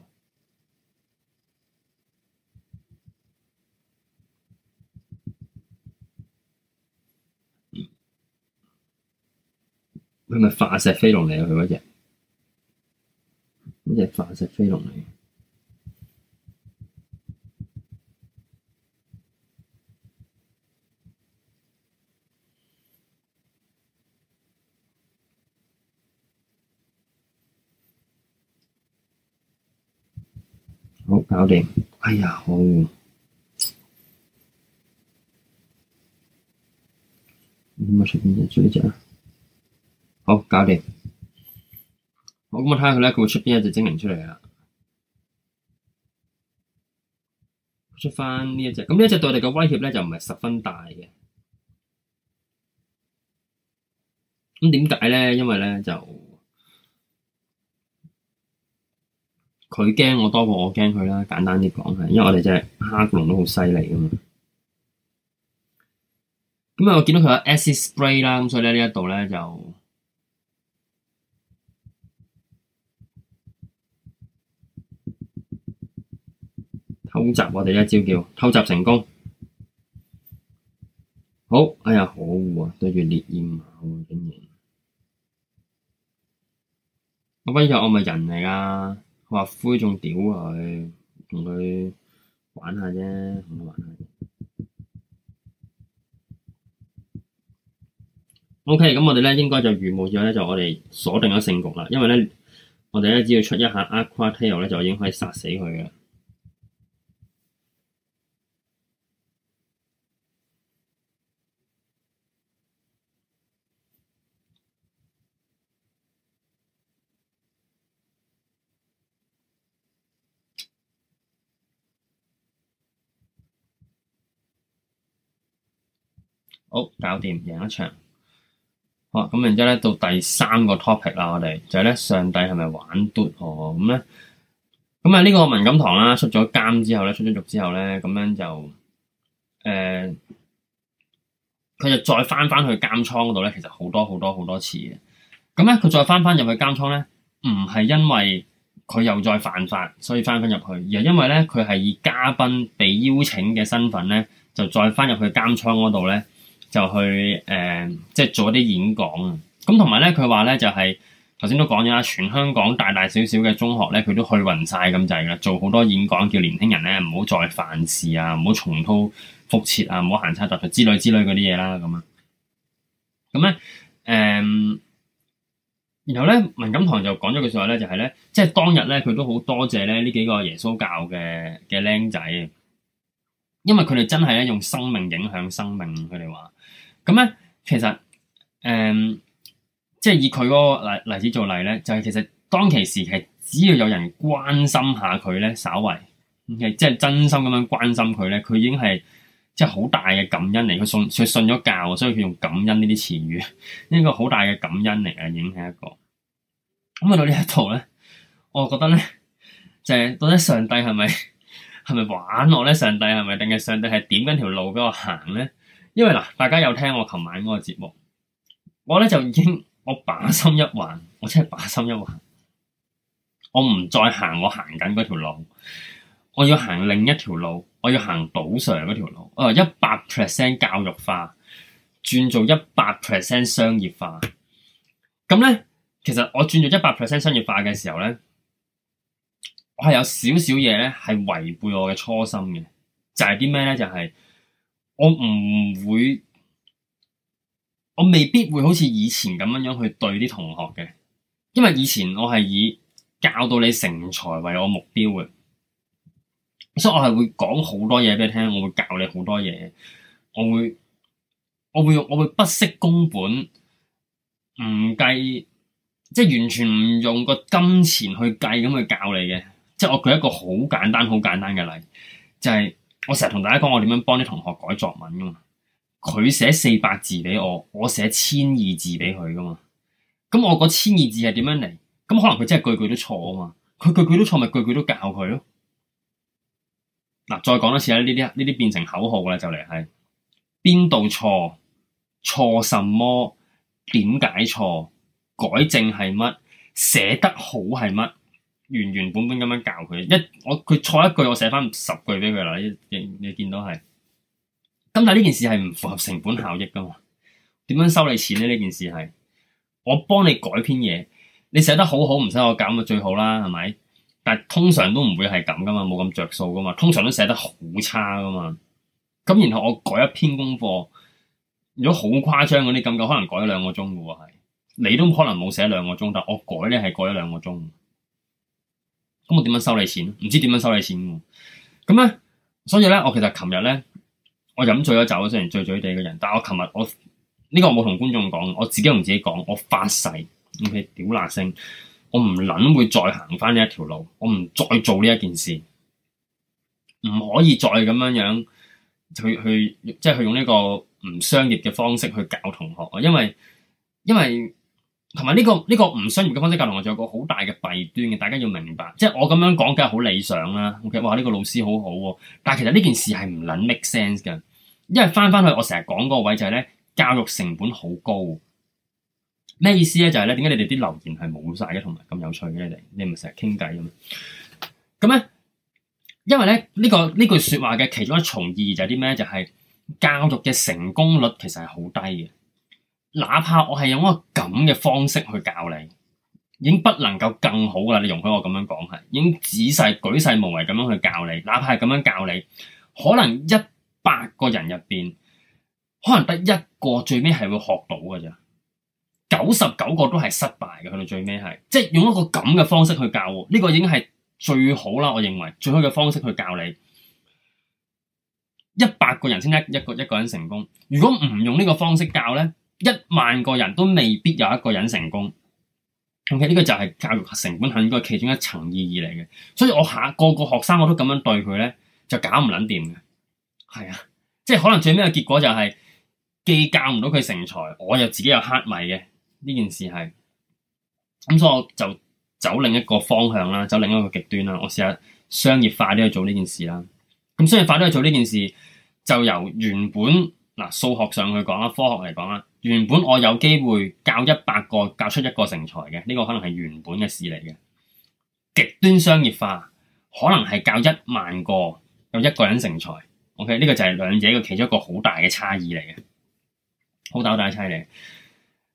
佢咪化石飛龍嚟啊！佢嗰隻。一隻化石飛落嚟，好搞掂！哎呀，去，唔好唔好食咁多水啫，好搞掂。我咁啊睇下佢咧，佢會出邊一隻精靈出嚟啊？出翻呢一隻，咁呢一隻對我哋嘅威脅咧就唔係十分大嘅。咁點解咧？因為咧就佢驚我多過我驚佢啦。簡單啲講係，因為我哋隻哈克龍都好犀利啊嘛。咁啊，我見到佢有 acid spray 啦，咁所以咧呢一度咧就。偷襲我哋一招叫偷襲成功，好哎呀，可惡啊，對住烈焰馬咁樣，我今日我咪人嚟噶，佢話灰仲屌佢，同佢玩下啫，同佢玩下。OK，咁我哋咧應該就預謀咗咧，就我哋鎖定咗勝局啦，因為咧我哋咧只要出一下 Aqua Tail 咧，就已經可以殺死佢嘅。好，搞掂，贏一場。好啊，咁然之後咧，到第三個 topic 啦，我哋就係、是、咧，上帝係咪玩脫？咁、哦、咧，咁啊，呢、這個文錦堂啦，出咗監之後咧，出咗獄之後咧，咁樣就誒，佢、呃、就再翻翻去監倉嗰度咧，其實好多好多好多次嘅。咁咧，佢再翻翻入去監倉咧，唔係因為佢又再犯法，所以翻翻入去，而係因為咧，佢係以嘉賓被邀請嘅身份咧，就再翻入去監倉嗰度咧。就去誒、呃，即係做一啲演講啊！咁同埋咧，佢話咧就係頭先都講咗啦，全香港大大小小嘅中學咧，佢都去勻晒咁滯嘅啦，做好多演講，叫年輕人咧唔好再犯事啊，唔好重蹈覆轍啊，唔好行差踏錯之類之類嗰啲嘢啦，咁啊，咁咧誒，然後咧文錦堂就講咗句說話咧，就係、是、咧，即係當日咧，佢都好多謝咧呢幾個耶穌教嘅嘅僆仔，因為佢哋真係咧用生命影響生命，佢哋話。咁咧，其實誒、嗯，即係以佢嗰個例例子做例咧，就係、是、其實當其時係，只要有人關心下佢咧，稍微即係真心咁樣關心佢咧，佢已經係即係好大嘅感恩嚟。佢信佢信咗教，所以佢用感恩呢啲詞語，一個好大嘅感恩嚟啊，引起一個。咁啊到呢一度咧，我覺得咧，就係、是、到底上帝係咪係咪玩我咧？上帝係咪？定係上帝係點緊條路俾我行咧？因為嗱，大家有聽我琴晚嗰個節目，我咧就已經我把心一橫，我真係把心一橫，我唔再行我行緊嗰條路，我要行另一條路，我要行島上嗰條路。我話一百 percent 教育化，轉做一百 percent 商業化。咁咧，其實我轉做一百 percent 商業化嘅時候咧，我係有少少嘢咧係違背我嘅初心嘅，就係啲咩咧，就係、是。我唔會，我未必會好似以前咁樣樣去對啲同學嘅，因為以前我係以教到你成才為我目標嘅，所以我係會講好多嘢俾你聽，我會教你好多嘢，我會我會我會不惜工本，唔計，即係完全唔用個金錢去計咁去教你嘅，即係我舉一個好簡單好簡單嘅例，就係、是。我成日同大家講我點樣幫啲同學改作文噶嘛？佢寫四百字畀我，我寫千二字畀佢噶嘛？咁我嗰千二字係點樣嚟？咁可能佢真係句句都錯啊嘛？佢句句都錯，咪句句都教佢咯？嗱，再講多次啦，呢啲呢啲變成口號啦，就嚟係邊度錯？錯什麼？點解錯？改正係乜？寫得好係乜？原原本本咁樣教佢一我佢錯一句，我寫翻十句俾佢啦。你你，你見到係咁，但係呢件事係唔符合成本效益噶嘛。點樣收你錢呢？呢件事係我幫你改篇嘢，你寫得好好唔使我搞咁最好啦，係咪？但係通常都唔會係咁噶嘛，冇咁着數噶嘛。通常都寫得好差噶嘛。咁然後我改一篇功課，如果好誇張嗰啲咁久，可能改咗兩個鐘嘅喎，係你都可能冇寫兩個鐘，但我改咧係改咗兩個鐘。咁我點樣收你錢？唔知點樣收你錢？咁咧，所以咧，我其實琴日咧，我飲醉咗酒，雖然醉醉地嘅人，但係我琴日我呢、呢個冇同觀眾講，我自己同自己講，我發誓，OK 屌、嗯、辣星，我唔捻會再行翻呢一條路，我唔再做呢一件事，唔可以再咁樣樣去去,去，即係去用呢個唔商業嘅方式去教同學，因為因為。同埋呢個呢、這個唔商業嘅方式教同學，仲有個好大嘅弊端嘅，大家要明白。即係我咁樣講，梗係好理想啦。OK，哇，呢、這個老師好好、啊、喎，但係其實呢件事係唔撚 make sense 嘅，因為翻翻去我成日講嗰個位就係咧，教育成本好高。咩意思咧？就係咧，點解你哋啲留言係冇晒嘅，同埋咁有趣嘅你哋？你唔係成日傾偈嘅咩？咁咧，因為咧呢、這個呢句説話嘅其中一重意義就係啲咩？就係、是、教育嘅成功率其實係好低嘅。哪怕我係用一個咁嘅方式去教你，已經不能夠更好啦。你容許我咁樣講係，已經仔細巨細無遺咁樣去教你。哪怕係咁樣教你，可能一百個人入邊，可能得一個最尾係會學到嘅啫，九十九個都係失敗嘅。去到最尾係，即係用一個咁嘅方式去教，呢、呢個已經係最好啦。我認為最好嘅方式去教你，一百個人先得一個一個人成功。如果唔用呢個方式教呢？一萬個人都未必有一個人成功，OK 呢個就係教育成本係一個其中一層意義嚟嘅，所以我下個個學生我都咁樣對佢咧，就搞唔捻掂嘅。係啊，即係可能最尾嘅結果就係既教唔到佢成才，我又自己又黑米嘅呢件事係，咁所以我就走另一個方向啦，走另一個極端啦，我試下商業化啲去做呢件事啦，咁商業化啲去做呢件事就由原本。嗱，數學上去講啦，科學嚟講啦，原本我有機會教一百個，教出一個成才嘅，呢個可能係原本嘅事嚟嘅。極端商業化可能係教一萬個有一個人成才。OK，呢個就係兩者嘅其中一個好大嘅差異嚟嘅，好大好大嘅差異。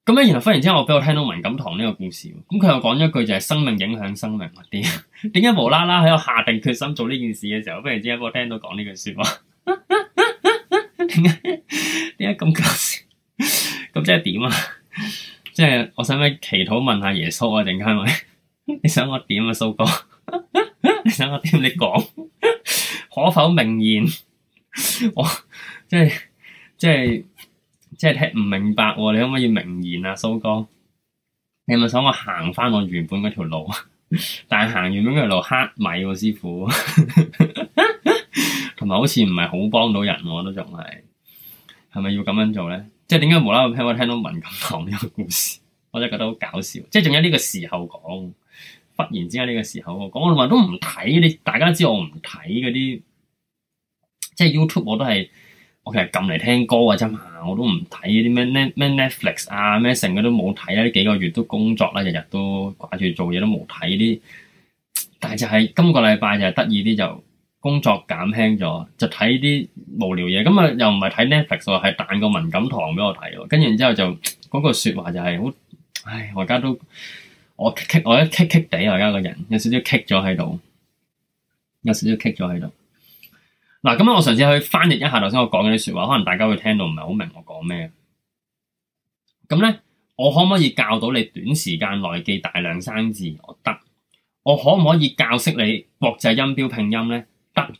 咁樣然後忽然之間我俾我聽到文錦堂呢個故事，咁佢又講咗一句就係生命影響生命。啲。點解無啦啦喺度下定決心做呢件事嘅時候，忽然之間我聽到講呢句說話。 點解點解咁搞笑？咁 即係點啊？即係我想唔使祈禱問下耶穌啊？陣間咪？ 你想我點啊？蘇哥， 你想我點？你講 可否明言？ 我即係即係即係聽唔明白，啊？你可唔可以明言啊？蘇哥，你咪想我行翻，我原本嗰條路？ 但係行原本嗰條路黑米喎，啊，師傅。 同埋好似唔係好幫到人喎，都仲係係咪要咁樣做咧？即係點解無啦啦聽我聽到文咁講呢個故事？我真係覺得好搞笑。即係仲有呢個時候講，忽然之間呢個時候講，我哋都唔睇。你大家知我唔睇嗰啲，即係 YouTube 我都係我其實撳嚟聽歌嘅啫嘛。我都唔睇啲咩咩咩 Netflix 啊，咩成嘅都冇睇啦。呢幾個月都工作啦，日日都掛住做嘢都冇睇啲。但係就係今個禮拜就得意啲就。工作減輕咗，就睇啲無聊嘢，咁啊又唔係睇 Netflix 喎，係彈個文感堂俾我睇，跟住然之後就嗰個說話就係好，唉，我而家都我我一棘棘地，而家個人有少少棘咗喺度，有少少棘咗喺度。嗱，咁啊，我嘗試去翻譯一下頭先我講嘅啲說話，可能大家會聽到唔係好明我講咩。咁咧，我可唔可以教到你短時間內記大量生字？我得。我可唔可以教識你國際音標拼音咧？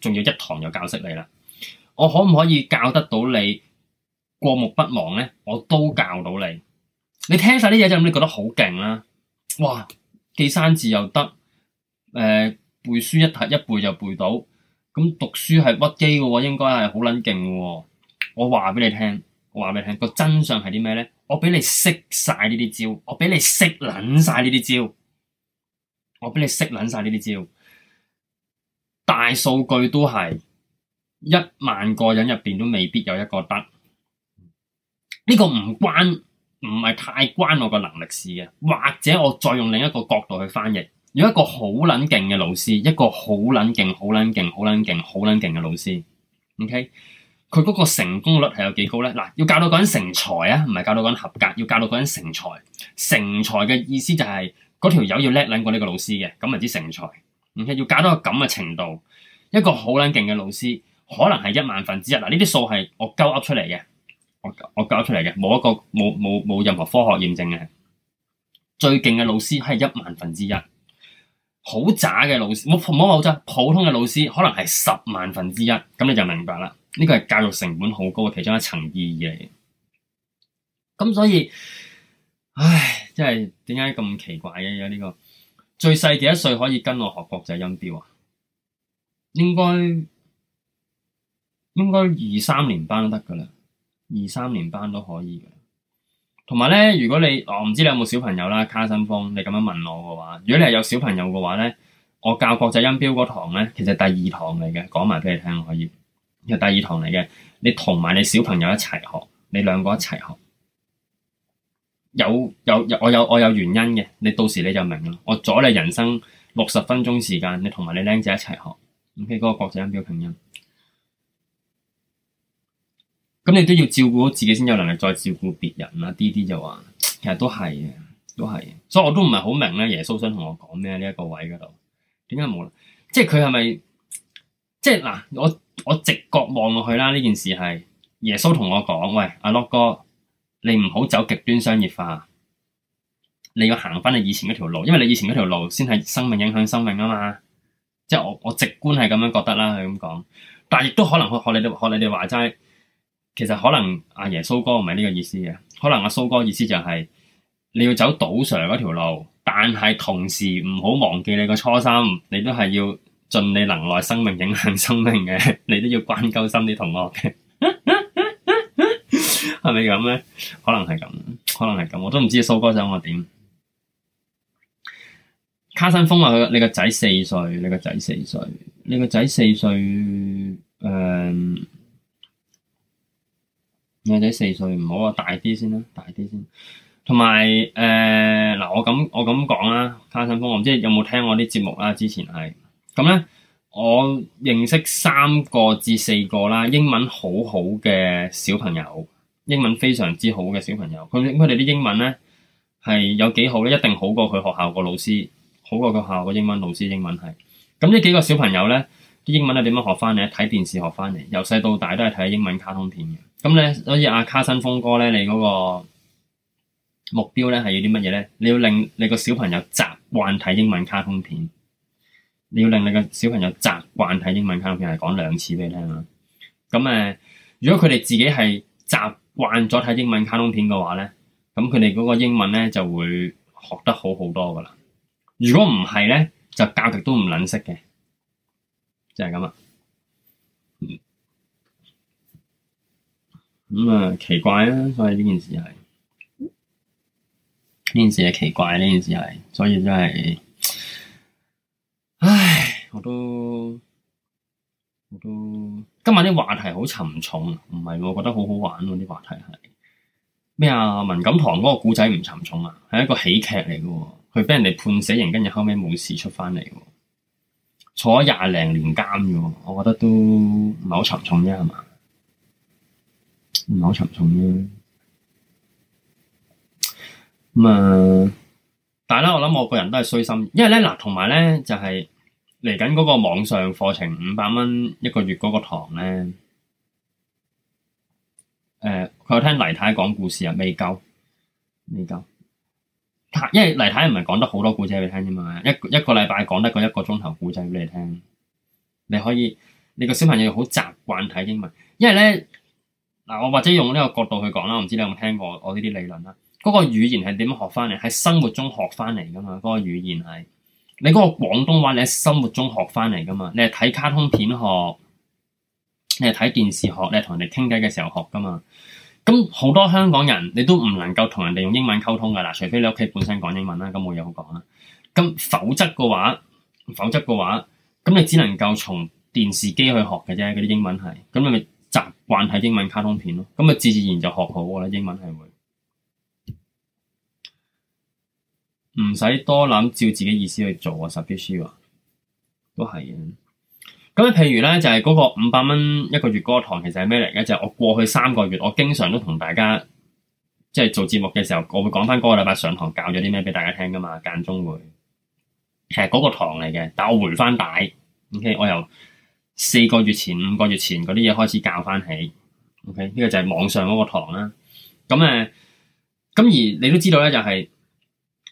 仲要一堂又教識你啦。我可唔可以教得到你過目不忘咧？我都教到你。你聽晒啲嘢，就咁，你覺得好勁啦。哇，記生字又得，誒、呃，背書一一背就背到。咁讀書係屈機嘅喎，應該係好捻勁嘅喎。我話俾你聽，我話俾你聽，個真相係啲咩咧？我俾你識晒呢啲招，我俾你識捻晒呢啲招，我俾你識捻晒呢啲招。大數據都係一萬個人入邊都未必有一個得，呢、這個唔關唔係太關我個能力事嘅，或者我再用另一個角度去翻譯，有一個好捻勁嘅老師，一個好捻勁、好捻勁、好捻勁、好捻勁嘅老師，OK，佢嗰個成功率係有幾高呢？嗱，要教到個人成才啊，唔係教到個人合格，要教到個人成才。成才嘅意思就係嗰條友要叻捻過呢個老師嘅，咁先知成才。咁要搞到咁嘅程度，一個好撚勁嘅老師可能係一萬分之一。嗱，呢啲數係我鳩噏出嚟嘅，我我鳩噏出嚟嘅，冇一個冇冇冇任何科學驗證嘅。最勁嘅老師係一萬分之一，好渣嘅老師冇冇冇錯，普通嘅老師可能係十萬分之一。咁你就明白啦，呢個係教育成本好高嘅其中一層意義嚟。咁所以，唉，真係點解咁奇怪嘅呢個？最細幾多歲可以跟我學國際音標啊？應該應該二三年班都得噶啦，二三年班都可以嘅。同埋咧，如果你我唔、哦、知你有冇小朋友啦，卡心風，你咁樣問我嘅話，如果你係有小朋友嘅話咧，我教國際音標嗰堂咧，其實第二堂嚟嘅，講埋俾你聽可以。係第二堂嚟嘅，你同埋你小朋友一齊學，你兩個一齊學。有有我有我有原因嘅，你到時你就明啦。我阻你人生六十分鐘時間，你同埋你僆仔一齊學。咁佢嗰個國際音標拼音，咁你都要照顧好自己先有能力再照顧別人啦。啲啲就話，其實都係嘅，都係。所以我都唔係好明咧、這個，耶穌想同我講咩呢一個位嗰度？點解冇？即係佢係咪？即係嗱，我我直覺望落去啦，呢件事係耶穌同我講，喂，阿、啊、洛哥。你唔好走極端商業化，你要行翻你以前嗰條路，因為你以前嗰條路先係生命影響生命啊嘛，即係我我直觀係咁樣覺得啦，佢咁講，但係亦都可能學學你哋學你哋話齋，其實可能阿、啊、耶穌哥唔係呢個意思嘅，可能阿、啊、蘇哥意思就係、是、你要走賭 Sir 嗰條路，但係同時唔好忘記你個初心，你都係要盡你能耐生命影響生命嘅， 你都要關鳩心啲同學嘅。 係咪咁咧？可能係咁，可能係咁。我都唔知蘇哥想我點，卡森峰話。佢，你個仔四歲，你個仔四歲，你個仔四歲誒、呃，你個仔四歲唔好啊，大啲先啦，大啲先。同埋誒嗱，我咁我咁講啦。卡森峰，我唔知有冇聽我啲節目啦、啊。之前係咁咧，我認識三個至四個啦，英文好好嘅小朋友。英文非常之好嘅小朋友，佢佢哋啲英文呢，係有幾好咧？一定好過佢學校個老師，好過佢學校個英文老師英文係。咁呢幾個小朋友呢，啲英文係點樣學翻嚟？睇電視學翻嚟，由細到大都係睇英文卡通片嘅。咁呢，所以阿、啊、卡森峰哥呢，你嗰個目標呢，係要啲乜嘢呢？你要令你個小朋友習慣睇英文卡通片，你要令你個小朋友習慣睇英文卡通片，係講兩次俾你聽啦。咁誒，如果佢哋自己係習慣咗睇英文卡通片嘅話咧，咁佢哋嗰個英文咧就會學得好好多噶啦。如果唔係咧，就教極都唔能識嘅，就係咁啦。咁、嗯、啊、嗯嗯，奇怪啊，所以呢件事係呢件事係奇怪，呢件事係，所以真係，唉，我都。我都今日啲話題好沉重，唔係我覺得好好玩咯、啊、啲話題係咩啊？文錦堂嗰個古仔唔沉重啊，係一個喜劇嚟嘅，佢俾人哋判死刑，跟住後尾冇事出翻嚟，坐咗廿零年監嘅，我覺得都唔係好沉重啫，係嘛？唔係好沉重啫。咁啊，但係咧，我諗我個人都係衰心，因為咧嗱，同埋咧就係、是。嚟緊嗰個網上課程五百蚊一個月嗰個堂咧，誒、呃，佢有聽黎太講故事啊，未夠，未夠，因因為黎太唔係講得好多故仔俾你聽啫嘛，一一個禮拜講得個一個鐘頭故仔俾你聽，你可以你個小朋友好習慣睇英文，因為咧嗱，我或者用呢個角度去講啦，唔知你有冇聽過我呢啲理論啦？嗰個語言係點學翻嚟？喺生活中學翻嚟噶嘛？嗰個語言係。你嗰個廣東話，你喺生活中學翻嚟噶嘛？你係睇卡通片學，你係睇電視學，你係同人哋傾偈嘅時候學噶嘛？咁好多香港人，你都唔能夠同人哋用英文溝通噶啦，除非你屋企本身講英文啦，咁冇嘢好講啦。咁否則嘅話，否則嘅話，咁你只能夠從電視機去學嘅啫，嗰啲英文係。咁你咪習慣睇英文卡通片咯，咁咪自自然就學好啦，英文係會。唔使多諗，照自己意思去做啊！十必書啊，都係嘅。咁啊，譬如咧，就係、是、嗰個五百蚊一個月嗰個堂，其實係咩嚟嘅？就是、我過去三個月，我經常都同大家即係、就是、做節目嘅時候，我會講翻嗰個禮拜上堂教咗啲咩俾大家聽噶嘛，間中會係嗰個堂嚟嘅。但我回翻帶，OK，我由四個月前、五個月前嗰啲嘢開始教翻起，OK，呢個就係網上嗰個堂啦。咁誒，咁而你都知道咧，就係、是。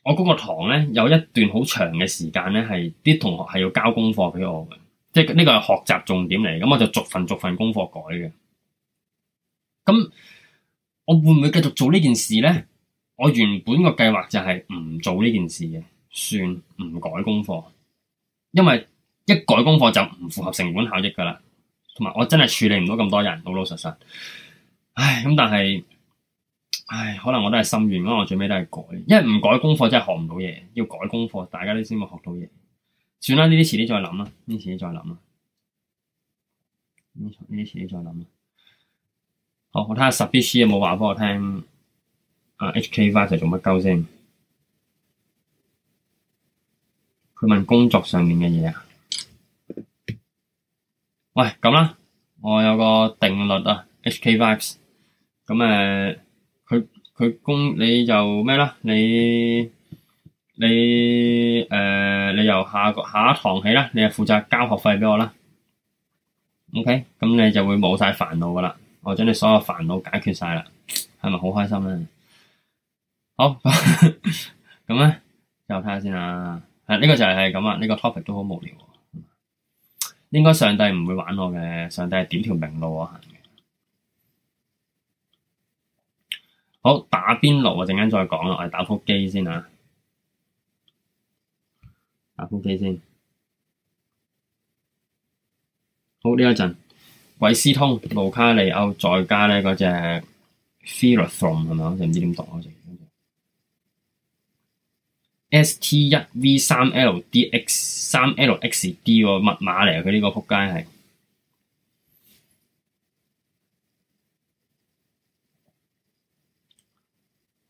我嗰個堂咧，有一段好長嘅時間咧，係啲同學係要交功課俾我嘅，即係呢個係學習重點嚟，咁我就逐份逐份功課改嘅。咁我會唔會繼續做呢件事咧？我原本個計劃就係唔做呢件事嘅，算唔改功課，因為一改功課就唔符合成本效益噶啦，同埋我真係處理唔到咁多人，老老實實，唉咁但係。唉，可能我都係心願，因為我最尾都係改，因為唔改功課真係學唔到嘢，要改功課，大家都先會學到嘢。算啦，呢啲遲啲再諗啦，呢啲遲啲再諗啦。呢啲遲啲再諗啦。好，睇下 Subby Sir 有冇話畀我聽。啊，HKVAX 係做乜鳩先？佢問工作上面嘅嘢啊？喂，咁啦，我有個定律啊，HK Five，咁誒。呃佢供你就咩啦？你你誒、呃，你由下個下一堂起啦，你係負責交學費俾我啦。OK，咁你就會冇晒煩惱噶啦。我將你所有煩惱解決晒啦，係咪好開心咧？好咁咧， 就睇下先啦。誒、啊，呢、這個就係係咁啊。呢、這個 topic 都好無聊，應該上帝唔會玩我嘅。上帝係點條明路啊？好打邊爐啊！陣間再講咯，我哋打扑機先吓，打扑機先。好，呢一陣，鬼斯通、盧卡利歐再加呢嗰隻 philanthrop 係咪啊？我哋唔知點讀啊，我哋。S T 一 V 三 L D X 三 L X D 喎，密碼嚟啊！佢呢個扑街係。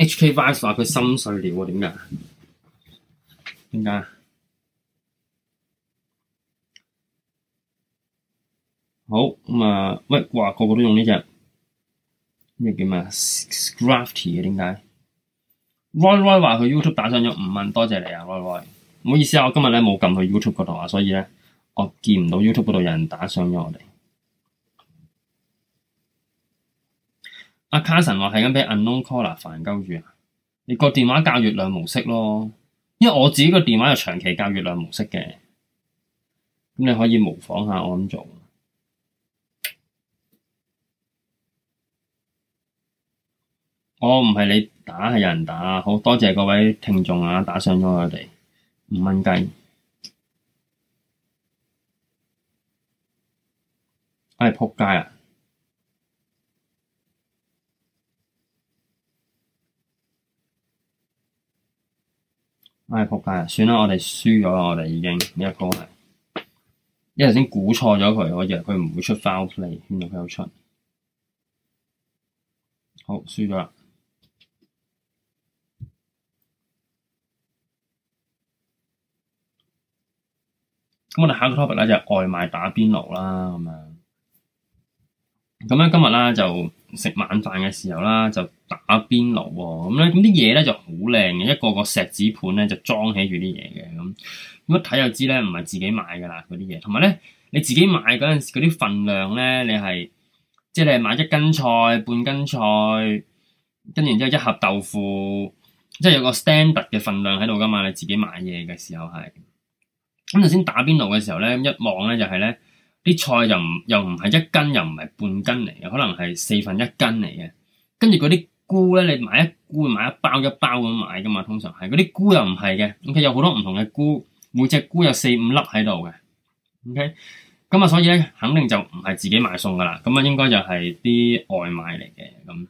HK Vice 話佢心碎了喎，點解？點解？好咁啊！喂，話個個都用呢隻咩叫咩？Scruffy 啊，點解？Roy Roy 話佢 YouTube 打賞咗五萬，多謝你啊，Roy Roy！唔好意思啊，我今日咧冇撳去 YouTube 嗰度啊，所以咧我見唔到 YouTube 嗰度有人打賞咗我哋。阿卡神話係咁畀 unknown caller 煩鳩住啊！你個電話校月亮模式咯，因為我自己個電話又長期校月亮模式嘅，咁你可以模仿下我咁做。我唔係你打，係有人打，好多謝各位聽眾啊！打賞咗我哋五蚊雞，哎，仆街啊！我仆街啊！算啦，我哋輸咗啦，我哋已經呢個歌係，因為先估錯咗佢，我以為佢唔會出翻 outplay，原來佢有出，好輸咗啦。咁我哋下一個 topic 咧就係、是、外賣打邊爐啦，咁樣。咁樣今日啦就。食晚飯嘅時候啦，就打邊爐喎、喔，咁、嗯、咧，咁啲嘢咧就好靚嘅，一個個錫紙盤咧就裝起住啲嘢嘅咁，咁、嗯、一睇就知咧唔係自己買噶啦嗰啲嘢，同埋咧你自己買嗰陣時嗰啲份量咧，你係即係你係買一斤菜、半斤菜，跟住然之後一盒豆腐，即、就、係、是、有個 standard 嘅份量喺度噶嘛，你自己買嘢嘅時候係咁頭先打邊爐嘅時候咧，一望咧就係、是、咧。啲菜又唔又唔係一斤又唔係半斤嚟嘅，可能係四分一斤嚟嘅。跟住嗰啲菇咧，你買一菇買一包一包咁買噶嘛，通常係。嗰啲菇又唔係嘅，咁佢有好多唔同嘅菇，每隻菇有四五粒喺度嘅。OK，咁啊，所以咧肯定就唔係自己買餸噶啦，咁啊應該就係啲外賣嚟嘅咁。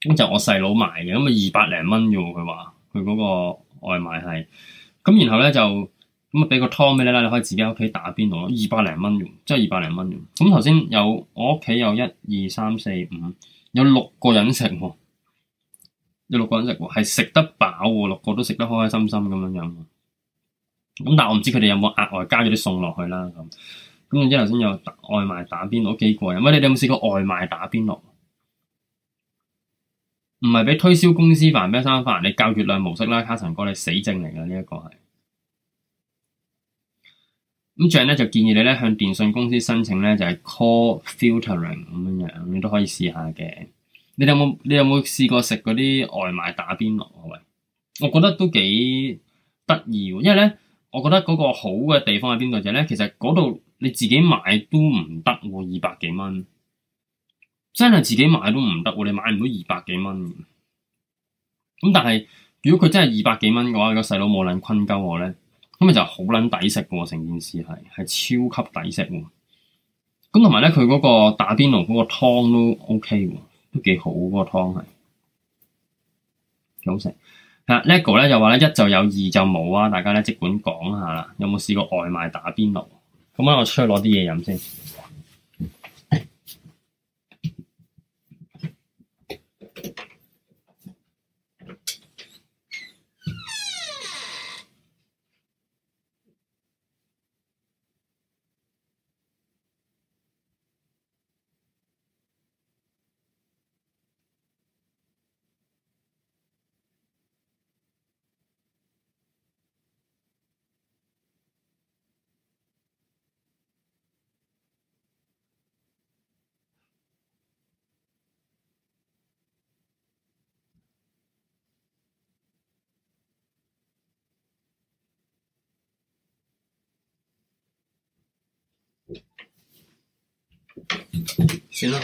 咁就我細佬買嘅，咁啊二百零蚊啫佢話，佢嗰個外賣係。咁然後咧就。咁啊，俾個湯俾你啦，你可以自己喺屋企打邊爐，二百零蚊啫，二百零蚊啫。咁頭先有我屋企有一二三四五，有六個人食喎、哦，有六個人食喎，係食得飽喎、哦，六個都食得開開心心咁樣樣。咁但係我唔知佢哋有冇額外加咗啲餸落去啦咁。咁總之頭先有外賣打邊爐幾貴啊！喂，你哋有冇試過外賣打邊爐？唔係俾推銷公司飯咩三飯？你教月亮模式啦，卡神哥，你死症嚟㗎呢一個係。咁仲有咧，就建議你咧向電信公司申請咧，就係 call filtering 咁樣樣，你都可以試下嘅。你有冇你有冇試過食嗰啲外賣打邊爐？喂，我覺得都幾得意，因為咧，我覺得嗰個好嘅地方喺邊度就係咧，其實嗰度你自己買都唔得，二百幾蚊，真係自己買都唔得，你買唔到二百幾蚊。咁但係如果佢真係二百幾蚊嘅話，個細佬冇諗坤鳩我咧。咁咪就好撚抵食喎，成件事係係超級抵食喎。咁同埋咧，佢嗰個打邊爐嗰個湯都 OK 喎，都幾好，嗰個湯係，幾好食。啊，lego 咧就話咧一就有二就冇啊，大家咧即管講下啦，有冇試過外賣打邊爐？咁、啊、我出去攞啲嘢飲先。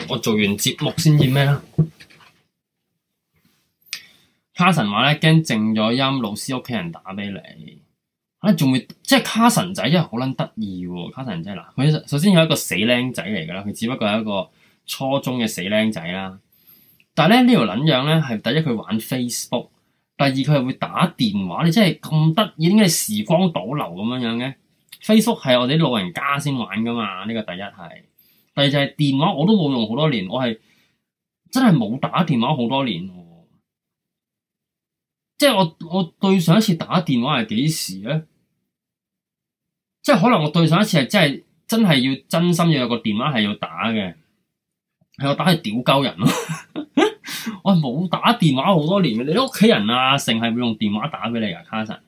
我做完節目先驗咩啦？卡神話咧驚靜咗音，老師屋企人打俾你。啊，仲會即係卡神仔，因為好撚得意喎。卡神仔嗱，佢首先有一個死僆仔嚟噶啦，佢只不過係一個初中嘅死僆仔啦。但係咧呢條撚樣咧係第一佢玩 Facebook，第二佢係會打電話。你真係咁得意點解時光倒流咁樣樣嘅？Facebook 係我哋老人家先玩噶嘛？呢個第一係。係就係電話，我都冇用好多年。我係真係冇打電話好多年。即係我我對上一次打電話係幾時咧？即係可能我對上一次係真係真係要真心要有個電話係要打嘅。係我打去屌鳩人咯。 我冇打電話好多年。你屋企人啊，成係會用電話打俾你啊，卡神。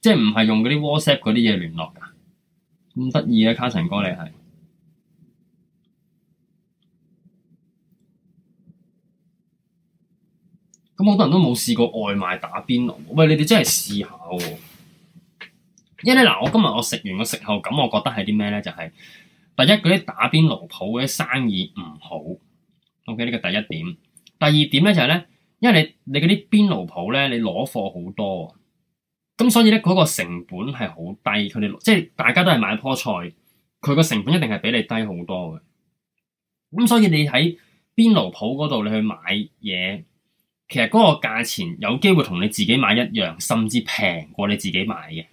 即係唔係用嗰啲 WhatsApp 嗰啲嘢聯絡㗎？咁得意啊，卡神哥你係。咁好多人都冇試過外賣打邊爐，喂，你哋真係試下喎！因為咧嗱，我今日我食完個食後感，我覺得係啲咩咧？就係第一嗰啲打邊爐鋪嗰啲生意唔好。OK，呢個第一點。第二點咧就係咧，因為你你嗰啲邊爐鋪咧，你攞貨好多，咁所以咧嗰個成本係好低。佢哋即係大家都係買一樖菜，佢個成本一定係比你低好多嘅。咁所以你喺邊爐鋪嗰度你去買嘢。其實嗰個價錢有機會同你自己買一樣，甚至平過你自己買嘅。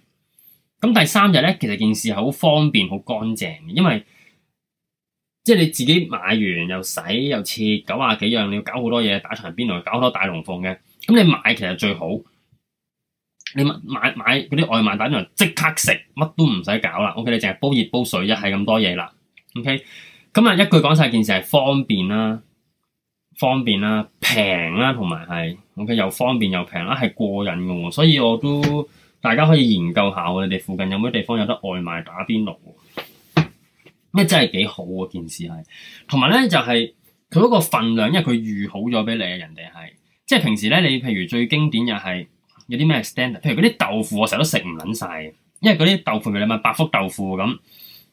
咁第三日咧，其實件事係好方便、好乾淨，因為即係你自己買完又洗又切九啊幾樣，你要搞好多嘢，打邊爐，搞好多大龍鳳嘅。咁你買其實最好，你買買嗰啲外賣打邊爐，即刻食，乜都唔使搞啦。OK，你淨係煲熱煲水一係咁多嘢啦。OK，咁啊一句講晒件事係方便啦。方便啦，啊，平啦，啊，同埋係，ok 又方便又平啦，啊，係過癮嘅我，所以我都大家可以研究下喎，你哋附近有冇地方有得外賣打邊爐，啊？咩真係幾好啊件事係，啊，同埋咧就係佢嗰個份量，因為佢預好咗俾你啊，人哋係，即係平時咧，你譬如最經典又係，就是、有啲咩 standard 譬如嗰啲豆，豆，豆腐，我成日都食唔捻晒，因為嗰啲豆腐譬如你問百福豆腐咁，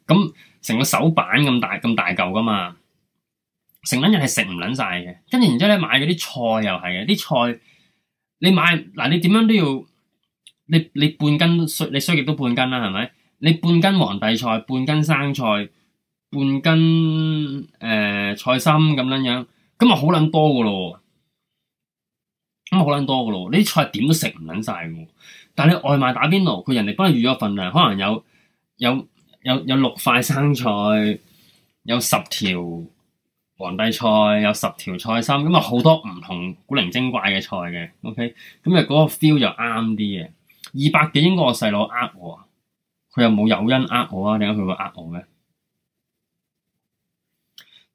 咁成個手板咁大咁大嚿噶嘛。成撚人係食唔撚晒嘅，跟住然之後咧買嗰啲菜又係嘅，啲菜你買嗱你點樣都要，你你半斤你衰極都半斤啦，係咪？你半斤皇帝菜，半斤生菜，半斤誒、呃、菜心咁樣樣，咁啊好撚多噶咯，咁啊好撚多噶咯，呢啲菜點都食唔撚晒嘅，但係你外賣打邊爐，佢人哋幫你預咗份量，可能有有有有，有六塊生菜，有十條。皇帝菜有十條菜心，咁啊好多唔同古靈精怪嘅菜嘅，OK，咁啊嗰個 feel 就啱啲嘅。二百幾應該我細佬呃我，佢又冇誘因呃我啊？點解佢會呃我咩？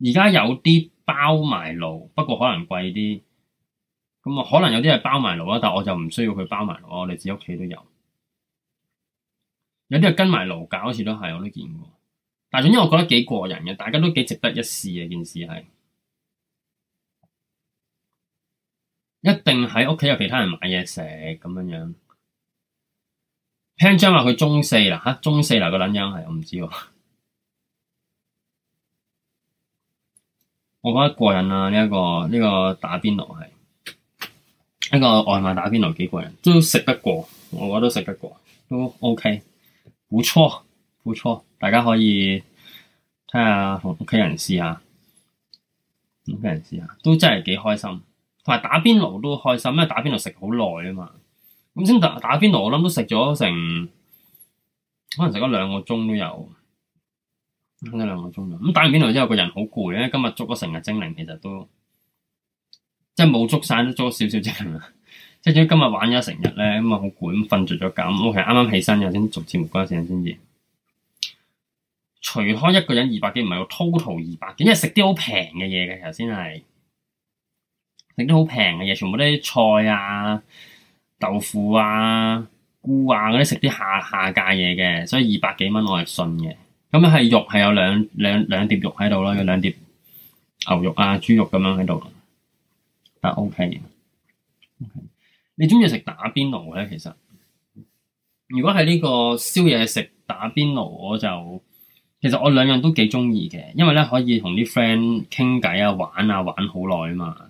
而家有啲包埋爐，不過可能貴啲。咁啊，可能有啲係包埋爐啦，但係我就唔需要佢包埋爐咯。我哋自己屋企都有，有啲係跟埋爐搞，好似都係我都見過。但係總之，我覺得幾過癮嘅，大家都幾值得一試嘅。件事係一定喺屋企有其他人買嘢食咁樣樣。聽張話佢中四啦，吓中四啦個卵樣係，我唔知喎。 我覺得過癮啊，呢、這、一個呢、這個打邊爐係呢個外賣打邊爐幾過癮，都食得過，我覺得食得過都 OK，冇錯，冇錯。大家可以睇下同屋企人試下，屋企人試下都真係幾開心。同埋打邊爐都開心，因為打邊爐食好耐啊嘛。咁先打打邊爐，我諗都食咗成，可能食咗兩個鐘都有。咁啊兩個鐘啊，咁打完邊爐之後，個人好攰啊，今日捉咗成日精靈，其實都即係冇捉曬，都捉咗少少精靈。即係因為今日玩咗成日咧，咁啊好攰，瞓着咗咁。我其實啱啱起身，有先做節目嗰陣先至。除開一個人二百幾，唔係我 total 二百幾，因為食啲好平嘅嘢嘅，頭先係食啲好平嘅嘢，全部都係菜啊、豆腐啊、菇啊嗰啲，食啲下下價嘢嘅，所以二百幾蚊我係信嘅。咁啊，係肉係有兩兩兩、兩碟肉喺度咯，有兩碟牛肉啊、豬肉咁樣喺度，但、ah, OK 嘅、okay。你中意食打邊爐嘅其實，如果係呢個宵夜食打邊爐，我就～其實我兩樣都幾中意嘅，因為咧可以同啲 friend 傾偈啊、玩啊、玩好耐啊嘛。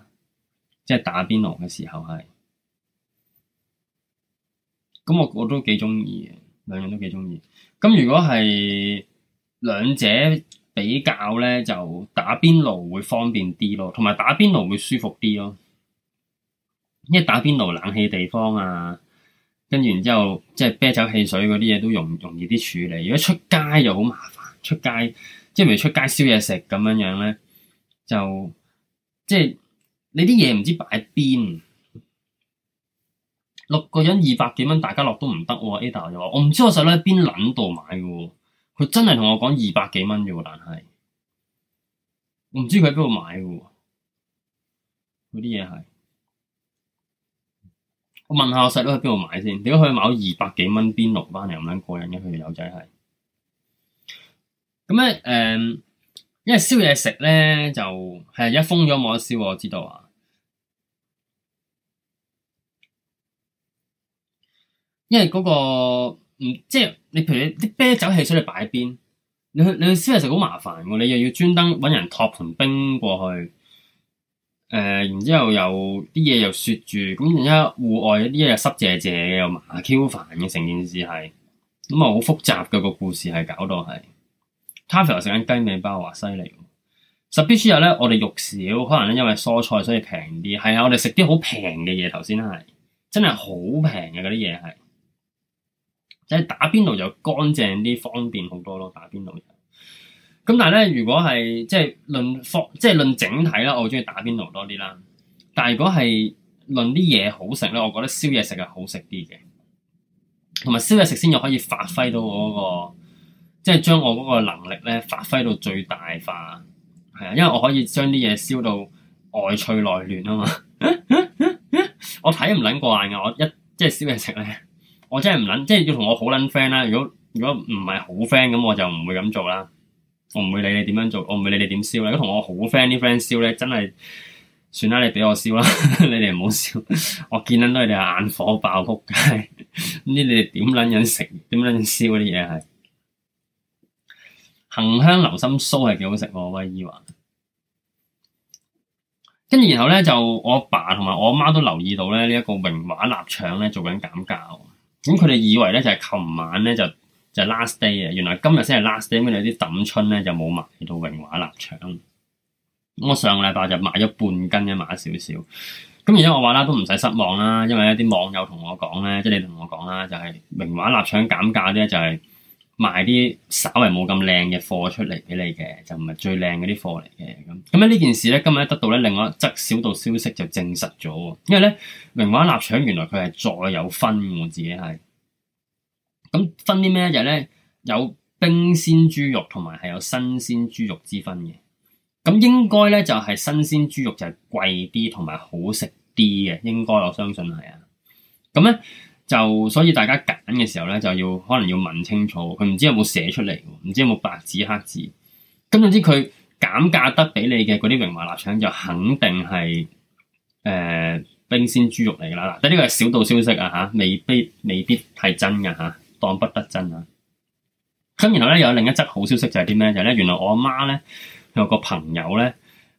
即係打邊爐嘅時候係咁，我我都幾中意嘅，兩樣都幾中意。咁如果係兩者比較咧，就打邊爐會方便啲咯，同埋打邊爐會舒服啲咯。因為打邊爐冷氣地方啊，跟住然之後即係啤酒、汽水嗰啲嘢都容易容易啲處理。如果出街又好麻煩。出街，即係譬如出街燒嘢食咁樣樣咧，就即係你啲嘢唔知擺邊，六個人二百幾蚊，大家落都唔得。Ada 就話我唔知我細佬喺邊捻度買嘅，佢真係同我講二百幾蚊咋，但係我唔知佢喺邊度買嘅，佢啲嘢係。我問下我細佬喺邊度買先，點解佢買咗二百幾蚊邊六班嚟咁捻過癮嘅？佢友仔係。咁咧誒，因為燒嘢食咧就係、是、一封咗冇得燒，我知道啊。因為嗰、那個唔、嗯、即係你譬如啲啤酒汽水你擺邊？你去你去燒嘢食好麻煩嘅，你又要專登揾人托盤冰過去。誒、呃，然之後又啲嘢又雪住，咁然之後戶外啲嘢又濕謝謝嘅，又麻煩嘅成件事係，咁啊好複雜嘅、那個故事係搞到係。咖啡我食緊雞尾包，話犀利！十必八日咧，我哋肉少，可能咧因為蔬菜，所以平啲。係啊，我哋食啲好平嘅嘢，頭先係真係好平嘅嗰啲嘢係。即係打邊爐就乾淨啲，方便好多咯，打邊爐。咁但係咧，如果係即係論方，即係論整體啦，我中意打邊爐多啲啦。但係如果係論啲嘢好食咧，我覺得宵夜食係好食啲嘅，同埋宵夜食先又可以發揮到我、那、嗰個。即係將我嗰個能力咧發揮到最大化，係啊，因為我可以將啲嘢燒到外脆內嫩啊嘛、啊啊啊。我睇唔捻過眼噶，我一即係燒嘢食咧，我真係唔捻，即係要同我好捻 friend 啦。如果如果唔係好 friend，咁我就唔會咁做啦。我唔會理你點樣做，我唔會理你點燒啦。如果同我好 friend 啲 friend 燒咧，真係算啦，你俾我燒啦， 你哋唔好燒。我見捻到你哋眼火爆谷街，呢 你哋點捻人食，點捻人燒嗰啲嘢係。恒香流心酥係幾好食，威姨話，跟住然後咧就我阿爸同埋我阿媽都留意到咧呢一個榮華臘腸咧做緊減價，咁佢哋以為咧就係琴晚咧就就 last day 啊，原來今日先係 last day，咁有啲抌春咧就冇買到榮華臘腸，咁我上個禮拜就買咗半斤嘅，買少少，咁而且我話啦都唔使失望啦，因為一啲網友同我講咧，即係你同我講啦，就係榮華臘腸減價咧就係。賣啲稍微冇咁靚嘅貨出嚟俾你嘅，就唔係最靚嗰啲貨嚟嘅。咁咁喺呢件事咧，今日得到咧另外一則小道消息就證實咗喎，因為咧榮華臘腸原來佢係再有分，我自己係咁分啲咩就咧有冰鮮豬肉同埋係有新鮮豬肉之分嘅。咁應該咧就係新鮮豬肉就係貴啲同埋好食啲嘅，應該我相信係啊。咁咧。就所以大家揀嘅時候咧，就要可能要問清楚，佢唔知有冇寫出嚟，唔知有冇白紙黑字。咁總之佢減價得俾你嘅嗰啲榮華臘腸就肯定係誒、呃、冰鮮豬肉嚟㗎啦。嗱，即係呢個係小道消息啊嚇，未必未必係真㗎嚇、啊，當不得真啊。咁然後咧有另一則好消息就係啲咩？就係、是、咧原來我阿媽咧有個朋友咧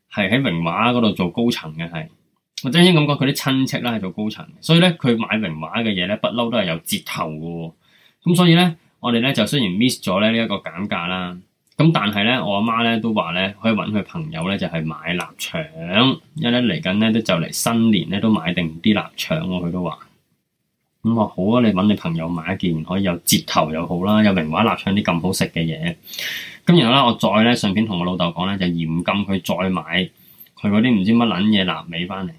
係喺榮華嗰度做高層嘅係。我真係咁講，佢啲親戚咧係做高層，所以咧佢買榮華嘅嘢咧，不嬲都係有折頭嘅。咁所以咧，我哋咧就雖然 miss 咗咧呢一個減價啦。咁但係咧，我阿媽咧都話咧可以揾佢朋友咧就係買臘腸，因為咧嚟緊咧都就嚟新年咧都買定啲臘腸。佢都話咁話好啊！你揾你朋友買一件可以有折頭又好啦，有榮華臘腸啲咁好食嘅嘢。咁然後咧，我再咧順便同我老豆講咧，就嚴禁佢再買佢嗰啲唔知乜撚嘢臘味翻嚟。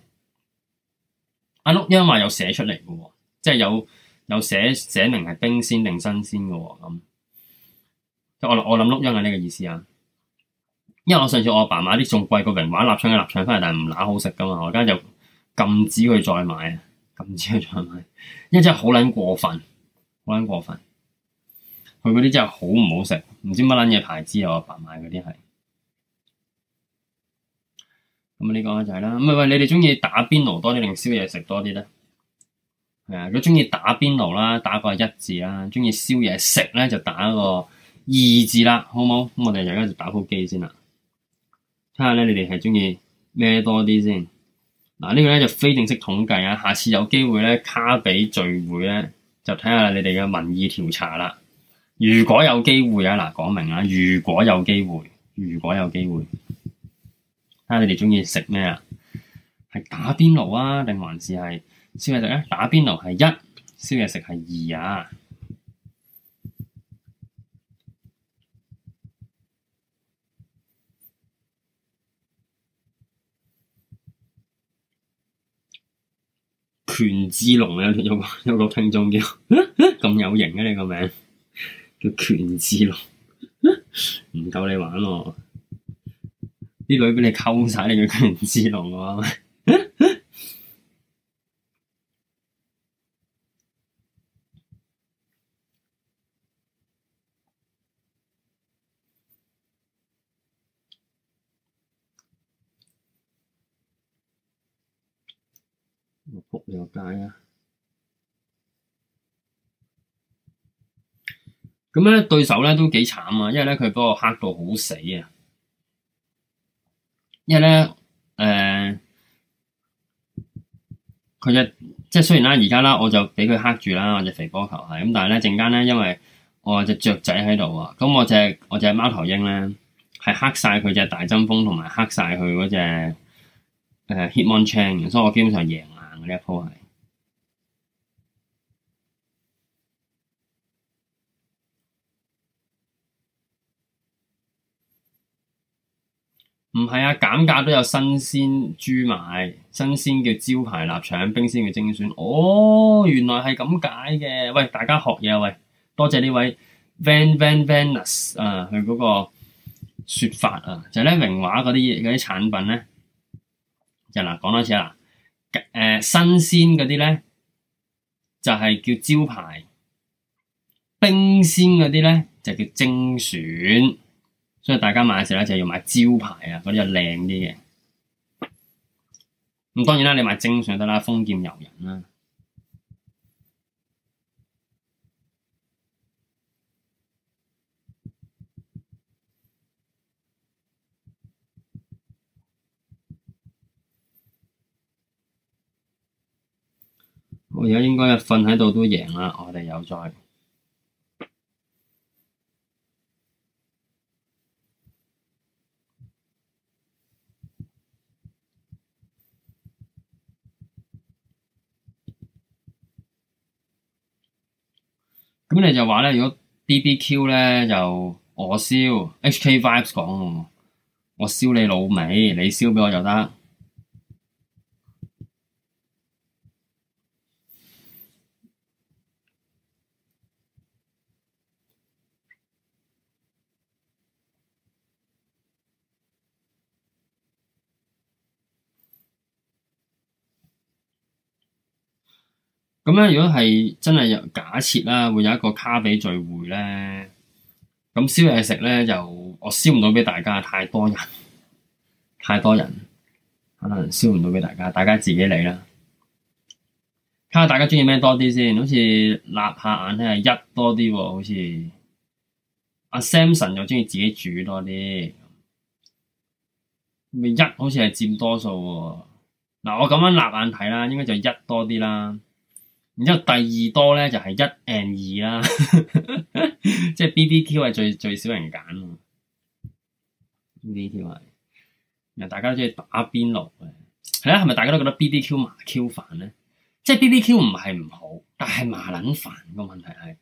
阿碌音話有寫出嚟嘅，即係有有寫寫明係冰鮮定新鮮嘅，咁我我諗錄音係呢個意思啊。因為我上次我阿爸買啲仲貴過榮華臘腸嘅臘腸翻嚟，但係唔乸好食噶嘛，我而家就禁止佢再買，禁止佢再買，因為真係好撚過分，好撚過分，佢嗰啲真係好唔好食，唔知乜撚嘢牌子啊！我阿爸買嗰啲係。咁啊，你講啊，就係啦。唔係，喂，你哋中意打邊爐多啲定宵夜食多啲咧？係啊，如果中意打邊爐啦，打個一字啦；中意宵夜食咧，就打個二字啦，好唔好？咁我哋而家就打波機先啦，睇下咧，你哋係中意咩多啲先。嗱，呢個，呢個咧就非正式統計啊，下次有機會咧卡比聚會咧，就睇下你哋嘅民意調查啦。如果有機會啊，嗱，講明啦，如果有機會，如果有機會。睇下你哋鍾意食咩啊？係打邊爐啊，定還是係燒嘢食咧？打邊爐係一，燒嘢食係二啊！權志龍，有有有個聽眾叫咁有型嘅，你個名叫權志龍，唔夠你玩喎！啲女俾你溝曬，你仲唔知咯？我仆又街啊！咁咧，對手咧都幾慘啊，因為咧佢俾我嚇到好死啊！呃、即係咧，誒，佢隻即係雖然啦，而家啦，我就俾佢黑住啦，我隻肥波球係咁，但係咧，陣間咧，因為我隻雀仔喺度啊，咁我隻我隻貓頭鷹咧，係黑晒佢隻大針蜂，同埋黑晒佢隻誒 hit on chain，所以我基本上贏硬呢一鋪係。唔係啊，減價都有新鮮豬賣，新鮮叫招牌臘腸，冰鮮叫精選。哦，原來係咁解嘅。喂，大家學嘢啊！喂，多謝呢位 en, Van Van Venus 啊，佢嗰個說法，就係，呢榮華呢，啊，就咧榮華嗰啲嗰啲產品咧，就嗱講多次啦。誒，新鮮嗰啲咧就係叫招牌，冰鮮嗰啲咧就叫精選。所以大家買時咧，就係要買招牌啊，嗰啲就靚啲嘅。咁當然啦，你買正常得啦，豐儉由人啦。我而家應該一瞓喺度都贏啦，我哋有在。咁你就話咧，如果 BBQ 咧就我燒 HK vibes 講，我燒你老味，你燒畀我就得。咁咧、嗯，如果係真係有假設啦，會有一個卡比聚會咧，咁燒嘢食咧，就我燒唔到俾大家，太多人，太多人，可能燒唔到俾大家，大家自己嚟啦。睇下大家中意咩多啲先，好似立下眼睇係一多啲、啊，好似阿、啊、Samson 又中意自己煮多啲，咪一好似係佔多數、啊。嗱、啊，我咁樣立眼睇啦，應該就一多啲啦、啊。然之後第二多咧就係、是、一 and 二啦，即 係 B B Q 係最最少人揀，B B Q 係，因為大家都中意打邊爐嘅，係啦係咪大家都覺得 B B Q 麻煩煩呢、就是、Q 煩咧？即係 B B Q 唔係唔好，但係麻撚煩個問題係，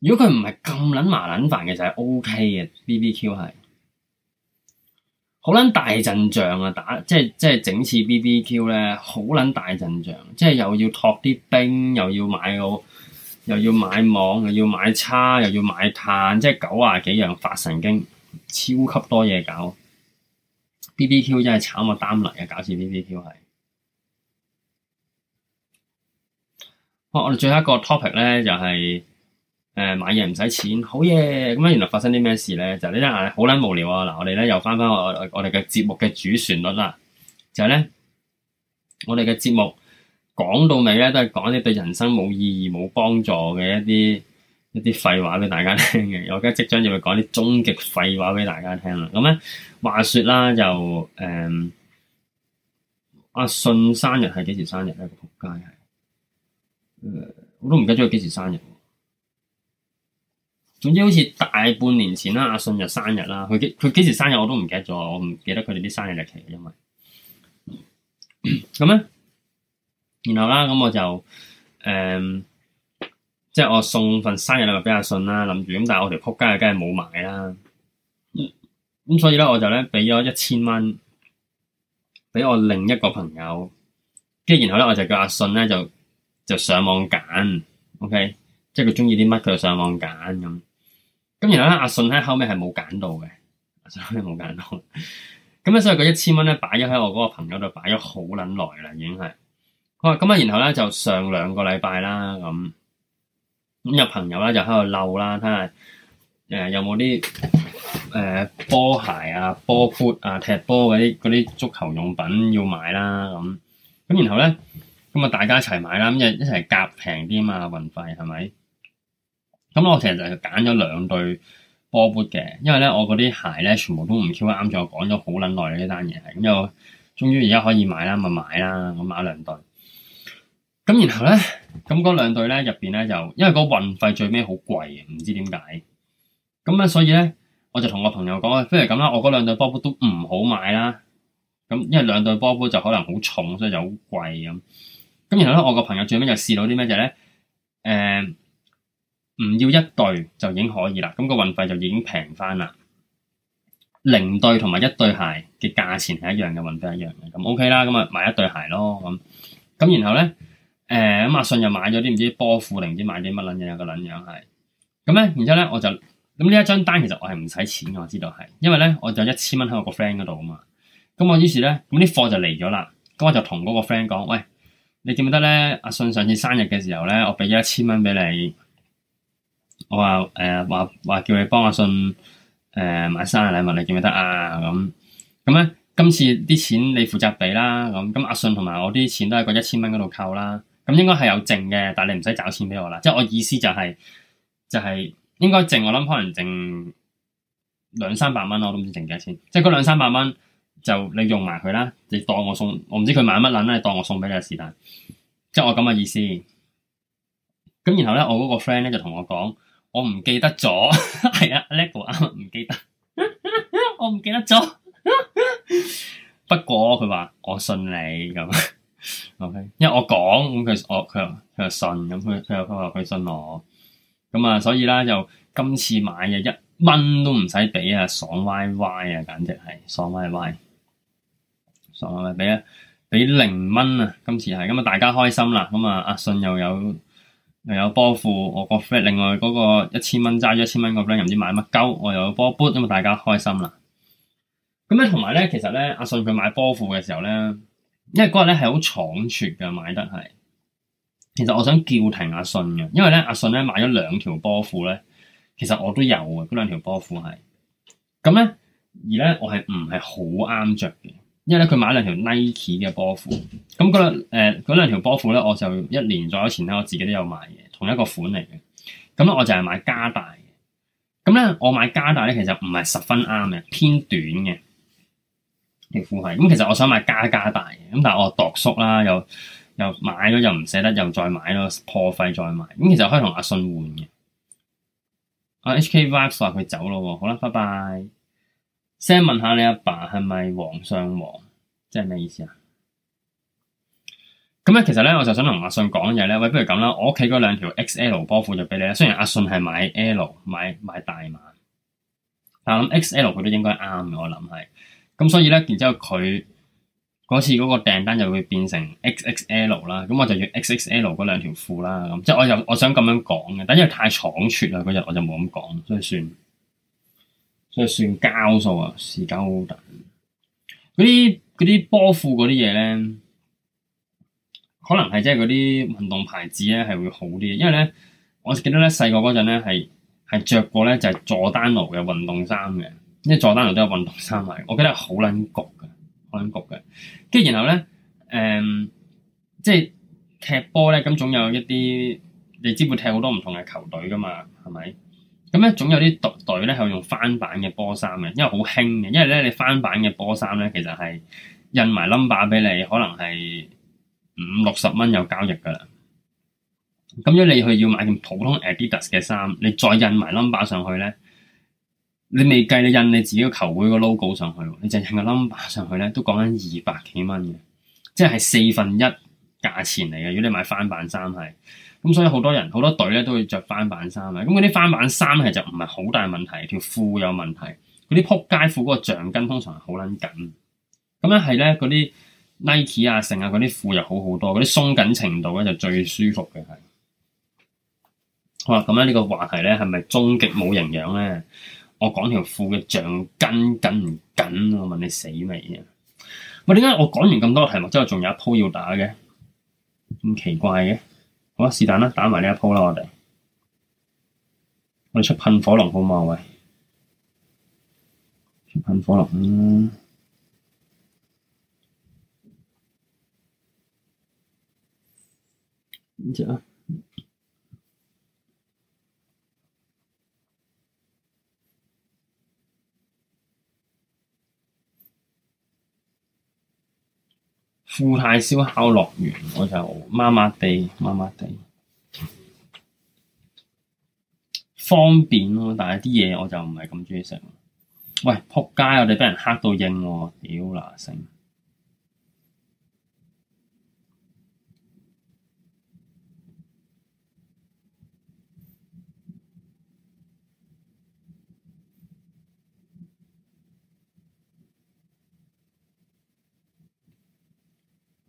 如果佢唔係咁撚麻撚煩嘅就係 O K 嘅 B B Q 係。好撚大陣仗啊！打即係即係整次 B B Q 咧，好撚大陣仗，即係又要托啲冰，又要買個，又要買網，又要買叉，又要買炭，即係九廿幾樣發神經，超級多嘢搞。B B Q 真係慘啊，擔嚟啊，搞次 B B Q 係。好，我哋最後一個 topic 咧就係、是。誒、呃，買嘢唔使錢，好嘢！咁、嗯、樣，原來發生啲咩事咧？就呢一晚好捻無聊啊！嗱，我哋咧又翻翻我我哋嘅節目嘅主旋律啦，就係咧，我哋嘅節目講到尾咧，都係講啲對人生冇意義、冇幫助嘅一啲一啲廢話俾大家聽嘅。我而家即將要講啲終極廢話俾大家聽啦。咁咧，話說啦，又誒，阿、嗯啊、信生日係幾時生日咧？仆街係，誒、嗯，我都唔記得咗佢幾時生日。總之好似大半年前啦，阿信就生日啦，佢幾佢幾時生日我都唔記得咗，我唔記得佢哋啲生日日期，因為咁咧、嗯，然後啦，咁我就誒、嗯，即係我送份生日禮物俾阿信啦，諗住，咁但係我條撲街梗係冇買啦，咁、嗯、所以咧我就咧俾咗一千蚊俾我另一個朋友，跟住然後咧我就叫阿信咧就就上網揀，OK，即係佢中意啲乜佢就上網揀咁。咁然後咧，阿信喺後尾係冇揀到嘅，阿信後尾冇揀到。咁啊，所以個一千蚊咧，擺咗喺我嗰個朋友度，擺咗好撚耐啦，已經係。哇！咁啊，然後咧就上兩個禮拜啦，咁咁有朋友咧就喺度嬲啦，睇下誒有冇啲誒波鞋啊、波褲啊、踢波嗰啲啲足球用品要買啦，咁、嗯、咁然後咧咁啊，大家一齊買啦，咁一一齊夾平啲啊嘛，運費係咪？咁我其實就揀咗兩對波 boot 嘅，因為咧我嗰啲鞋咧全部都唔 Q 啱，仲有講咗好捻耐呢單嘢，咁就終於而家可以買啦，咪買啦，我買兩對。咁然後咧，咁嗰兩對咧入邊咧就，因為個運費最尾好貴嘅，唔知點解。咁咧所以咧，我就同我朋友講啊，不如咁啦，我嗰兩對波 boot 都唔好買啦。咁因為兩對波 boot 就可能好重，所以就好貴咁。咁然後咧，我個朋友最尾就試到啲咩就咧，誒、呃。唔要一對就已經可以啦，咁個運費就已經平翻啦。零對同埋一對鞋嘅價錢係一樣嘅，運費一樣嘅，咁 OK 啦。咁啊買一對鞋咯，咁咁，然後咧誒咁阿信又買咗啲唔知波褲定唔知買啲乜撚嘢有個撚樣係咁咧。然之後咧，我就咁呢一張單其實我係唔使錢，我知道係因為咧我就一千蚊喺我個 friend 嗰度啊嘛。咁我於是咧，咁啲貨就嚟咗啦。咁我就同嗰個 friend 講，喂，你記唔記得咧？阿信上次生日嘅時候咧，我俾咗一千蚊俾你。我話誒，話、呃、話叫你幫阿信誒、呃、買生日禮物，你見唔見得啊？咁咁咧，今次啲錢你負責俾啦。咁咁阿信同埋我啲錢都喺個一千蚊嗰度扣啦。咁應該係有剩嘅，但係你唔使找錢俾我啦。即係我意思就係、是、就係、是、應該剩，我諗可能剩兩三百蚊我都唔知剩幾多錢。即係嗰兩三百蚊就你用埋佢啦，你當我送，我唔知佢買乜撚咧，你當我送俾你係是但。即係我咁嘅意思。咁然後咧，我嗰個 friend 咧就同我講。我唔記得咗，係啊，阿叻哥啱唔記得，我唔記得咗。不過佢話我信你咁，OK，因為我講，咁佢我佢佢又信，咁佢佢又佢話佢信我。咁啊，所以啦，就今次買嘅一蚊都唔使俾啊，爽歪歪啊，簡直係爽歪歪，爽歪歪俾啊俾零蚊啊，今次係咁啊，大家開心啦，咁啊，阿信又有。又有波褲，我個 friend，另外嗰個一千蚊揸咗一千蚊個 friend，又唔知買乜鳩，我又有波 boot，咁啊大家開心啦。咁咧同埋咧，其實咧阿信佢買波褲嘅時候咧，因為嗰日咧係好倉促噶，買得係。其實我想叫停阿信嘅，因為咧阿信咧買咗兩條波褲咧，其實我都有嘅，嗰兩條波褲係。咁咧而咧我係唔係好啱着嘅。因為佢買兩條 Nike 嘅波褲，咁嗰、呃、兩誒嗰條波褲咧，我就一年再前咧，我自己都有買嘅，同一個款嚟嘅。咁咧我就係買加大嘅。咁咧我買加大咧，其實唔係十分啱嘅，偏短嘅條褲係。咁、就是嗯、其實我想買加加大嘅，咁但係我度縮啦，又又買咗又唔捨得，又再買咯，破費再買。咁、嗯、其實可以同阿信換嘅。阿、啊、HK Vax 話佢走咯，好啦，拜拜。先問下你阿爸係咪皇上皇，即係咩意思啊？咁咧，其實咧，我就想同阿信講嘢咧。喂，不如咁啦，我屋企嗰兩條 XL 波褲就俾你啦。雖然阿信係買 L，買買大碼，但 XL 佢都應該啱。我諗係，咁所以咧，然之後佢嗰次嗰個訂單就會變成 XXL 啦。咁我就要 XXL 嗰兩條褲啦。咁即係我又我想咁樣講嘅，但因為太倉促啦，嗰日我就冇咁講，所以算。所以算交數啊，時間好大。嗰啲啲波褲嗰啲嘢咧，可能係即係嗰啲運動牌子咧係會好啲，因為咧，我記得咧，細個嗰陣咧係係著過咧就係、是、佐丹奴嘅運動衫嘅，因為佐丹奴都有運動衫賣，我覺得好撚焗嘅，好撚焗嘅。跟住然後咧，誒、嗯，即係踢波咧，咁總有一啲你知會踢好多唔同嘅球隊噶嘛，係咪？咁咧總有啲獨隊咧係用翻版嘅波衫嘅，因為好輕嘅。因為咧你翻版嘅波衫咧其實係印埋 number 俾你，可能係五六十蚊有交易噶啦。咁樣你去要買件普通 Adidas 嘅衫，你再印埋 number 上去咧，你未計你印你自己個球會個 logo 上去，你淨印個 number 上去咧，都講緊二百幾蚊嘅，即係四分一價錢嚟嘅。如果你買翻版衫係。咁所以好多人好多隊咧都會着翻版衫啊！咁嗰啲翻版衫係就唔係好大問題，條褲有問題。嗰啲撲街褲嗰個橡筋通常係好撚緊。咁咧係咧嗰啲 Nike 啊、成啊嗰啲褲又好好多，嗰啲鬆緊程度咧就最舒服嘅係。好啦！咁咧呢個話題咧係咪終極冇營養咧？我講條褲嘅橡筋緊唔緊？我問你死未啊？喂，點解我講完咁多題目之後仲有一鋪要打嘅？咁奇怪嘅？好啊，是但啦，打埋呢一鋪啦，我哋，我哋出噴火龍好嘛？喂，出噴火龍，嗯，唔着。富泰燒烤樂園，我就麻麻地，麻麻地，方便咯，但係啲嘢我就唔係咁中意食。喂，仆街！我哋俾人黑到應喎，屌嗱聲。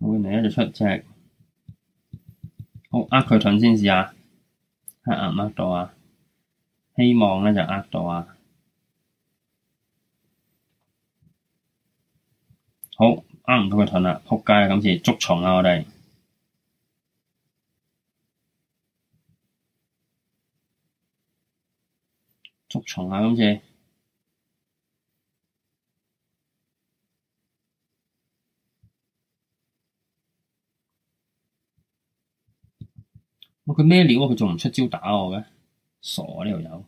好，哋一就出隻，好呃佢盾先試下，睇下呃唔呃到啊，希望呢就呃到啊，好呃唔到佢盾啦，扑街啊！今次捉蟲啊，我哋捉蟲啊，今次。佢咩料啊？佢仲唔出招打我嘅？傻啊！呢條友。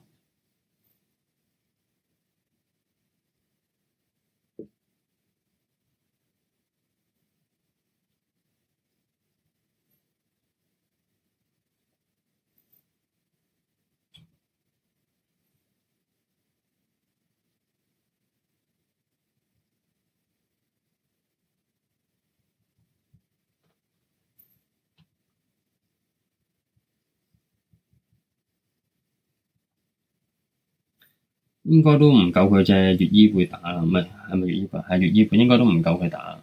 應該都唔夠佢隻，粵醫會打啦。唔係，係咪粵醫會啊？係粵醫會，應該都唔夠佢打。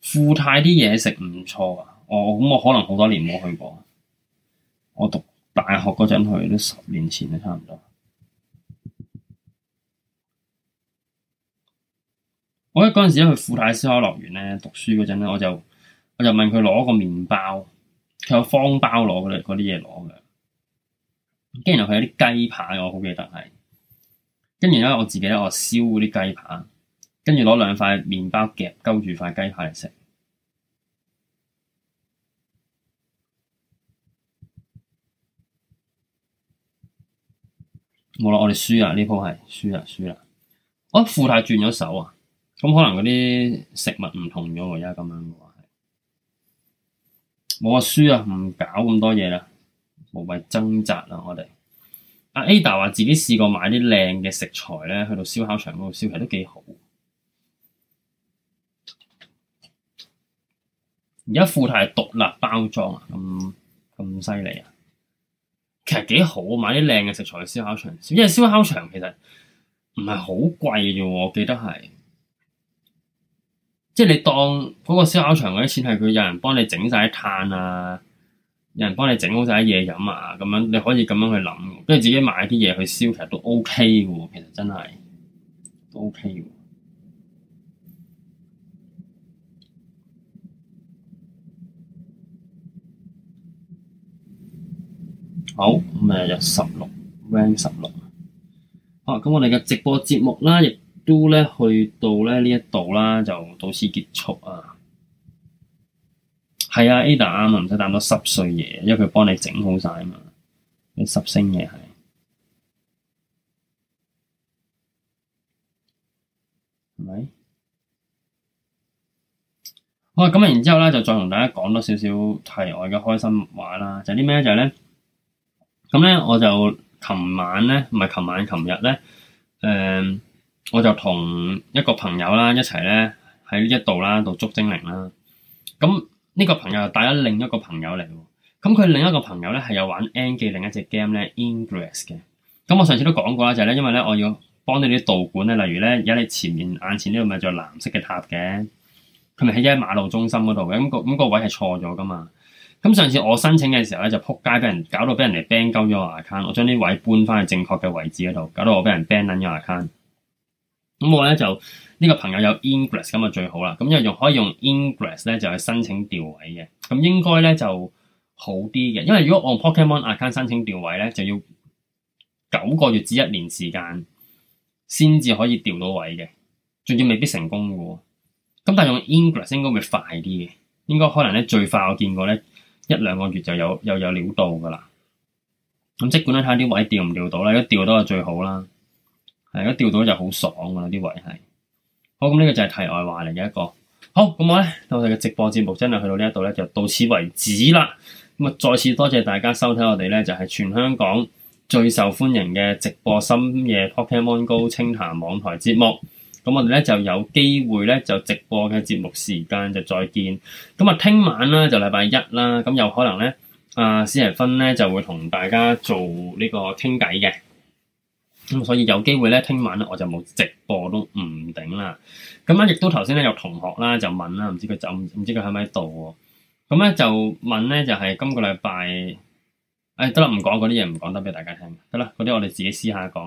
富泰啲嘢食唔錯啊，我咁我可能好多年冇去過，我讀大學嗰陣去，都十年前啦，差唔多。我喺嗰陣時去富泰燒烤樂園咧讀書嗰陣咧，我就我就問佢攞個麵包，佢有方包攞嘅，嗰啲嘢攞嘅，跟住原來佢有啲雞排，我好記得係。跟住咧，我自己咧，我燒嗰啲雞排，跟住攞兩塊麵包夾勾住塊雞排嚟食。冇啦，我哋輸啦，呢鋪係輸啦，輸啦。哦，富太轉咗手啊！咁、嗯、可能嗰啲食物唔同咗，而家咁樣嘅話係。冇我輸啊！唔搞咁多嘢啦，無謂掙扎啦，我哋。阿 Ada 話自己試過買啲靚嘅食材咧，去到燒烤場嗰度燒，其實都幾好。而家富泰係獨立包裝啊，咁咁犀利啊！其實幾好，買啲靚嘅食材去燒烤場，因為燒烤場其實唔係好貴嘅啫，我記得係，即係你當嗰個燒烤場嗰啲錢係佢有人幫你整晒炭啊。有人幫你整好晒啲嘢飲啊，咁樣你可以咁樣去諗，跟住自己買啲嘢去燒，其實都 OK 嘅喎，其實真係都 OK 嘅。好，咁誒入十六 r a n g 十六。啊，咁我哋嘅直播節目啦，亦都咧去到咧呢一度啦，就到此結束啊。係啊，Ada 啱啊，唔使揼到十碎嘢，因為佢幫你整好晒啊嘛，你十星嘢係，係咪？好啊，咁啊，然之後咧就再同大家講多少少題外嘅開心話啦，就啲、是、咩就係、是、咧，咁咧我就琴晚咧，唔係琴晚，琴日咧，誒，我就同、嗯、一個朋友啦，一齊咧喺呢一度啦，度捉精靈啦，咁、嗯。呢個朋友又帶咗另一個朋友嚟喎，咁佢另一個朋友咧係有玩 N 記另一隻 game 咧 Ingress 嘅，咁我上次都講過啦，就係咧因為咧我要幫你啲道館咧，例如咧而家你前面眼前呢度咪著藍色嘅塔嘅，佢咪喺喺馬路中心嗰度嘅，咁個咁個位係錯咗噶嘛，咁上次我申請嘅時候咧就仆街，俾人搞到俾人嚟 ban 鳩咗我 account，我將啲位搬翻去正確嘅位置嗰度，搞到我俾人 ban 撚咗 account，咁我咧就。呢個朋友有 Ingress 咁就最好啦，咁又用可以用 Ingress 咧就去申請調位嘅，咁應該咧就好啲嘅，因為如果我用 Pokemon account 申請調位咧，就要九個月至一年時間先至可以調到位嘅，仲要未必成功嘅。咁但係用 Ingress 應該會快啲嘅，應該可能咧最快我見過咧一兩個月就有又有，有料到嘅啦。咁即管咧睇下啲位調唔調到啦，如果調到就最好啦，係，如果調到就好爽嘅，啲位係。咁呢個就係題外話嚟嘅一個。好，咁我咧，我哋嘅直播節目真係去到呢一度咧，就到此為止啦。咁啊，再次多謝大家收睇我哋咧，就係全香港最受歡迎嘅直播深夜 Pokemon Go 清談網台節目。咁我哋咧就有機會咧，就直播嘅節目時間就再見。咁啊，聽晚啦，就禮拜一啦，咁有可能咧，阿施賢芬咧就會同大家做呢個傾偈嘅。咁所以有機會咧，聽晚咧我就冇直播都唔頂啦。咁啊，亦都頭先咧有同學啦就問啦，唔知佢就唔知佢喺唔喺度，咁咧就問咧就係、是、今個禮拜，誒得啦，唔講啲嘢，唔講得俾大家聽，得啦，啲我哋自己私下講。